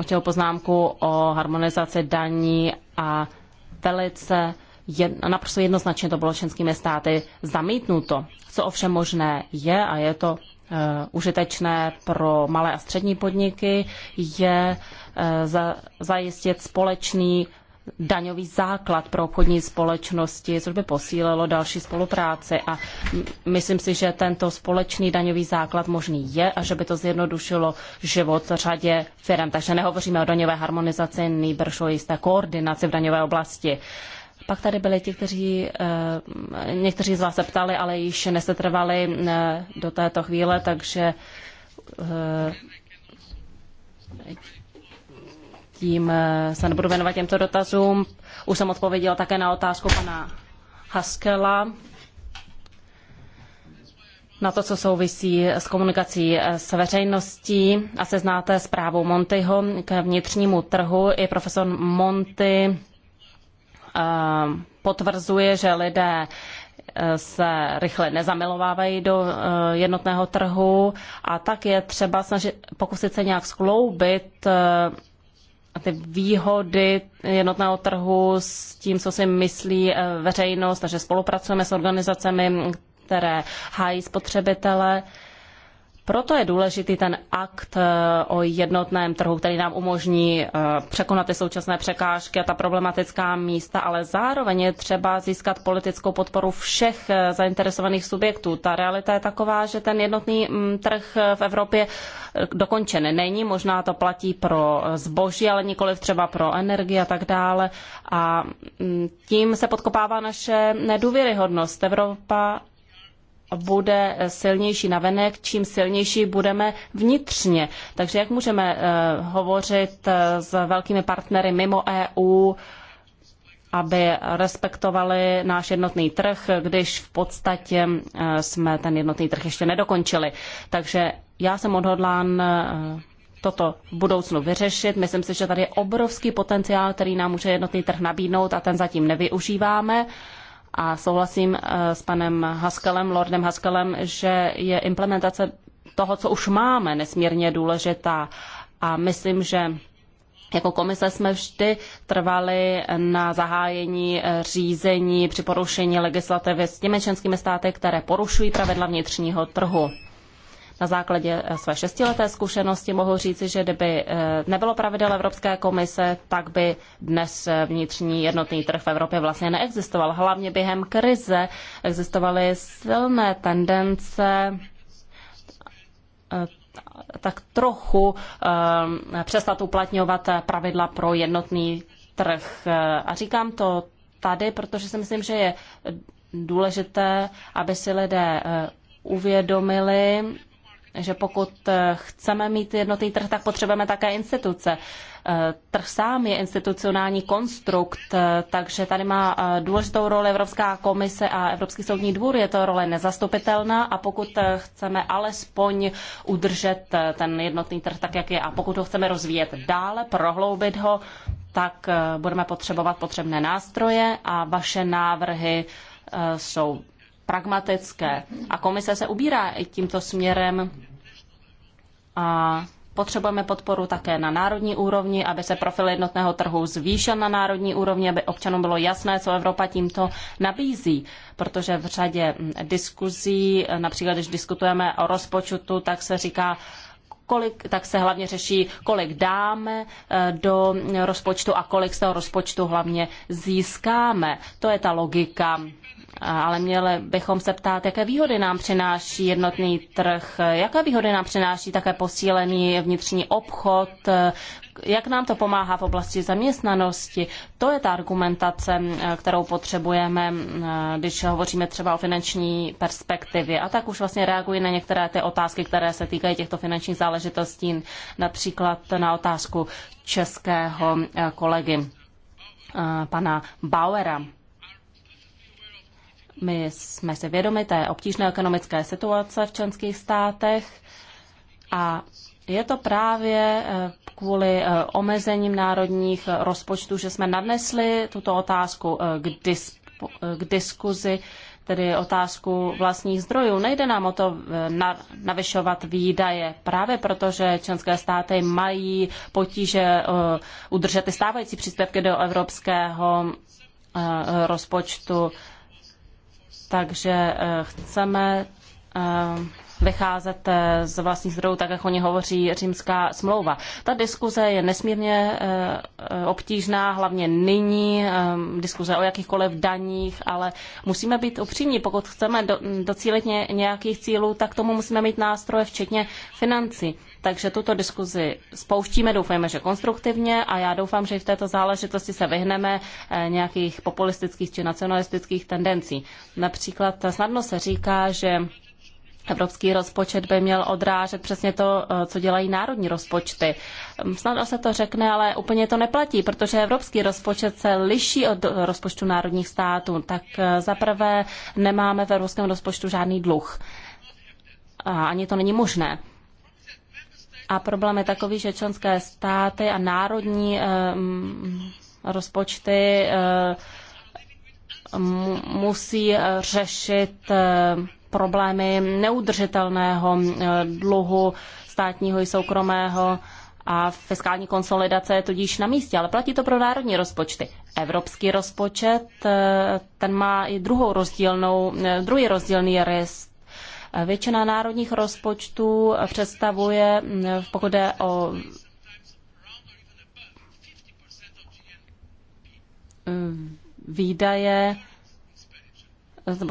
určitou poznámku o harmonizaci daní a velice naprosto jednoznačně to bylo členskými státy zamítnuto. Co ovšem možné je, a je to eh, užitečné pro malé a střední podniky, je eh, za, zajistit společný daňový základ pro obchodní společnosti, což by posílilo další spolupráci. A myslím si, že tento společný daňový základ možný je a že by to zjednodušilo život řadě firm. Takže nehovoříme o daňové harmonizaci, nýbrž o jisté koordinaci v daňové oblasti. Uh, pak tady byli ti, kteří, eh, někteří z vás se ptali, ale již nesetrvali eh, do této chvíle, takže eh, tím se nebudu věnovat těmto dotazům. Už jsem odpověděla také na otázku pana Haskela na to, co souvisí s komunikací s veřejností a se znáte zprávou Montyho k vnitřnímu trhu. I profesor Monty Ehm, potvrzuje, že lidé eh, se rychle nezamilovávají do eh, jednotného trhu a tak je třeba snažit, pokusit se nějak skloubit eh, ty výhody jednotného trhu s tím, co si myslí veřejnost, takže spolupracujeme s organizacemi, které hájí spotřebitele. Proto je důležitý ten akt eh, o jednotném trhu, který nám umožní eh, překonat ty současné překážky a ta problematická místa, ale zároveň je třeba získat politickou podporu všech eh, zainteresovaných subjektů. Ta realita je taková, že ten jednotný mm, trh v Evropě dokončen není. Možná to platí pro zboží, ale nikoli třeba pro energii a tak dále. A mm, tím se podkopává naše nedůvěryhodnost. Evropa bude silnější navenek, čím silnější budeme vnitřně. Takže jak můžeme eh, hovořit eh, s velkými partnery mimo EU, aby respektovali náš jednotný trh, když v podstatě eh, jsme ten jednotný trh ještě nedokončili. Takže já jsem odhodlán toto v budoucnu vyřešit. Myslím si, že tady je obrovský potenciál, který nám může jednotný trh nabídnout a ten zatím nevyužíváme. A souhlasím eh, s panem Haskelem, Lordem Haskelem, že je implementace toho, co už máme, nesmírně důležitá. A myslím, že jako komise jsme vždy trvali na zahájení eh, řízení při porušení legislativy s těmi členskými státy, které porušují pravidla vnitřního trhu na základě eh, své šestileté zkušenosti mohu říci, že kdyby eh, nebylo pravidel Evropské komise, tak by dnes eh, vnitřní jednotný trh v Evropě vlastně neexistoval. Hlavně během krize existovaly silné tendence tak trochu přestat uplatňovat pravidla pro jednotný trh. A říkám to tady, protože si myslím, že je důležité, aby si lidé uvědomili, že pokud eh, chceme mít jednotný trh, tak potřebujeme také instituce. Eh, trh sám je institucionální konstrukt, eh, takže tady má důležitou roli Evropská komise a Evropský soudní dvůr. Je to role nezastupitelná a pokud chceme alespoň udržet ten jednotný trh tak, jak je a pokud ho chceme rozvíjet dále, prohloubit ho, tak budeme potřebovat potřebné nástroje a vaše návrhy jsou pragmatické. A komise se ubírá i tímto směrem a potřebujeme podporu také na národní úrovni, aby se profil jednotného trhu zvýšil na národní úrovni, aby občanům bylo jasné, co Evropa tímto nabízí. Protože v řadě hm, diskuzí, například když diskutujeme o rozpočtu, tak se říká, kolik, tak se hlavně řeší, kolik dáme eh, do rozpočtu a kolik z toho rozpočtu hlavně získáme. To je ta logika ale měli bychom se ptát, jaké výhody nám přináší jednotný trh, jaké výhody nám přináší také posílený vnitřní obchod, e, jak nám to pomáhá v oblasti zaměstnanosti. To je ta argumentace, e, kterou potřebujeme, e, když hovoříme třeba o finanční perspektivě. A tak už vlastně reaguji na některé ty otázky, které se týkají těchto finančních záležitostí, například na otázku českého kolegy pana Bauera. My jsme si vědomi té obtížné ekonomické situace v členských státech a je to právě eh, kvůli eh, omezením národních eh, rozpočtů, že jsme nadnesli tuto otázku k, dis- k diskuzi, tedy otázku vlastních zdrojů. Nejde nám o to navyšovat výdaje, právě protože členské státy mají potíže udržet ty stávající příspěvky do evropského rozpočtu. Takže eh, chceme eh, vycházet eh, z vlastních zdrojů, tak jak o ní hovoří římská smlouva. Ta diskuze je nesmírně obtížná, hlavně nyní, diskuze o jakýchkoliv daních, ale musíme být upřímní. Pokud chceme docílit nějakých cílů, tak tomu musíme mít nástroje, včetně financí. Takže tuto diskuzi spouštíme, doufejme, že konstruktivně a já doufám, že i v této záležitosti se vyhneme eh, nějakých populistických či nacionalistických tendencí. Například snadno se říká, že Evropský rozpočet by měl odrážet přesně to, eh, co dělají národní rozpočty. Hm, snadno se to řekne, ale úplně to neplatí, protože evropský rozpočet se liší od rozpočtu národních států. Tak eh, zaprvé nemáme v evropském rozpočtu žádný dluh. A ani to není možné. A problém je takový, že členské státy a národní eh, rozpočty eh, musí eh, řešit problémy neudržitelného dluhu státního i soukromého a fiskální konsolidace je tudíž na místě, ale platí to pro národní rozpočty. Evropský rozpočet, ten má i druhou rozdílnou, druhý rozdílný rys, Většina národních rozpočtů představuje, mm, pokud jde o mm, výdaje,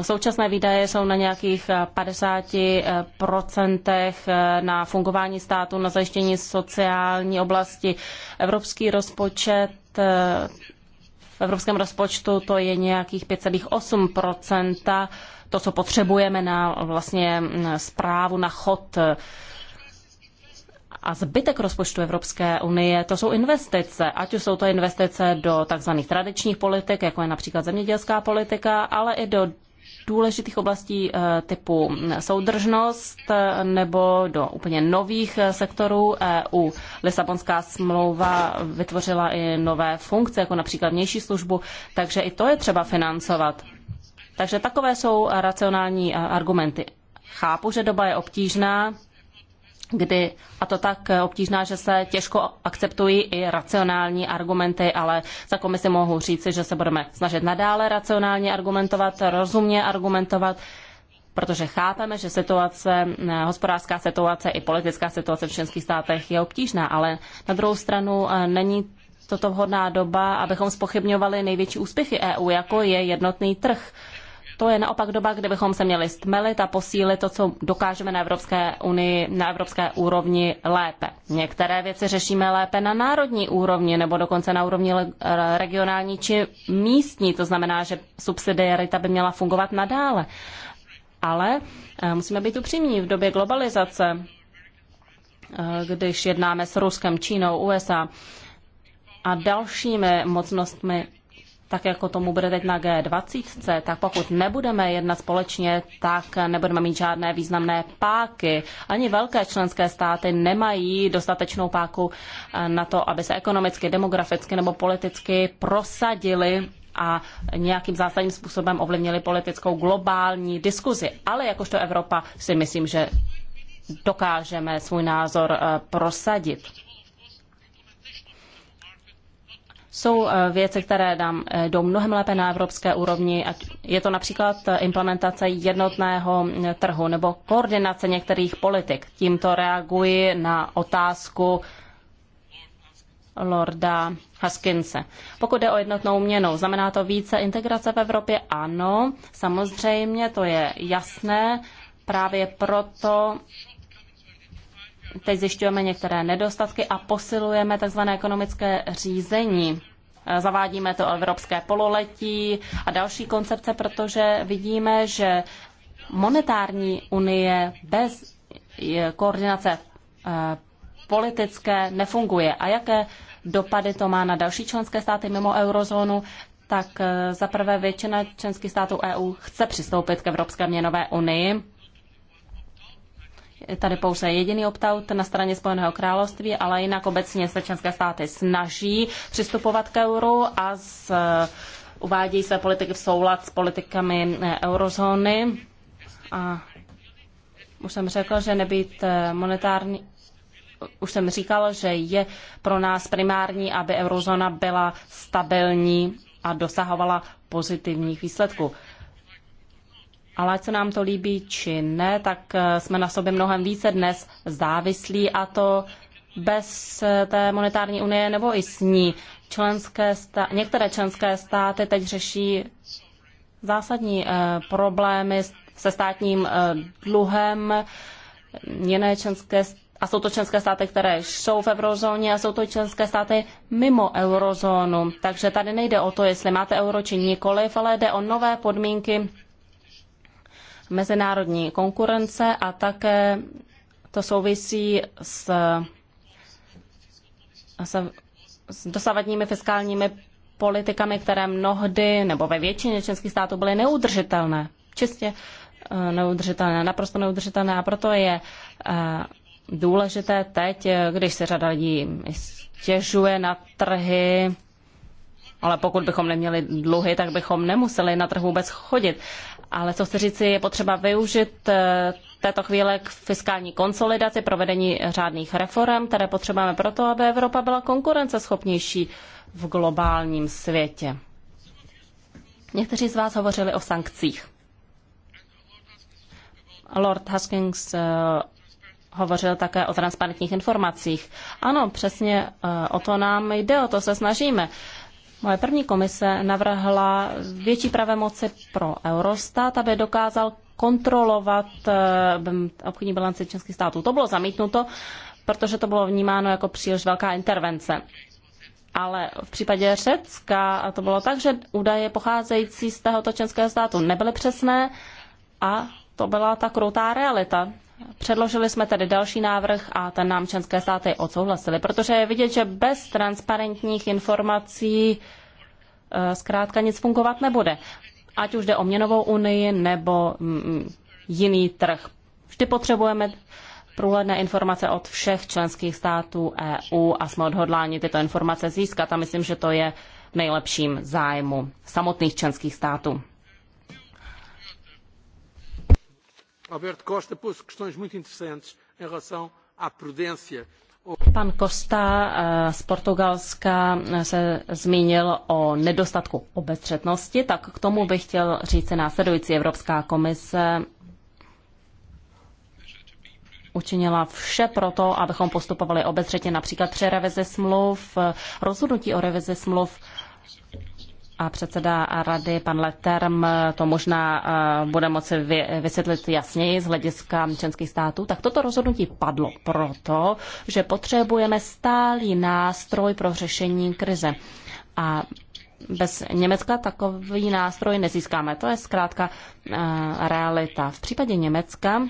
současné výdaje jsou na nějakých 50% eh, na fungování státu, na zajištění sociální oblasti. Evropský rozpočet eh, v evropském rozpočtu to je nějakých 5,8 to, co potřebujeme na vlastně zprávu, na chod e, a zbytek rozpočtu Evropské unie, to jsou investice, ať už jsou to investice do tzv. tradičních politik, jako je například zemědělská politika, ale i do důležitých oblastí e, typu soudržnost e, nebo do úplně nových sektorů EU. Lisabonská smlouva vytvořila i nové funkce, jako například vnější službu, takže i to je třeba financovat. Takže takové jsou racionální eh, argumenty. Chápu, že doba je obtížná, kdy, a to tak eh, obtížná, že se těžko akceptují i racionální argumenty, ale za komisi mohu říci, že se budeme snažit nadále racionálně argumentovat, rozumně argumentovat, protože chápeme, že situace, eh, hospodářská situace i politická situace v členských státech je obtížná, ale na druhou stranu není toto vhodná doba, abychom spochybňovali největší úspěchy EU, jako je jednotný trh. To je naopak doba, kde bychom se měli stmelit a posílit to, co dokážeme na Evropské unii, na evropské úrovni lépe. Některé věci řešíme lépe na národní úrovni nebo dokonce na úrovni regionální či místní. To znamená, že subsidiarita by měla fungovat nadále. Ale eh, musíme být upřímní v době globalizace, eh, když jednáme s Ruskem, Čínou, USA a dalšími mocnostmi tak jako tomu bude teď na G20, tak pokud nebudeme jednat společně, tak nebudeme mít žádné významné páky. Ani velké členské státy nemají dostatečnou páku eh, na to, aby se ekonomicky, demograficky nebo politicky prosadili a nějakým zásadním způsobem ovlivnili politickou globální diskuzi. Ale jakožto Evropa si myslím, že dokážeme svůj názor eh, prosadit. jsou eh, věci, které nám eh, jdou mnohem lépe na evropské úrovni. Ať je to například eh, implementace jednotného trhu nebo koordinace některých politik. Tímto reaguji na otázku Lorda Haskinse. Pokud jde o jednotnou měnu, znamená to více integrace v Evropě? Ano, samozřejmě, to je jasné. Právě proto teď zjišťujeme některé nedostatky a posilujeme tzv. ekonomické řízení. Zavádíme to evropské pololetí a další koncepce, protože vidíme, že monetární unie bez koordinace eh, politické nefunguje. A jaké dopady to má na další členské státy mimo eurozónu, tak eh, zaprvé většina členských států EU chce přistoupit k Evropské měnové unii tady pouze jediný opt-out na straně Spojeného království, ale jinak obecně se členské státy snaží přistupovat k euru a z, eh, uvádějí své politiky v soulad s politikami eh, eurozóny. A už jsem řekl, že nebýt eh, monetární, už jsem říkal, že je pro nás primární, aby eurozóna byla stabilní a dosahovala pozitivních výsledků. Ale ať se nám to líbí či ne, tak eh, jsme na sobě mnohem více dnes závislí a to bez eh, té monetární unie nebo i s ní. Členské stá- některé členské státy teď řeší zásadní eh, problémy se státním e, dluhem. Jiné členské a jsou to členské státy, které jsou v eurozóně a jsou to členské státy mimo eurozónu. Takže tady nejde o to, jestli máte euro či nikoliv, ale jde o nové podmínky mezinárodní konkurence a také to souvisí s, s, s dosavadními fiskálními politikami, které mnohdy nebo ve většině českých států byly neudržitelné. Čistě eh, neudržitelné, naprosto neudržitelné a proto je eh, důležité teď, když se řada lidí stěžuje na trhy, ale pokud bychom neměli dluhy, tak bychom nemuseli na trhu vůbec chodit. Ale co chci říci, je potřeba využít eh, této chvíle k fiskální konsolidaci, provedení řádných reform, které potřebujeme proto, aby Evropa byla konkurenceschopnější v globálním světě. Někteří z vás hovořili o sankcích. Lord Haskins eh, hovořil také o transparentních informacích. Ano, přesně eh, o to nám jde, o to se snažíme. Moje první komise navrhla větší pravomoci pro Eurostat, aby dokázal kontrolovat eh, obchodní bilanci českých států. To bylo zamítnuto, protože to bylo vnímáno jako příliš velká intervence. Ale v případě Řecka to bylo tak, že údaje pocházející z tohoto českého státu nebyly přesné a to byla ta krutá realita. Předložili jsme tedy další návrh a ten nám členské státy odsouhlasily, protože je vidět, že bez transparentních informací eh, zkrátka nic fungovat nebude. Ať už jde o měnovou unii nebo mm, mm, jiný trh. Vždy potřebujeme průhledné informace od všech členských států EU a jsme odhodláni tyto informace získat a myslím, že to je v nejlepším zájmu samotných členských států.
Alberto Costa pôs questões muito interessantes em relação à prudência.
Pan Costa eh, z Portugalska eh, se zmínil o nedostatku obezřetnosti, tak k tomu bych chtěl říct následující. Evropská komise učinila vše pro to, abychom postupovali obezřetně, například při revizi smluv, eh, rozhodnutí o revizi smluv a předseda rady, pan Leterm, to možná eh, bude moci vysvětlit jasněji z hlediska členských států, tak toto rozhodnutí padlo proto, že potřebujeme stálý nástroj pro řešení krize. A bez Německa takový nástroj nezískáme. To je zkrátka eh, realita. V případě Německa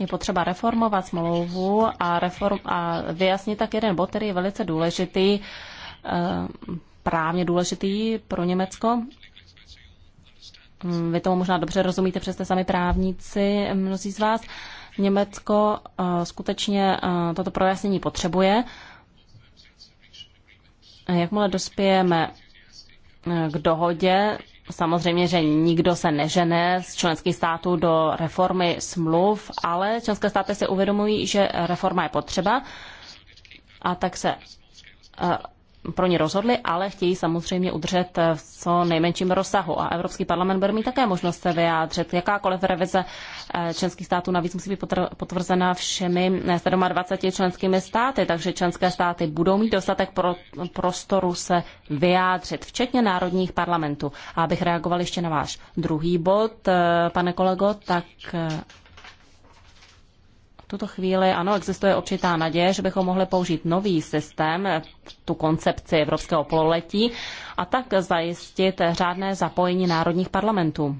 je potřeba reformovat smlouvu a, reform, a vyjasnit tak jeden bod, který je velice důležitý, eh, právně důležitý pro Německo. Mm, vy tomu možná dobře rozumíte, přes jste sami právníci, mnozí z vás. Německo eh, skutečně eh, toto projasnění potřebuje. Jakmile dospějeme k dohodě, Samozřejmě, že nikdo se nežene z členských států do reformy smluv, ale členské státy se uvědomují, že reforma je potřeba a tak se eh, pro ně rozhodli, ale chtějí samozřejmě udržet v co nejmenším rozsahu. A Evropský parlament bude mít také možnost se vyjádřit. Jakákoliv revize eh, členských států navíc musí být potvrzena všemi 27 eh, členskými státy, takže členské státy budou mít dostatek pro, prostoru se vyjádřit, včetně národních parlamentů. A abych reagoval ještě na váš druhý bod, eh, pane kolego, tak tuto chvíli ano, existuje určitá naděje, že bychom mohli použít nový systém, tu koncepci Evropského pololetí a tak zajistit řádné zapojení národních parlamentů.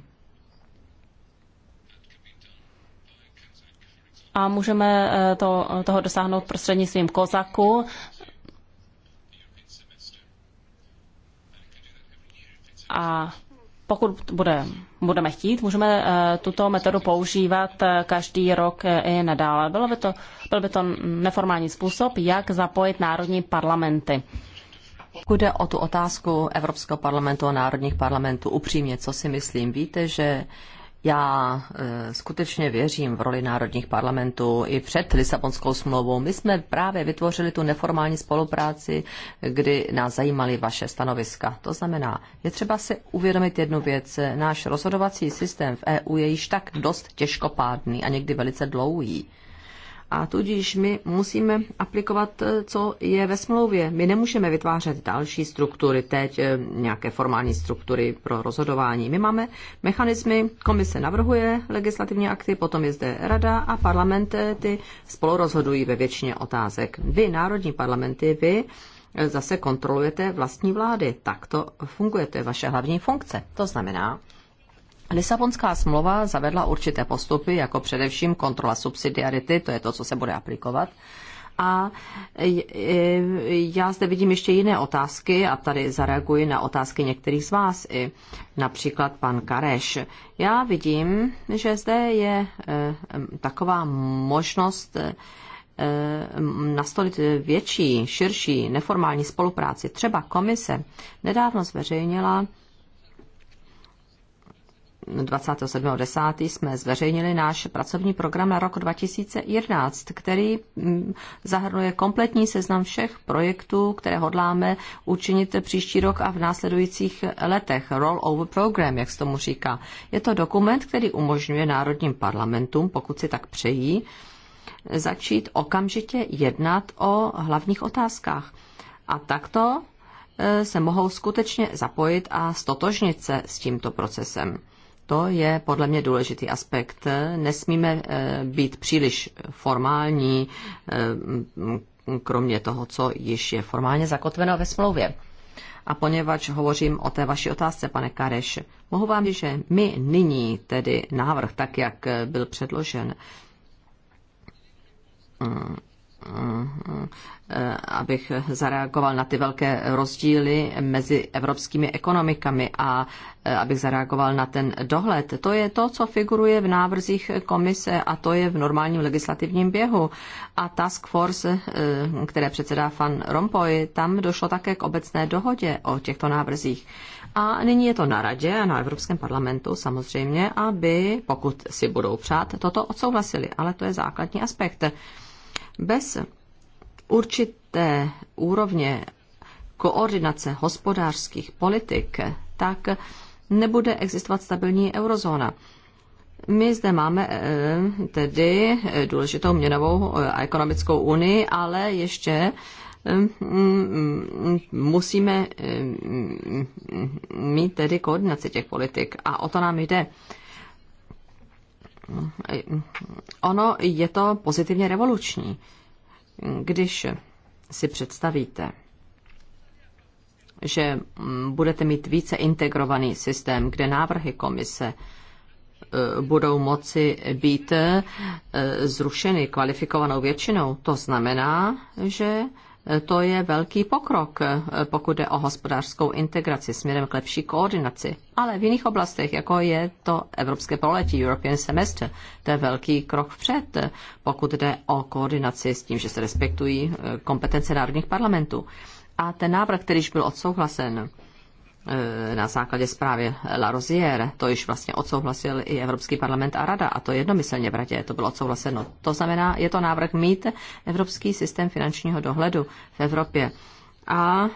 A můžeme eh, to, toho dosáhnout prostřednictvím Kozaku, a pokud bude budeme chtít, můžeme eh, tuto metodu používat eh, každý rok eh, i nadále. Bylo by to, byl by to neformální způsob, jak zapojit národní parlamenty.
Pokud jde o tu otázku Evropského parlamentu a národních parlamentů, upřímně, co si myslím, víte, že já e, skutečně věřím v roli národních parlamentů. I před Lisabonskou smlouvou my jsme právě vytvořili tu neformální spolupráci, kdy nás zajímaly vaše stanoviska. To znamená, je třeba si uvědomit jednu věc. Náš rozhodovací systém v EU je již tak dost těžkopádný a někdy velice dlouhý. A tudíž my musíme aplikovat, eh, co je ve smlouvě. My nemůžeme vytvářet další struktury teď, eh, nějaké formální struktury pro rozhodování. My máme mechanismy, komise navrhuje legislativní akty, potom je zde rada a parlament eh, ty spolu rozhodují ve většině otázek. Vy, národní parlamenty, vy zase kontrolujete vlastní vlády. Tak to funguje, to je vaše hlavní funkce. To znamená, Lisabonská smlouva zavedla určité postupy, jako především kontrola subsidiarity, to je to, co se bude aplikovat. A e, e, já zde vidím ještě jiné otázky a tady zareaguji na otázky některých z vás, i například pan Kareš. Já vidím, že zde je e, taková možnost nastolit větší, širší neformální spolupráci. Třeba komise nedávno zveřejnila 27.10. jsme zveřejnili náš pracovní program na rok 2011, který mm, zahrnuje kompletní seznam všech projektů, které hodláme učinit příští rok a v následujících letech. Rollover program, jak se tomu říká. Je to dokument, který umožňuje národním parlamentům, pokud si tak přejí, začít okamžitě jednat o hlavních otázkách. A takto e, se mohou skutečně zapojit a stotožnit se s tímto procesem to je podle mě důležitý aspekt. Nesmíme eh, být příliš formální, eh, kromě toho, co již je formálně zakotveno ve smlouvě. A poněvadž hovořím o té vaší otázce, pane Kareš, mohu vám říct, že my nyní tedy návrh, tak jak byl předložen, Eh, abych zareagoval na ty velké rozdíly mezi evropskými ekonomikami a eh, abych zareagoval na ten dohled. To je to, co figuruje v návrzích komise a to je v normálním legislativním běhu. A task force, eh, které předsedá fan Rompoy, tam došlo také k obecné dohodě o těchto návrzích. A nyní je to na radě a na Evropském parlamentu samozřejmě, aby, pokud si budou přát, toto odsouhlasili. Ale to je základní aspekt. Bez určité úrovně koordinace hospodářských politik, tak nebude existovat stabilní eurozóna. My zde máme eh, tedy eh, důležitou měnovou eh, a ekonomickou unii, ale ještě mm, musíme mm, mm, mít tedy koordinaci těch politik a o to nám jde ono je to pozitivně revoluční. Když si představíte, že budete mít více integrovaný systém, kde návrhy komise eh, budou moci být eh, zrušeny kvalifikovanou většinou. To znamená, že to je velký pokrok, eh, pokud jde o hospodářskou integraci směrem k lepší koordinaci. Ale v jiných oblastech, jako je to Evropské proletí, European Semester, to je velký krok vpřed, eh, pokud jde o koordinaci s tím, že se respektují eh, kompetence národních parlamentů. A ten návrh, kterýž byl odsouhlasen, Eh, na základě zprávy La Rosière, to již vlastně odsouhlasil i Evropský parlament a Rada, a to jednomyslně v Radě, to bylo odsouhlaseno. To znamená, je to návrh mít evropský systém finančního dohledu v Evropě. A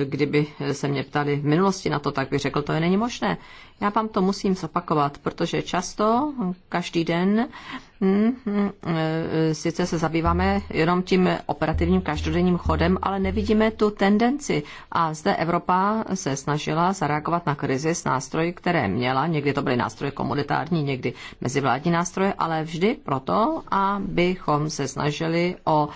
e, kdyby se mě ptali v minulosti na to, tak by řekl, to je není možné. Já vám to musím zopakovat, protože často, každý den, mm, mm, e, sice se zabýváme jenom tím operativním každodenním chodem, ale nevidíme tu tendenci. A zde Evropa se snažila zareagovat na krizi s nástroji, které měla. Někdy to byly nástroje komunitární, někdy mezivládní nástroje, ale vždy proto, abychom se snažili o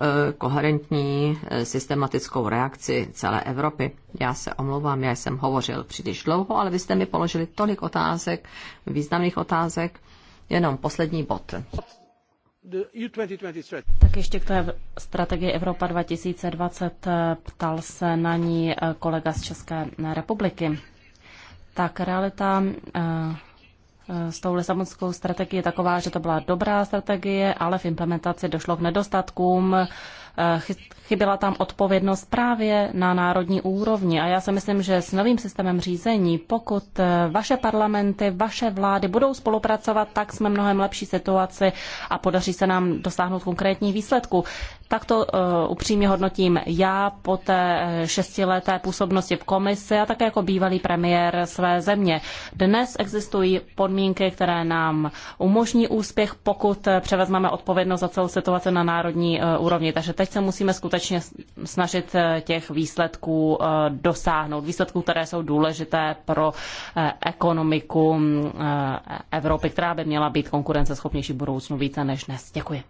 Eh, koherentní eh, systematickou reakci celé Evropy. Já se omlouvám, já jsem hovořil příliš dlouho, ale vy jste mi položili tolik otázek, významných otázek. Jenom poslední bod.
Tak ještě k té strategii Evropa 2020 eh, ptal se na ní kolega z České republiky. Tak realita Eh, s tou Lisabonskou strategií je taková, že to byla dobrá strategie, ale v implementaci došlo k nedostatkům. Eh, chyběla tam odpovědnost právě na národní úrovni. A já si myslím, že s novým systémem řízení, pokud eh, vaše parlamenty, vaše vlády budou spolupracovat, tak jsme v mnohem lepší situaci a podaří se nám dosáhnout konkrétních výsledků. Tak to uh, upřímně hodnotím já po té šestileté působnosti v komisi a také jako bývalý premiér své země. Dnes existují podmínky, které nám umožní úspěch, pokud převezmeme odpovědnost za celou situaci na národní uh, úrovni. Takže teď teď se musíme skutečně snažit eh, těch výsledků eh, dosáhnout. Výsledků, které jsou důležité pro eh, ekonomiku mm, Evropy, která by měla být konkurenceschopnější v budoucnu více než dnes. Děkuji.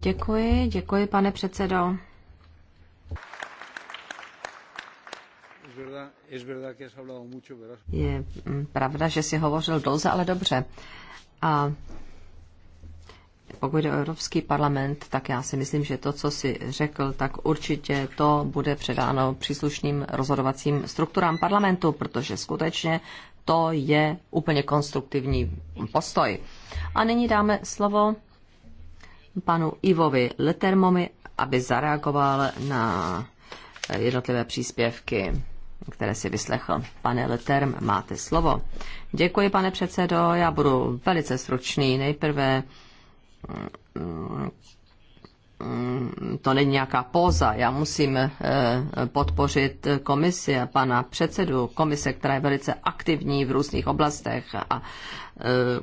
Děkuji, děkuji, pane předsedo.
Je mm, pravda, že jsi hovořil dlouze, ale dobře. A pokud jde o Evropský parlament, tak já si myslím, že to, co si řekl, tak určitě to bude předáno příslušným rozhodovacím strukturám parlamentu, protože skutečně to je úplně konstruktivní postoj. A nyní dáme slovo panu Ivovi Letermovi, aby zareagoval na jednotlivé příspěvky které si vyslechl. Pane Leterm, máte slovo. Děkuji, pane předsedo, já budu velice stručný. Nejprve to není nějaká póza. Já musím eh, podpořit komisi a pana předsedu komise, která je velice aktivní v různých oblastech a Eh,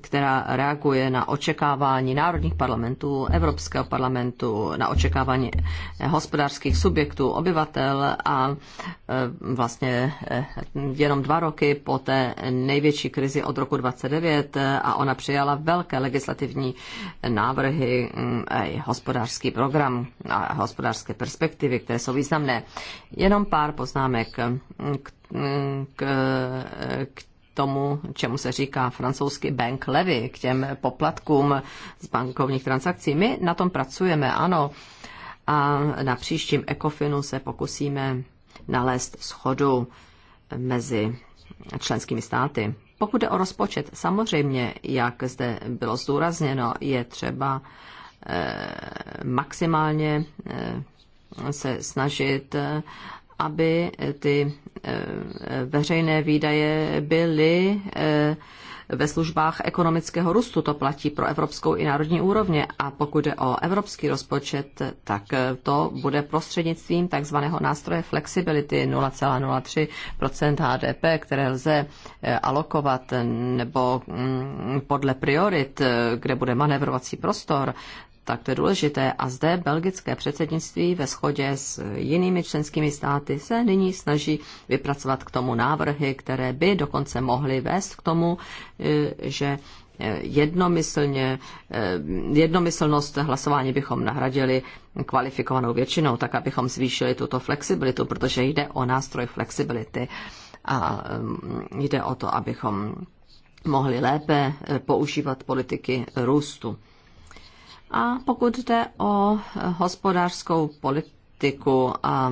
která reaguje na očekávání národních parlamentů, Evropského parlamentu, na očekávání hospodářských subjektů, obyvatel a eh, vlastně eh, jenom dva roky po té největší krizi od roku 29 a ona přijala velké legislativní návrhy a mm, hospodářský program a hospodářské perspektivy, které jsou významné. Jenom pár poznámek k, k, k tomu, čemu se říká francouzsky bank levy, k těm poplatkům z bankovních transakcí. My na tom pracujeme, ano. A na příštím ECOFINu se pokusíme nalézt schodu mezi členskými státy. Pokud jde o rozpočet, samozřejmě, jak zde bylo zdůrazněno, je třeba eh, maximálně eh, se snažit eh, aby ty eh, veřejné výdaje byly eh, ve službách ekonomického růstu. To platí pro evropskou i národní úrovně. A pokud jde o evropský rozpočet, tak to bude prostřednictvím takzvaného nástroje flexibility 0,03 HDP, které lze eh, alokovat nebo mm, podle priorit, kde bude manevrovací prostor tak to je důležité. A zde belgické předsednictví ve shodě s jinými členskými státy se nyní snaží vypracovat k tomu návrhy, které by dokonce mohly vést k tomu, eh, že eh, jednomyslně, eh, jednomyslnost hlasování bychom nahradili kvalifikovanou většinou, tak abychom zvýšili tuto flexibilitu, protože jde o nástroj flexibility a mm, jde o to, abychom mohli lépe používat politiky růstu. A pokud jde o eh, hospodářskou politiku a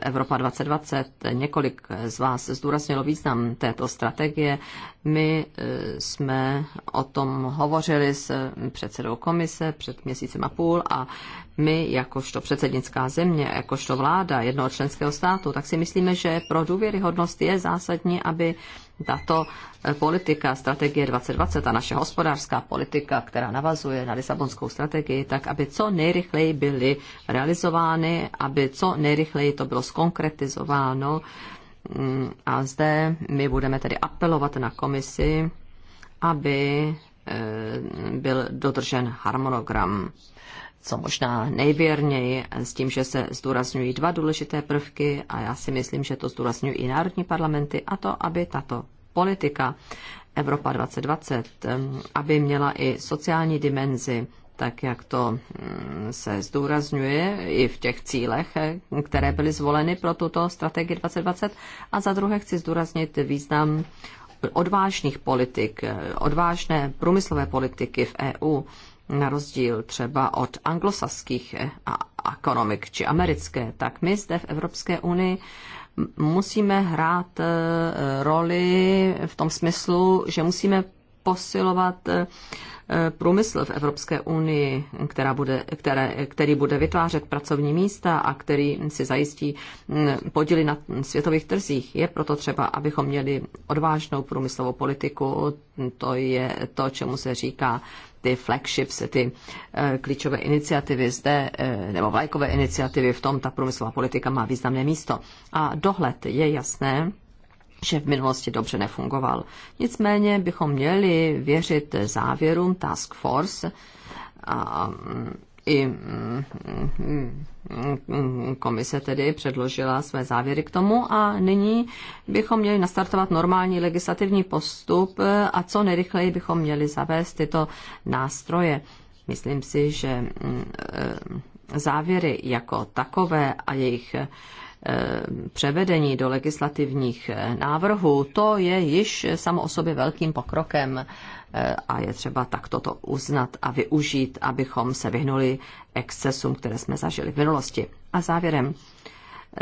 Evropa 2020, několik z vás zdůraznilo význam této strategie. My eh, jsme o tom hovořili s předsedou komise před měsícem a půl a my, jakožto předsednická země, jakožto vláda jednoho členského státu, tak si myslíme, že pro důvěryhodnost je zásadní, aby tato eh, politika, strategie 2020 a naše hospodářská politika, která navazuje na Lisabonskou strategii, tak aby co nejrychleji byly realizovány, aby co nejrychleji to bylo skonkretizováno. Mm, a zde my budeme tedy apelovat na komisi, aby eh, byl dodržen harmonogram co možná nejvěrněji s tím, že se zdůrazňují dva důležité prvky a já si myslím, že to zdůrazňují i národní parlamenty a to, aby tato politika Evropa 2020, eh, aby měla i sociální dimenzi, tak jak to mm, se zdůrazňuje i v těch cílech, eh, které byly zvoleny pro tuto strategii 2020. A za druhé chci zdůraznit význam odvážných politik, eh, odvážné průmyslové politiky v EU, na rozdíl třeba od anglosaských ekonomik eh, či americké, tak my zde v Evropské unii musíme hrát eh, roli v tom smyslu, že musíme posilovat eh, průmysl v Evropské unii, která bude, které, který bude vytvářet pracovní místa a který si zajistí podíly na světových trzích. Je proto třeba, abychom měli odvážnou průmyslovou politiku, to je to, čemu se říká ty flagships, ty eh, klíčové iniciativy zde, eh, nebo vlajkové iniciativy, v tom ta průmyslová politika má významné místo. A dohled je jasné, že v minulosti dobře nefungoval. Nicméně bychom měli věřit závěrům Task Force a mm, i mm, komise tedy předložila své závěry k tomu a nyní bychom měli nastartovat normální legislativní postup a co nejrychleji bychom měli zavést tyto nástroje. Myslím si, že mm, závěry jako takové a jejich e, převedení do legislativních návrhů, to je již samo o sobě velkým pokrokem Eh, a je třeba takto to uznat a využít, abychom se vyhnuli excesům, které jsme zažili v minulosti. A závěrem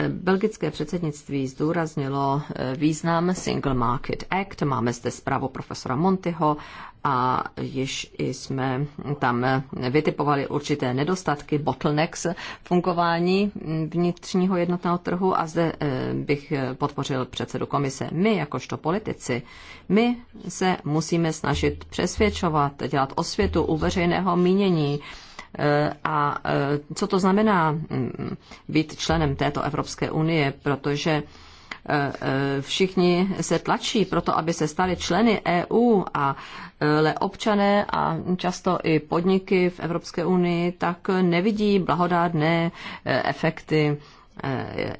Belgické předsednictví zdůraznilo eh, význam Single Market Act. Máme zde zprávu profesora Montyho a již jsme tam vytipovali určité nedostatky, bottlenecks fungování vnitřního jednotného trhu a zde eh, bych eh, podpořil předsedu komise. My, jakožto politici, my se musíme snažit přesvědčovat, dělat osvětu u veřejného mínění, Eh, a eh, co to znamená mm, být členem této Evropské unie, protože eh, všichni se tlačí pro to, aby se stali členy EU, a le občané a často i podniky v Evropské unii tak nevidí blahodárné efekty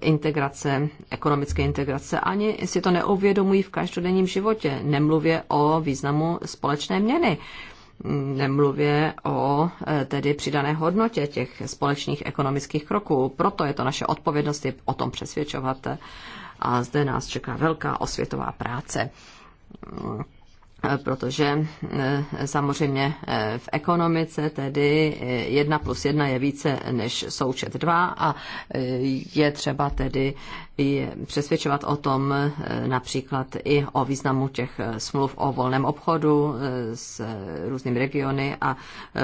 integrace, ekonomické integrace, ani si to neuvědomují v každodenním životě. Nemluvě o významu společné měny nemluvě o e, tedy přidané hodnotě těch společných ekonomických kroků. Proto je to naše odpovědnost je o tom přesvědčovat a zde nás čeká velká osvětová práce. Eh, protože eh, samozřejmě eh, v ekonomice tedy jedna plus jedna je více než součet dva a je třeba tedy přesvědčovat o tom například i o významu těch smluv o volném obchodu s různými regiony a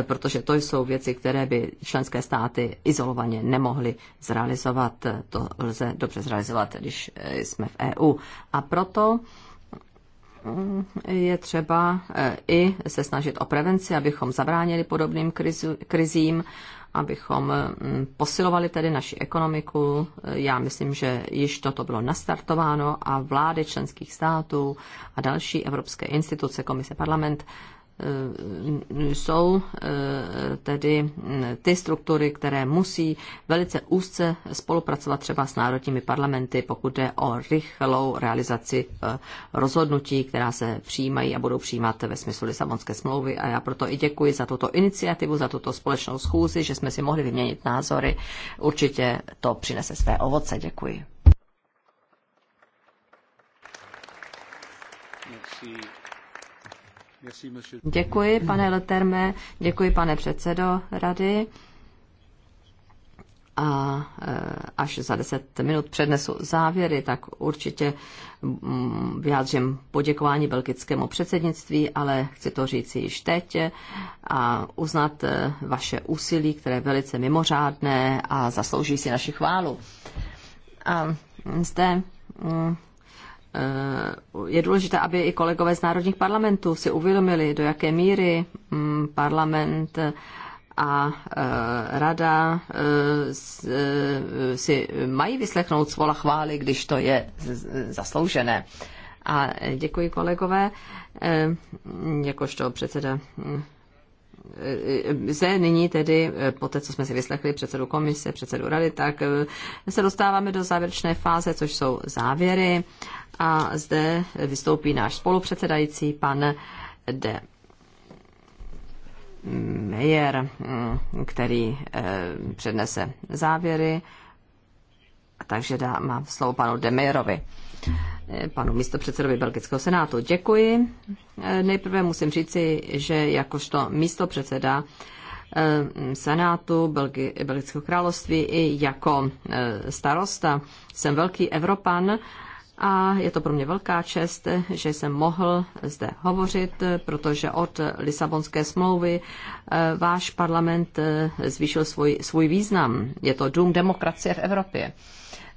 protože to jsou věci, které by členské státy izolovaně nemohly zrealizovat. To lze dobře zrealizovat, když jsme v EU. A proto je třeba e, i se snažit o prevenci, abychom zabránili podobným krizím, abychom e, posilovali tedy naši ekonomiku. E, já myslím, že již toto bylo nastartováno a vlády členských států a další evropské instituce, komise, parlament Eh, jsou eh, tedy mm, ty struktury, které musí velice úzce spolupracovat třeba s národními parlamenty, pokud jde o rychlou realizaci eh, rozhodnutí, která se přijímají a budou přijímat ve smyslu Lisabonské smlouvy. A já proto i děkuji za tuto iniciativu, za tuto společnou schůzi, že jsme si mohli vyměnit názory. Určitě to přinese své ovoce. Děkuji.
Děkuji, pane
Leterme, děkuji, pane předsedo rady. A e, až za deset minut přednesu závěry, tak určitě mm, vyjádřím poděkování belgickému předsednictví, ale chci to říct již teď a uznat e, vaše úsilí, které je velice mimořádné a zaslouží si naši chválu. A zde mm, je důležité, aby i kolegové z národních parlamentů si uvědomili, do jaké míry mm, parlament a e, rada e, e, si mají vyslechnout svola chvály, když to je zasloužené. A děkuji kolegové, jakožto předseda mm, E, e, se nyní tedy, e, po té, co jsme si vyslechli předsedu komise, předsedu rady, tak se dostáváme do závěrečné fáze, což jsou závěry. A zde vystoupí náš spolupředsedající, pan De Meyer, mm, který přednese závěry. Takže dá, mám slovo panu Demejerovi. Eh, panu místopředsedovi Belgického senátu. Děkuji. Eh, nejprve musím říci, že jakožto místopředseda eh, Senátu Belgi- Belgického království i jako starosta jsem velký Evropan a je to pro mě velká čest, že jsem mohl zde hovořit, protože od Lisabonské smlouvy váš parlament zvýšil svůj, svůj význam. Je to dům demokracie v Evropě.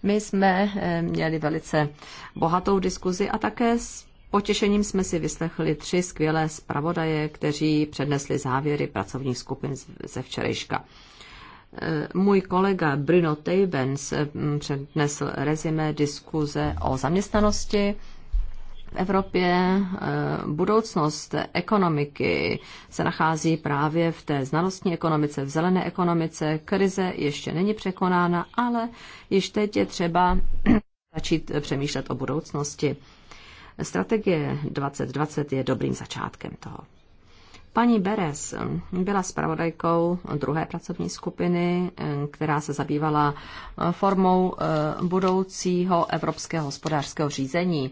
My jsme eh, měli velice bohatou diskuzi a také s potěšením jsme si vyslechli tři skvělé zpravodaje, kteří přednesli závěry pracovních skupin ze včerejška. Eh, můj kolega Bruno Tejbens mm, přednesl rezime diskuze o zaměstnanosti v Evropě eh, budoucnost ekonomiky se nachází právě v té znalostní ekonomice, v zelené ekonomice. Krize ještě není překonána, ale již teď je třeba začít přemýšlet o budoucnosti. Strategie 2020 je dobrým začátkem toho. Paní Beres byla zpravodajkou druhé pracovní skupiny, eh, která se zabývala formou eh, budoucího evropského hospodářského řízení.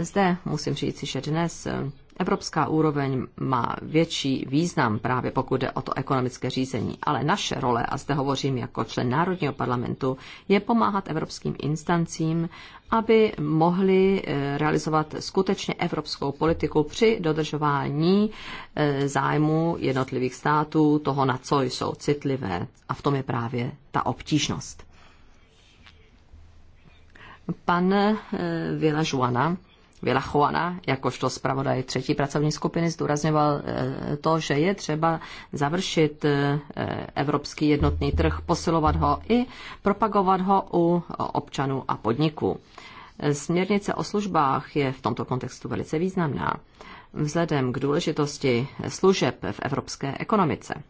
Zde musím říct, že dnes eh, evropská úroveň má větší význam právě pokud jde o to ekonomické řízení, ale naše role, a zde hovořím jako člen Národního parlamentu, je pomáhat evropským instancím, aby mohli eh, realizovat skutečně evropskou politiku při dodržování eh, zájmu jednotlivých států, toho, na co jsou citlivé. A v tom je právě ta obtížnost. Pan Vila Žuana Vila Juana, jakožto zpravodaj třetí pracovní skupiny, zdůrazňoval eh, to, že je třeba završit eh, evropský jednotný trh, posilovat ho i propagovat ho u občanů a podniků. Směrnice o službách je v tomto kontextu velice významná vzhledem k důležitosti služeb v evropské ekonomice.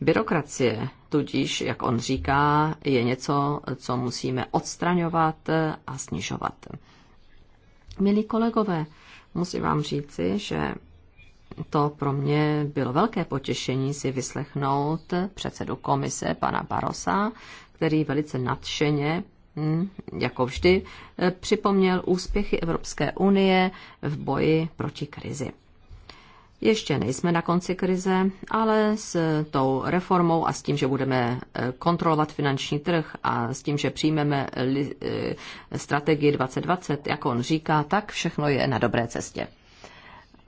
Byrokracie, tudíž, jak on říká, je něco, co musíme odstraňovat a snižovat. Milí kolegové, musím vám říci, že to pro mě bylo velké potěšení si vyslechnout předsedu komise, pana Barosa, který velice nadšeně, hm, jako vždy, eh, připomněl úspěchy Evropské unie v boji proti krizi. Ještě nejsme na konci krize, ale s tou reformou a s tím, že budeme eh, kontrolovat finanční trh a s tím, že přijmeme eh, strategii 2020, jak on říká, tak všechno je na dobré cestě.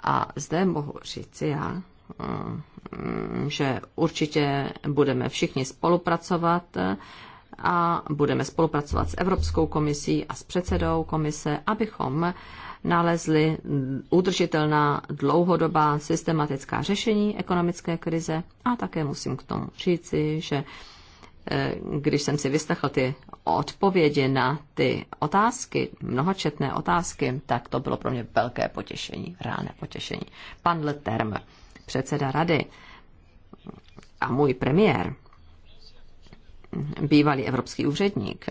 A zde mohu říci já, mm, mm, že určitě budeme všichni spolupracovat eh, a budeme spolupracovat s Evropskou komisí a s předsedou komise, abychom nalezli udržitelná dlouhodobá systematická řešení ekonomické krize. A také musím k tomu říci, že eh, když jsem si vyslechl ty odpovědi na ty otázky, mnohočetné otázky, tak to bylo pro mě velké potěšení, reálné potěšení. Pan Leterm, předseda rady a můj premiér, bývalý evropský úředník,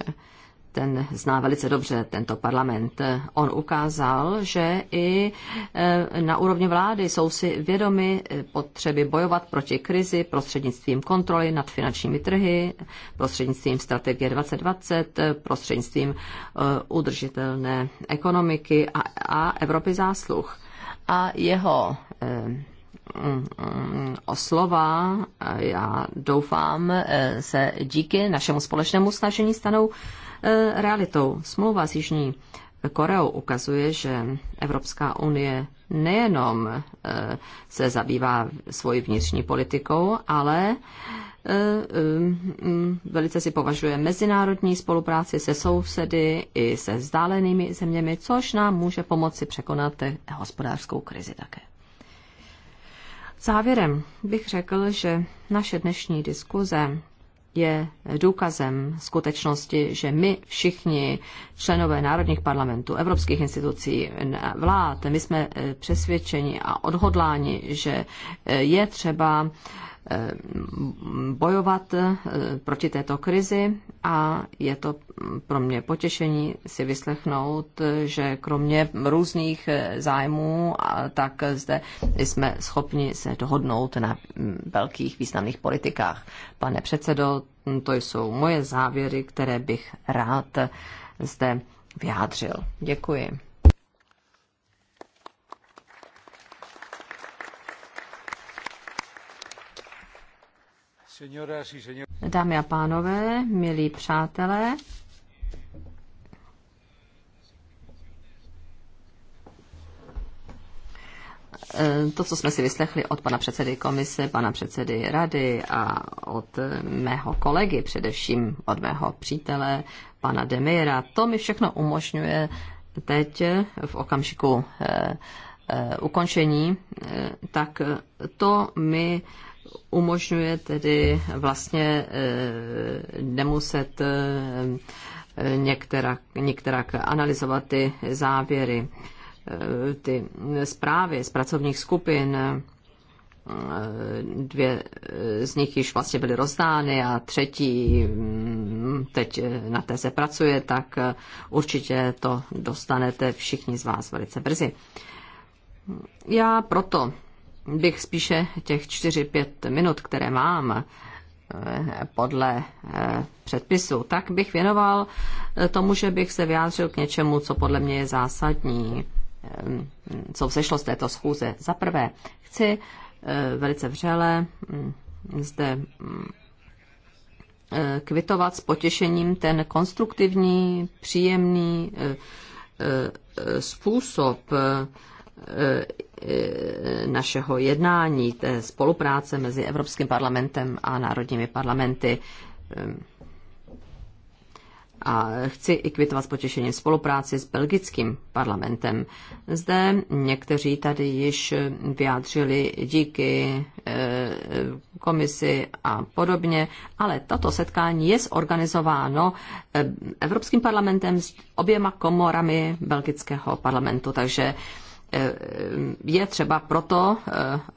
ten zná velice dobře tento parlament. On ukázal, že i eh, na úrovni vlády jsou si vědomi eh, potřeby bojovat proti krizi prostřednictvím kontroly nad finančními trhy, prostřednictvím strategie 2020, prostřednictvím eh, udržitelné ekonomiky a, a Evropy zásluh. A jeho mm, mm, slova, já doufám, se díky našemu společnému snažení stanou E, realitou. Smlouva s Jižní Koreou ukazuje, že Evropská unie nejenom e, se zabývá svojí vnitřní politikou, ale e, velice si považuje mezinárodní spolupráci se sousedy i se vzdálenými zeměmi, což nám může pomoci překonat hospodářskou krizi také. Závěrem bych řekl, že naše dnešní diskuze je důkazem skutečnosti, že my všichni, členové národních parlamentů, evropských institucí, vlád, my jsme eh, přesvědčeni a odhodláni, že eh, je třeba Eh, bojovat eh, proti této krizi a je to pro mě potěšení si vyslechnout, že kromě různých eh, zájmů, tak zde jsme schopni se dohodnout na mm, velkých významných politikách. Pane předsedo, to jsou moje závěry, které bych rád zde vyjádřil. Děkuji. Dámy a pánové, milí přátelé, eh, to, co jsme si vyslechli od pana předsedy komise, pana předsedy rady a od mého kolegy, především od mého přítele, pana Demira, to mi všechno umožňuje teď v okamžiku eh, eh, ukončení, tak to mi umožňuje tedy vlastně eh, nemuset eh, některá některak analyzovat ty závěry, eh, ty zprávy z pracovních skupin. Dvě z nich již vlastně byly rozdány a třetí mm, teď na té se pracuje, tak určitě to dostanete všichni z vás velice brzy. Já proto bych spíše těch 4-5 minut, které mám eh, podle eh, předpisu, tak bych věnoval eh, tomu, že bych se vyjádřil k něčemu, co podle mě je zásadní, co vzešlo z této schůze. Za prvé, chci velice vřele hm, zde hm, kvitovat s potěšením ten konstruktivní, příjemný způsob, Eh, našeho jednání, té spolupráce mezi Evropským parlamentem a národními parlamenty. Eh, a chci i kvitovat s potěšením spolupráci s belgickým parlamentem. Zde někteří tady již vyjádřili díky eh, komisi a podobně, ale tato setkání je zorganizováno Evropským parlamentem s oběma komorami belgického parlamentu, takže je třeba proto eh,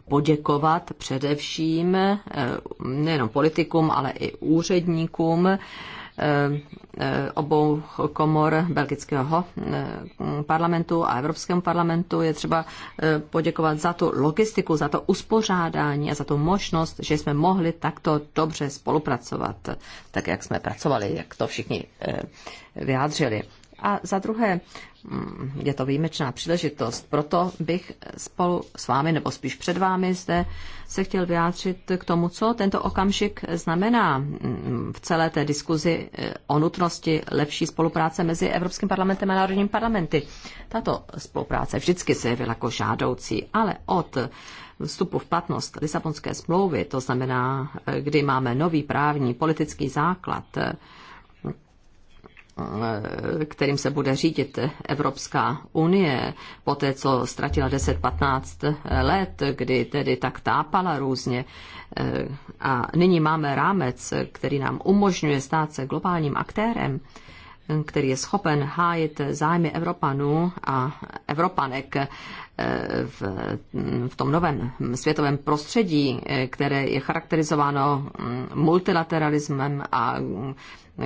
poděkovat především eh, nejenom politikům, ale i úředníkům eh, obou komor belgického parlamentu a Evropskému parlamentu. Je třeba poděkovat za tu logistiku, za to uspořádání a za tu možnost, že jsme mohli takto dobře spolupracovat, tak jak jsme pracovali, jak to všichni vyjádřili. A za druhé, mm, je to výjimečná příležitost, proto bych spolu s vámi, nebo spíš před vámi zde se chtěl vyjádřit k tomu, co tento okamžik znamená mm, v celé té diskuzi eh, o nutnosti lepší spolupráce mezi Evropským parlamentem a Národním parlamenty. Tato spolupráce vždycky se jevila jako žádoucí, ale od vstupu v platnost Lisabonské smlouvy, to znamená, eh, kdy máme nový právní politický základ, eh, Eh, kterým se bude řídit Evropská unie, po té, co ztratila 10-15 let, kdy tedy tak tápala různě. Eh, a nyní máme rámec, který nám umožňuje stát se globálním aktérem, který je schopen hájit zájmy Evropanů a Evropanek eh, v, v tom novém světovém prostředí, které je charakterizováno mm, multilateralismem a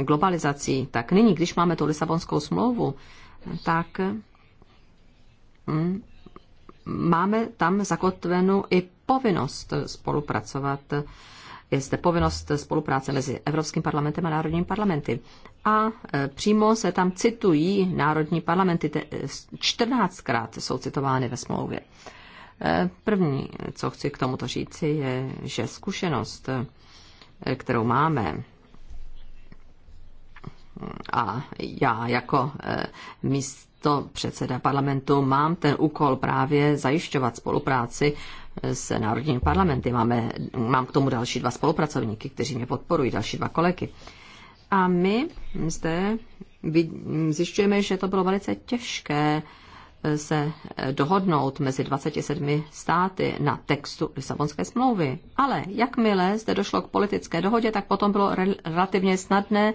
globalizací, tak nyní, když máme tu Lisabonskou smlouvu, tak hm, máme tam zakotvenou i povinnost spolupracovat. Je zde povinnost spolupráce mezi Evropským parlamentem a národními parlamenty. A e, přímo se tam citují národní parlamenty, 14krát e, jsou citovány ve smlouvě. E, první, co chci k tomuto říci, je, že zkušenost, kterou máme a já jako eh, místo předseda parlamentu mám ten úkol právě zajišťovat spolupráci eh, s národními parlamenty. Máme, mám k tomu další dva spolupracovníky, kteří mě podporují, další dva kolegy. A my zde zjišťujeme, že to bylo velice těžké se eh, dohodnout mezi 27 státy na textu Lisabonské smlouvy. Ale jakmile zde došlo k politické dohodě, tak potom bylo relativně snadné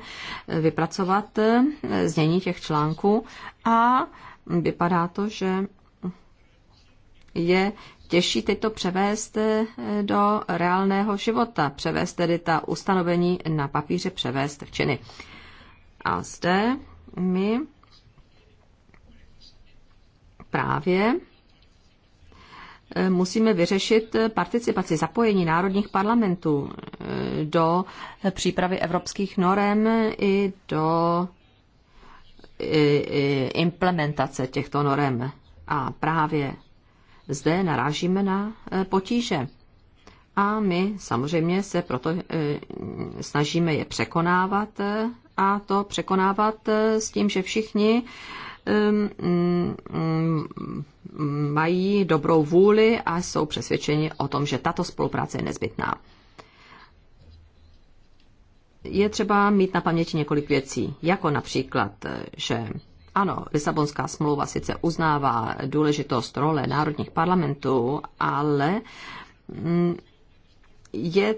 eh, vypracovat eh, znění těch článků a vypadá to, že je těžší teď to převést do reálného života, převést tedy ta ustanovení na papíře, převést v činy. A zde my právě e, musíme vyřešit participaci, zapojení národních parlamentů e, do přípravy evropských norem i do e, implementace těchto norem. A právě zde narážíme na potíže. A my samozřejmě se proto snažíme je překonávat a to překonávat s tím, že všichni Ehm, mm, mají dobrou vůli a jsou přesvědčeni o tom, že tato spolupráce je nezbytná. Je třeba mít na paměti několik věcí, jako například, že ano, Lisabonská smlouva sice uznává důležitost role národních parlamentů, ale mm, je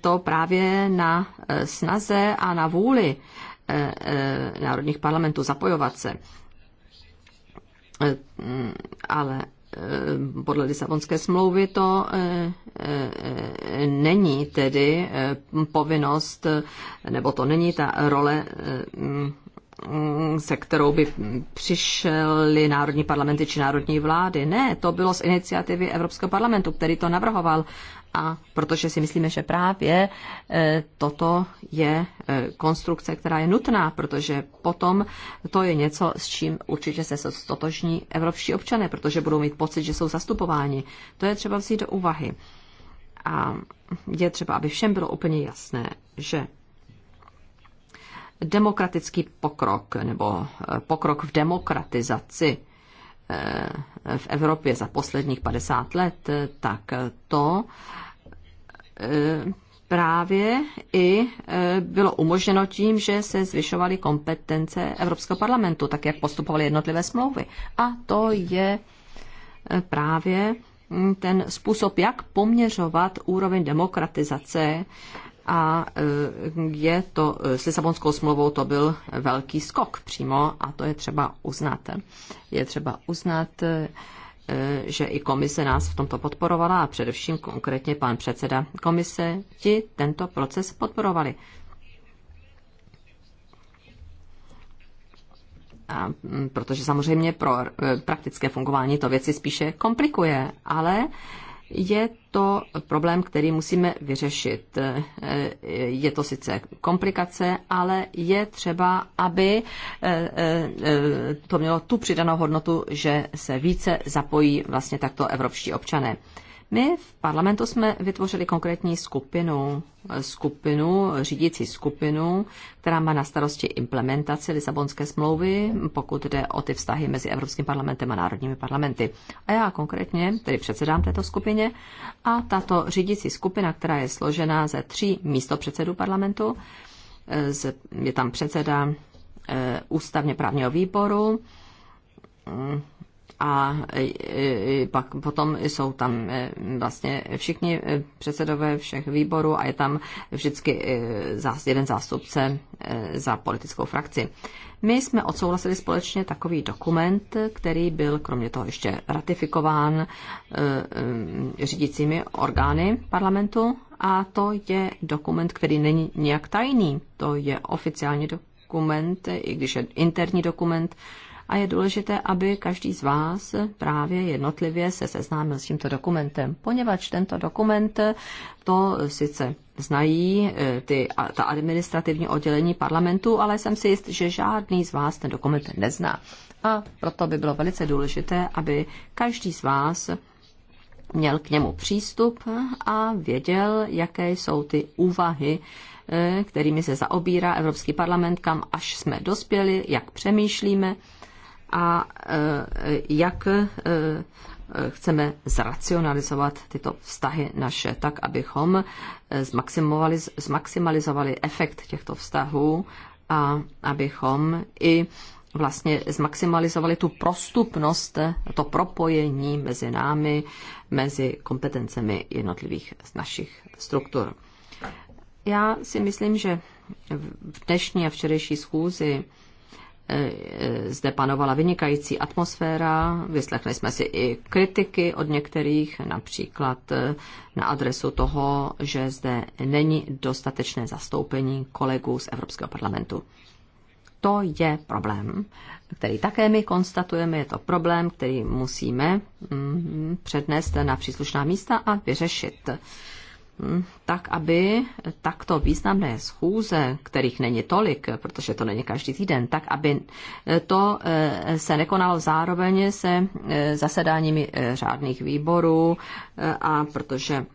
to právě na eh, snaze a na vůli eh, eh, národních parlamentů zapojovat se. Eh, mm, ale eh, podle Lisabonské smlouvy to eh, není tedy povinnost, nebo to není ta role, mm, se kterou by přišly národní parlamenty či národní vlády. Ne, to bylo z iniciativy Evropského parlamentu, který to navrhoval a protože si myslíme, že právě e, toto je e, konstrukce, která je nutná, protože potom to je něco, s čím určitě se stotožní evropští občané, protože budou mít pocit, že jsou zastupováni. To je třeba vzít do úvahy. A je třeba, aby všem bylo úplně jasné, že demokratický pokrok nebo e, pokrok v demokratizaci Eh, v Evropě za posledních 50 let, eh, tak to eh, právě i bylo umožněno tím, že se zvyšovaly kompetence Evropského parlamentu, tak jak postupovaly jednotlivé smlouvy. A to je právě mm, ten způsob, jak poměřovat úroveň demokratizace a e, je to, e, s Lisabonskou smlouvou to byl velký skok přímo a to je třeba uznat. Je třeba uznat, e, že i komise nás v tomto podporovala a především konkrétně pan předseda komise ti tento proces podporovali. A, protože samozřejmě pro praktické fungování to věci spíše komplikuje, ale je to problém, který musíme vyřešit. E, je to sice komplikace, ale je třeba, aby e, e, to mělo tu přidanou hodnotu, že se více zapojí vlastně takto evropští občané. My v parlamentu jsme vytvořili konkrétní skupinu, skupinu, řídící skupinu, která má na starosti implementaci Lisabonské smlouvy, pokud jde o ty vztahy mezi Evropským parlamentem a národními parlamenty. A já konkrétně tedy předsedám této skupině a tato řídící skupina, která je složená ze tří místopředsedů parlamentu, je tam předseda eh, ústavně právního výboru, mm, a e, e, pak potom jsou tam e, vlastně všichni předsedové všech výborů a je tam vždycky jeden zástupce za politickou frakci. My jsme odsouhlasili společně takový dokument, který byl kromě toho ještě ratifikován řídícími orgány parlamentu a to je dokument, který není nějak tajný. To je oficiální dokument, i když je interní dokument, a je důležité, aby každý z vás právě jednotlivě se seznámil s tímto dokumentem, poněvadž tento dokument to sice znají eh, ty, ta administrativní oddělení parlamentu, ale jsem si jist, že žádný z vás ten dokument nezná. A proto by bylo velice důležité, aby každý z vás měl k němu přístup a věděl, jaké jsou ty úvahy, eh, kterými se zaobírá Evropský parlament, kam až jsme dospěli, jak přemýšlíme a e, jak e, chceme zracionalizovat tyto vztahy naše tak, abychom e, zmaximalizovali efekt těchto vztahů a abychom i vlastně zmaximalizovali tu prostupnost, to propojení mezi námi, mezi kompetencemi jednotlivých z našich struktur. Já si myslím, že v dnešní a včerejší schůzi Eh, zde panovala vynikající atmosféra, vyslechli jsme si i kritiky od některých, například eh, na adresu toho, že zde není dostatečné zastoupení kolegů z Evropského parlamentu. To je problém, který také my konstatujeme, je to problém, který musíme mm, přednést na příslušná místa a vyřešit. Mm, tak aby takto významné schůze, kterých není tolik, protože to není každý týden, tak aby to eh, se nekonalo zároveň se eh, zasedáními eh, řádných výborů a protože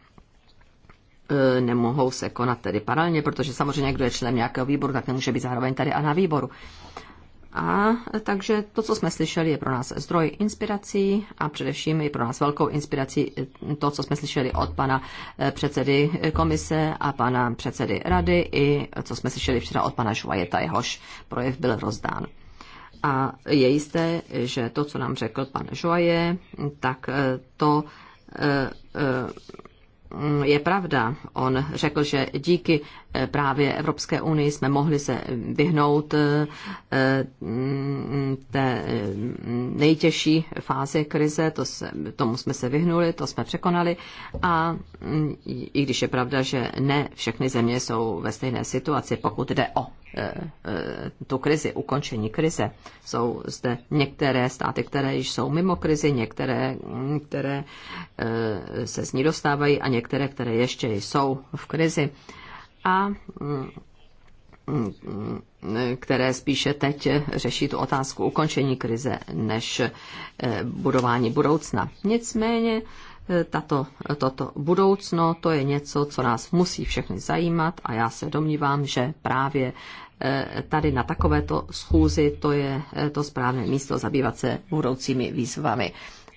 nemohou se konat tedy paralelně, protože samozřejmě, kdo je člen nějakého výboru, tak nemůže být zároveň tady a na výboru. A takže to, co jsme slyšeli, je pro nás zdroj inspirací a především je pro nás velkou inspirací to, co jsme slyšeli od pana eh, předsedy komise a pana předsedy rady i co jsme slyšeli včera od pana Švajeta, jehož projev byl rozdán. A je jisté, že to, co nám řekl pan Joaje, tak eh, to eh, Mm, je pravda. On řekl, že díky eh, právě Evropské unii jsme mohli se vyhnout eh, eh, té nejtěžší fázi krize, to se, tomu jsme se vyhnuli, to jsme překonali a mm, i když je pravda, že ne všechny země jsou ve stejné situaci, pokud jde o Eh, eh, tu krizi, ukončení krize. Jsou zde některé státy, které již jsou mimo krizi, některé, které eh, se z ní dostávají a některé, které ještě jsou v krizi. A mm, mm, které spíše teď řeší tu otázku ukončení krize než budování budoucna. Nicméně tato, toto budoucno, to je něco, co nás musí všechny zajímat a já se domnívám, že právě Eh, tady na takovéto schůzi, to je eh, to správné místo zabývat se budoucími výzvami.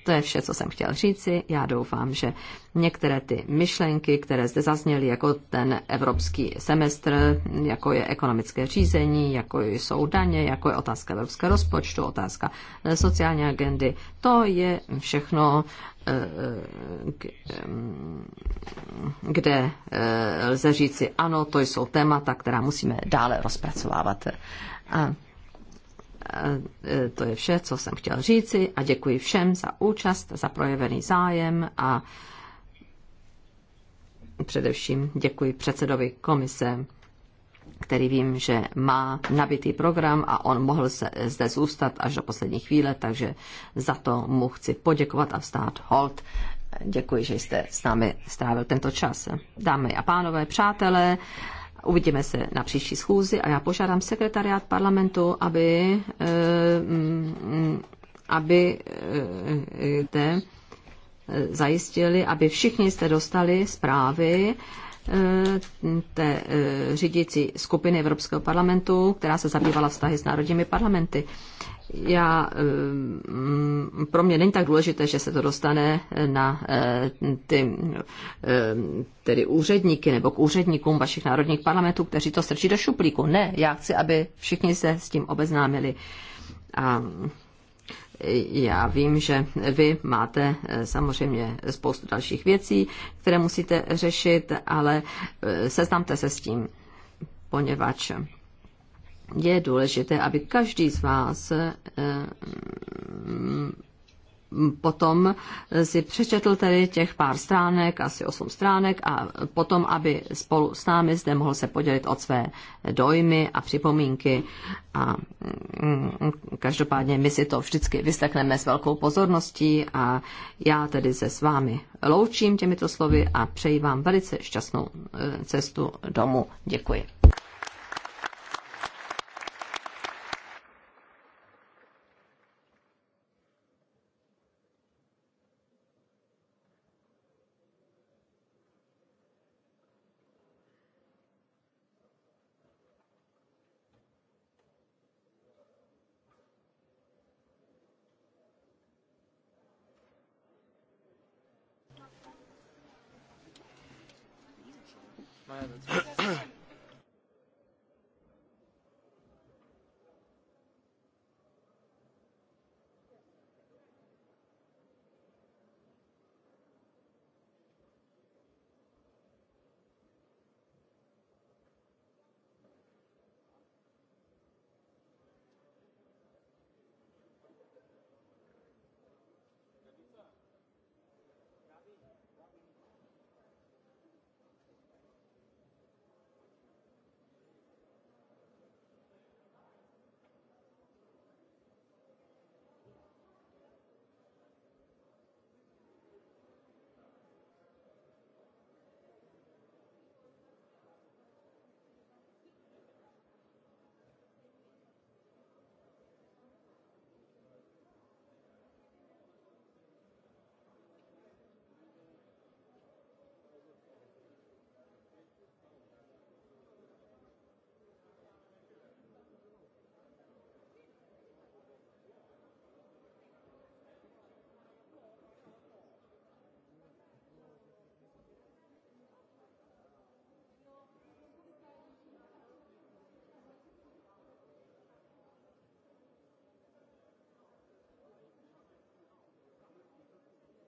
To je vše, co jsem chtěl říci. Já doufám, že některé ty myšlenky, které zde zazněly, jako ten evropský semestr, jako je ekonomické řízení, jako jsou daně, jako je otázka evropského rozpočtu, otázka eh, sociální agendy, to je všechno eh, eh, kde lze říci, ano, to jsou témata, která musíme dále rozpracovávat. A E, to je vše, co jsem chtěl říci a děkuji všem za účast, za projevený zájem a především děkuji předsedovi komise, který vím, že má nabitý program a on mohl se zde zůstat až do poslední chvíle, takže za to mu chci poděkovat a vstát hold. Děkuji, že jste s námi strávil tento čas. Dámy a pánové, přátelé, Uvidíme se na příští schůzi a já požádám sekretariát parlamentu, aby, eh, mm, aby eh, te eh, zajistili, aby všichni jste dostali zprávy té řídící skupiny Evropského parlamentu, která se zabývala vztahy s národními parlamenty já, ehm, pro mě není tak důležité, že se to dostane na eh, ty eh, tedy úředníky nebo k úředníkům vašich národních parlamentů, kteří to strčí do šuplíku. Ne, já chci, aby všichni se s tím obeznámili. A já vím, že vy máte eh, samozřejmě spoustu dalších věcí, které musíte řešit, ale seznamte se s tím, poněvadž je důležité, aby každý z vás eh, mm, potom si přečetl tedy těch pár stránek, asi osm stránek a potom, aby spolu s námi zde mohl se podělit o své dojmy a připomínky a mm, každopádně my si to vždycky vystekneme s velkou pozorností a já tedy se s vámi loučím těmito slovy a přeji vám velice šťastnou eh, cestu domů. Děkuji.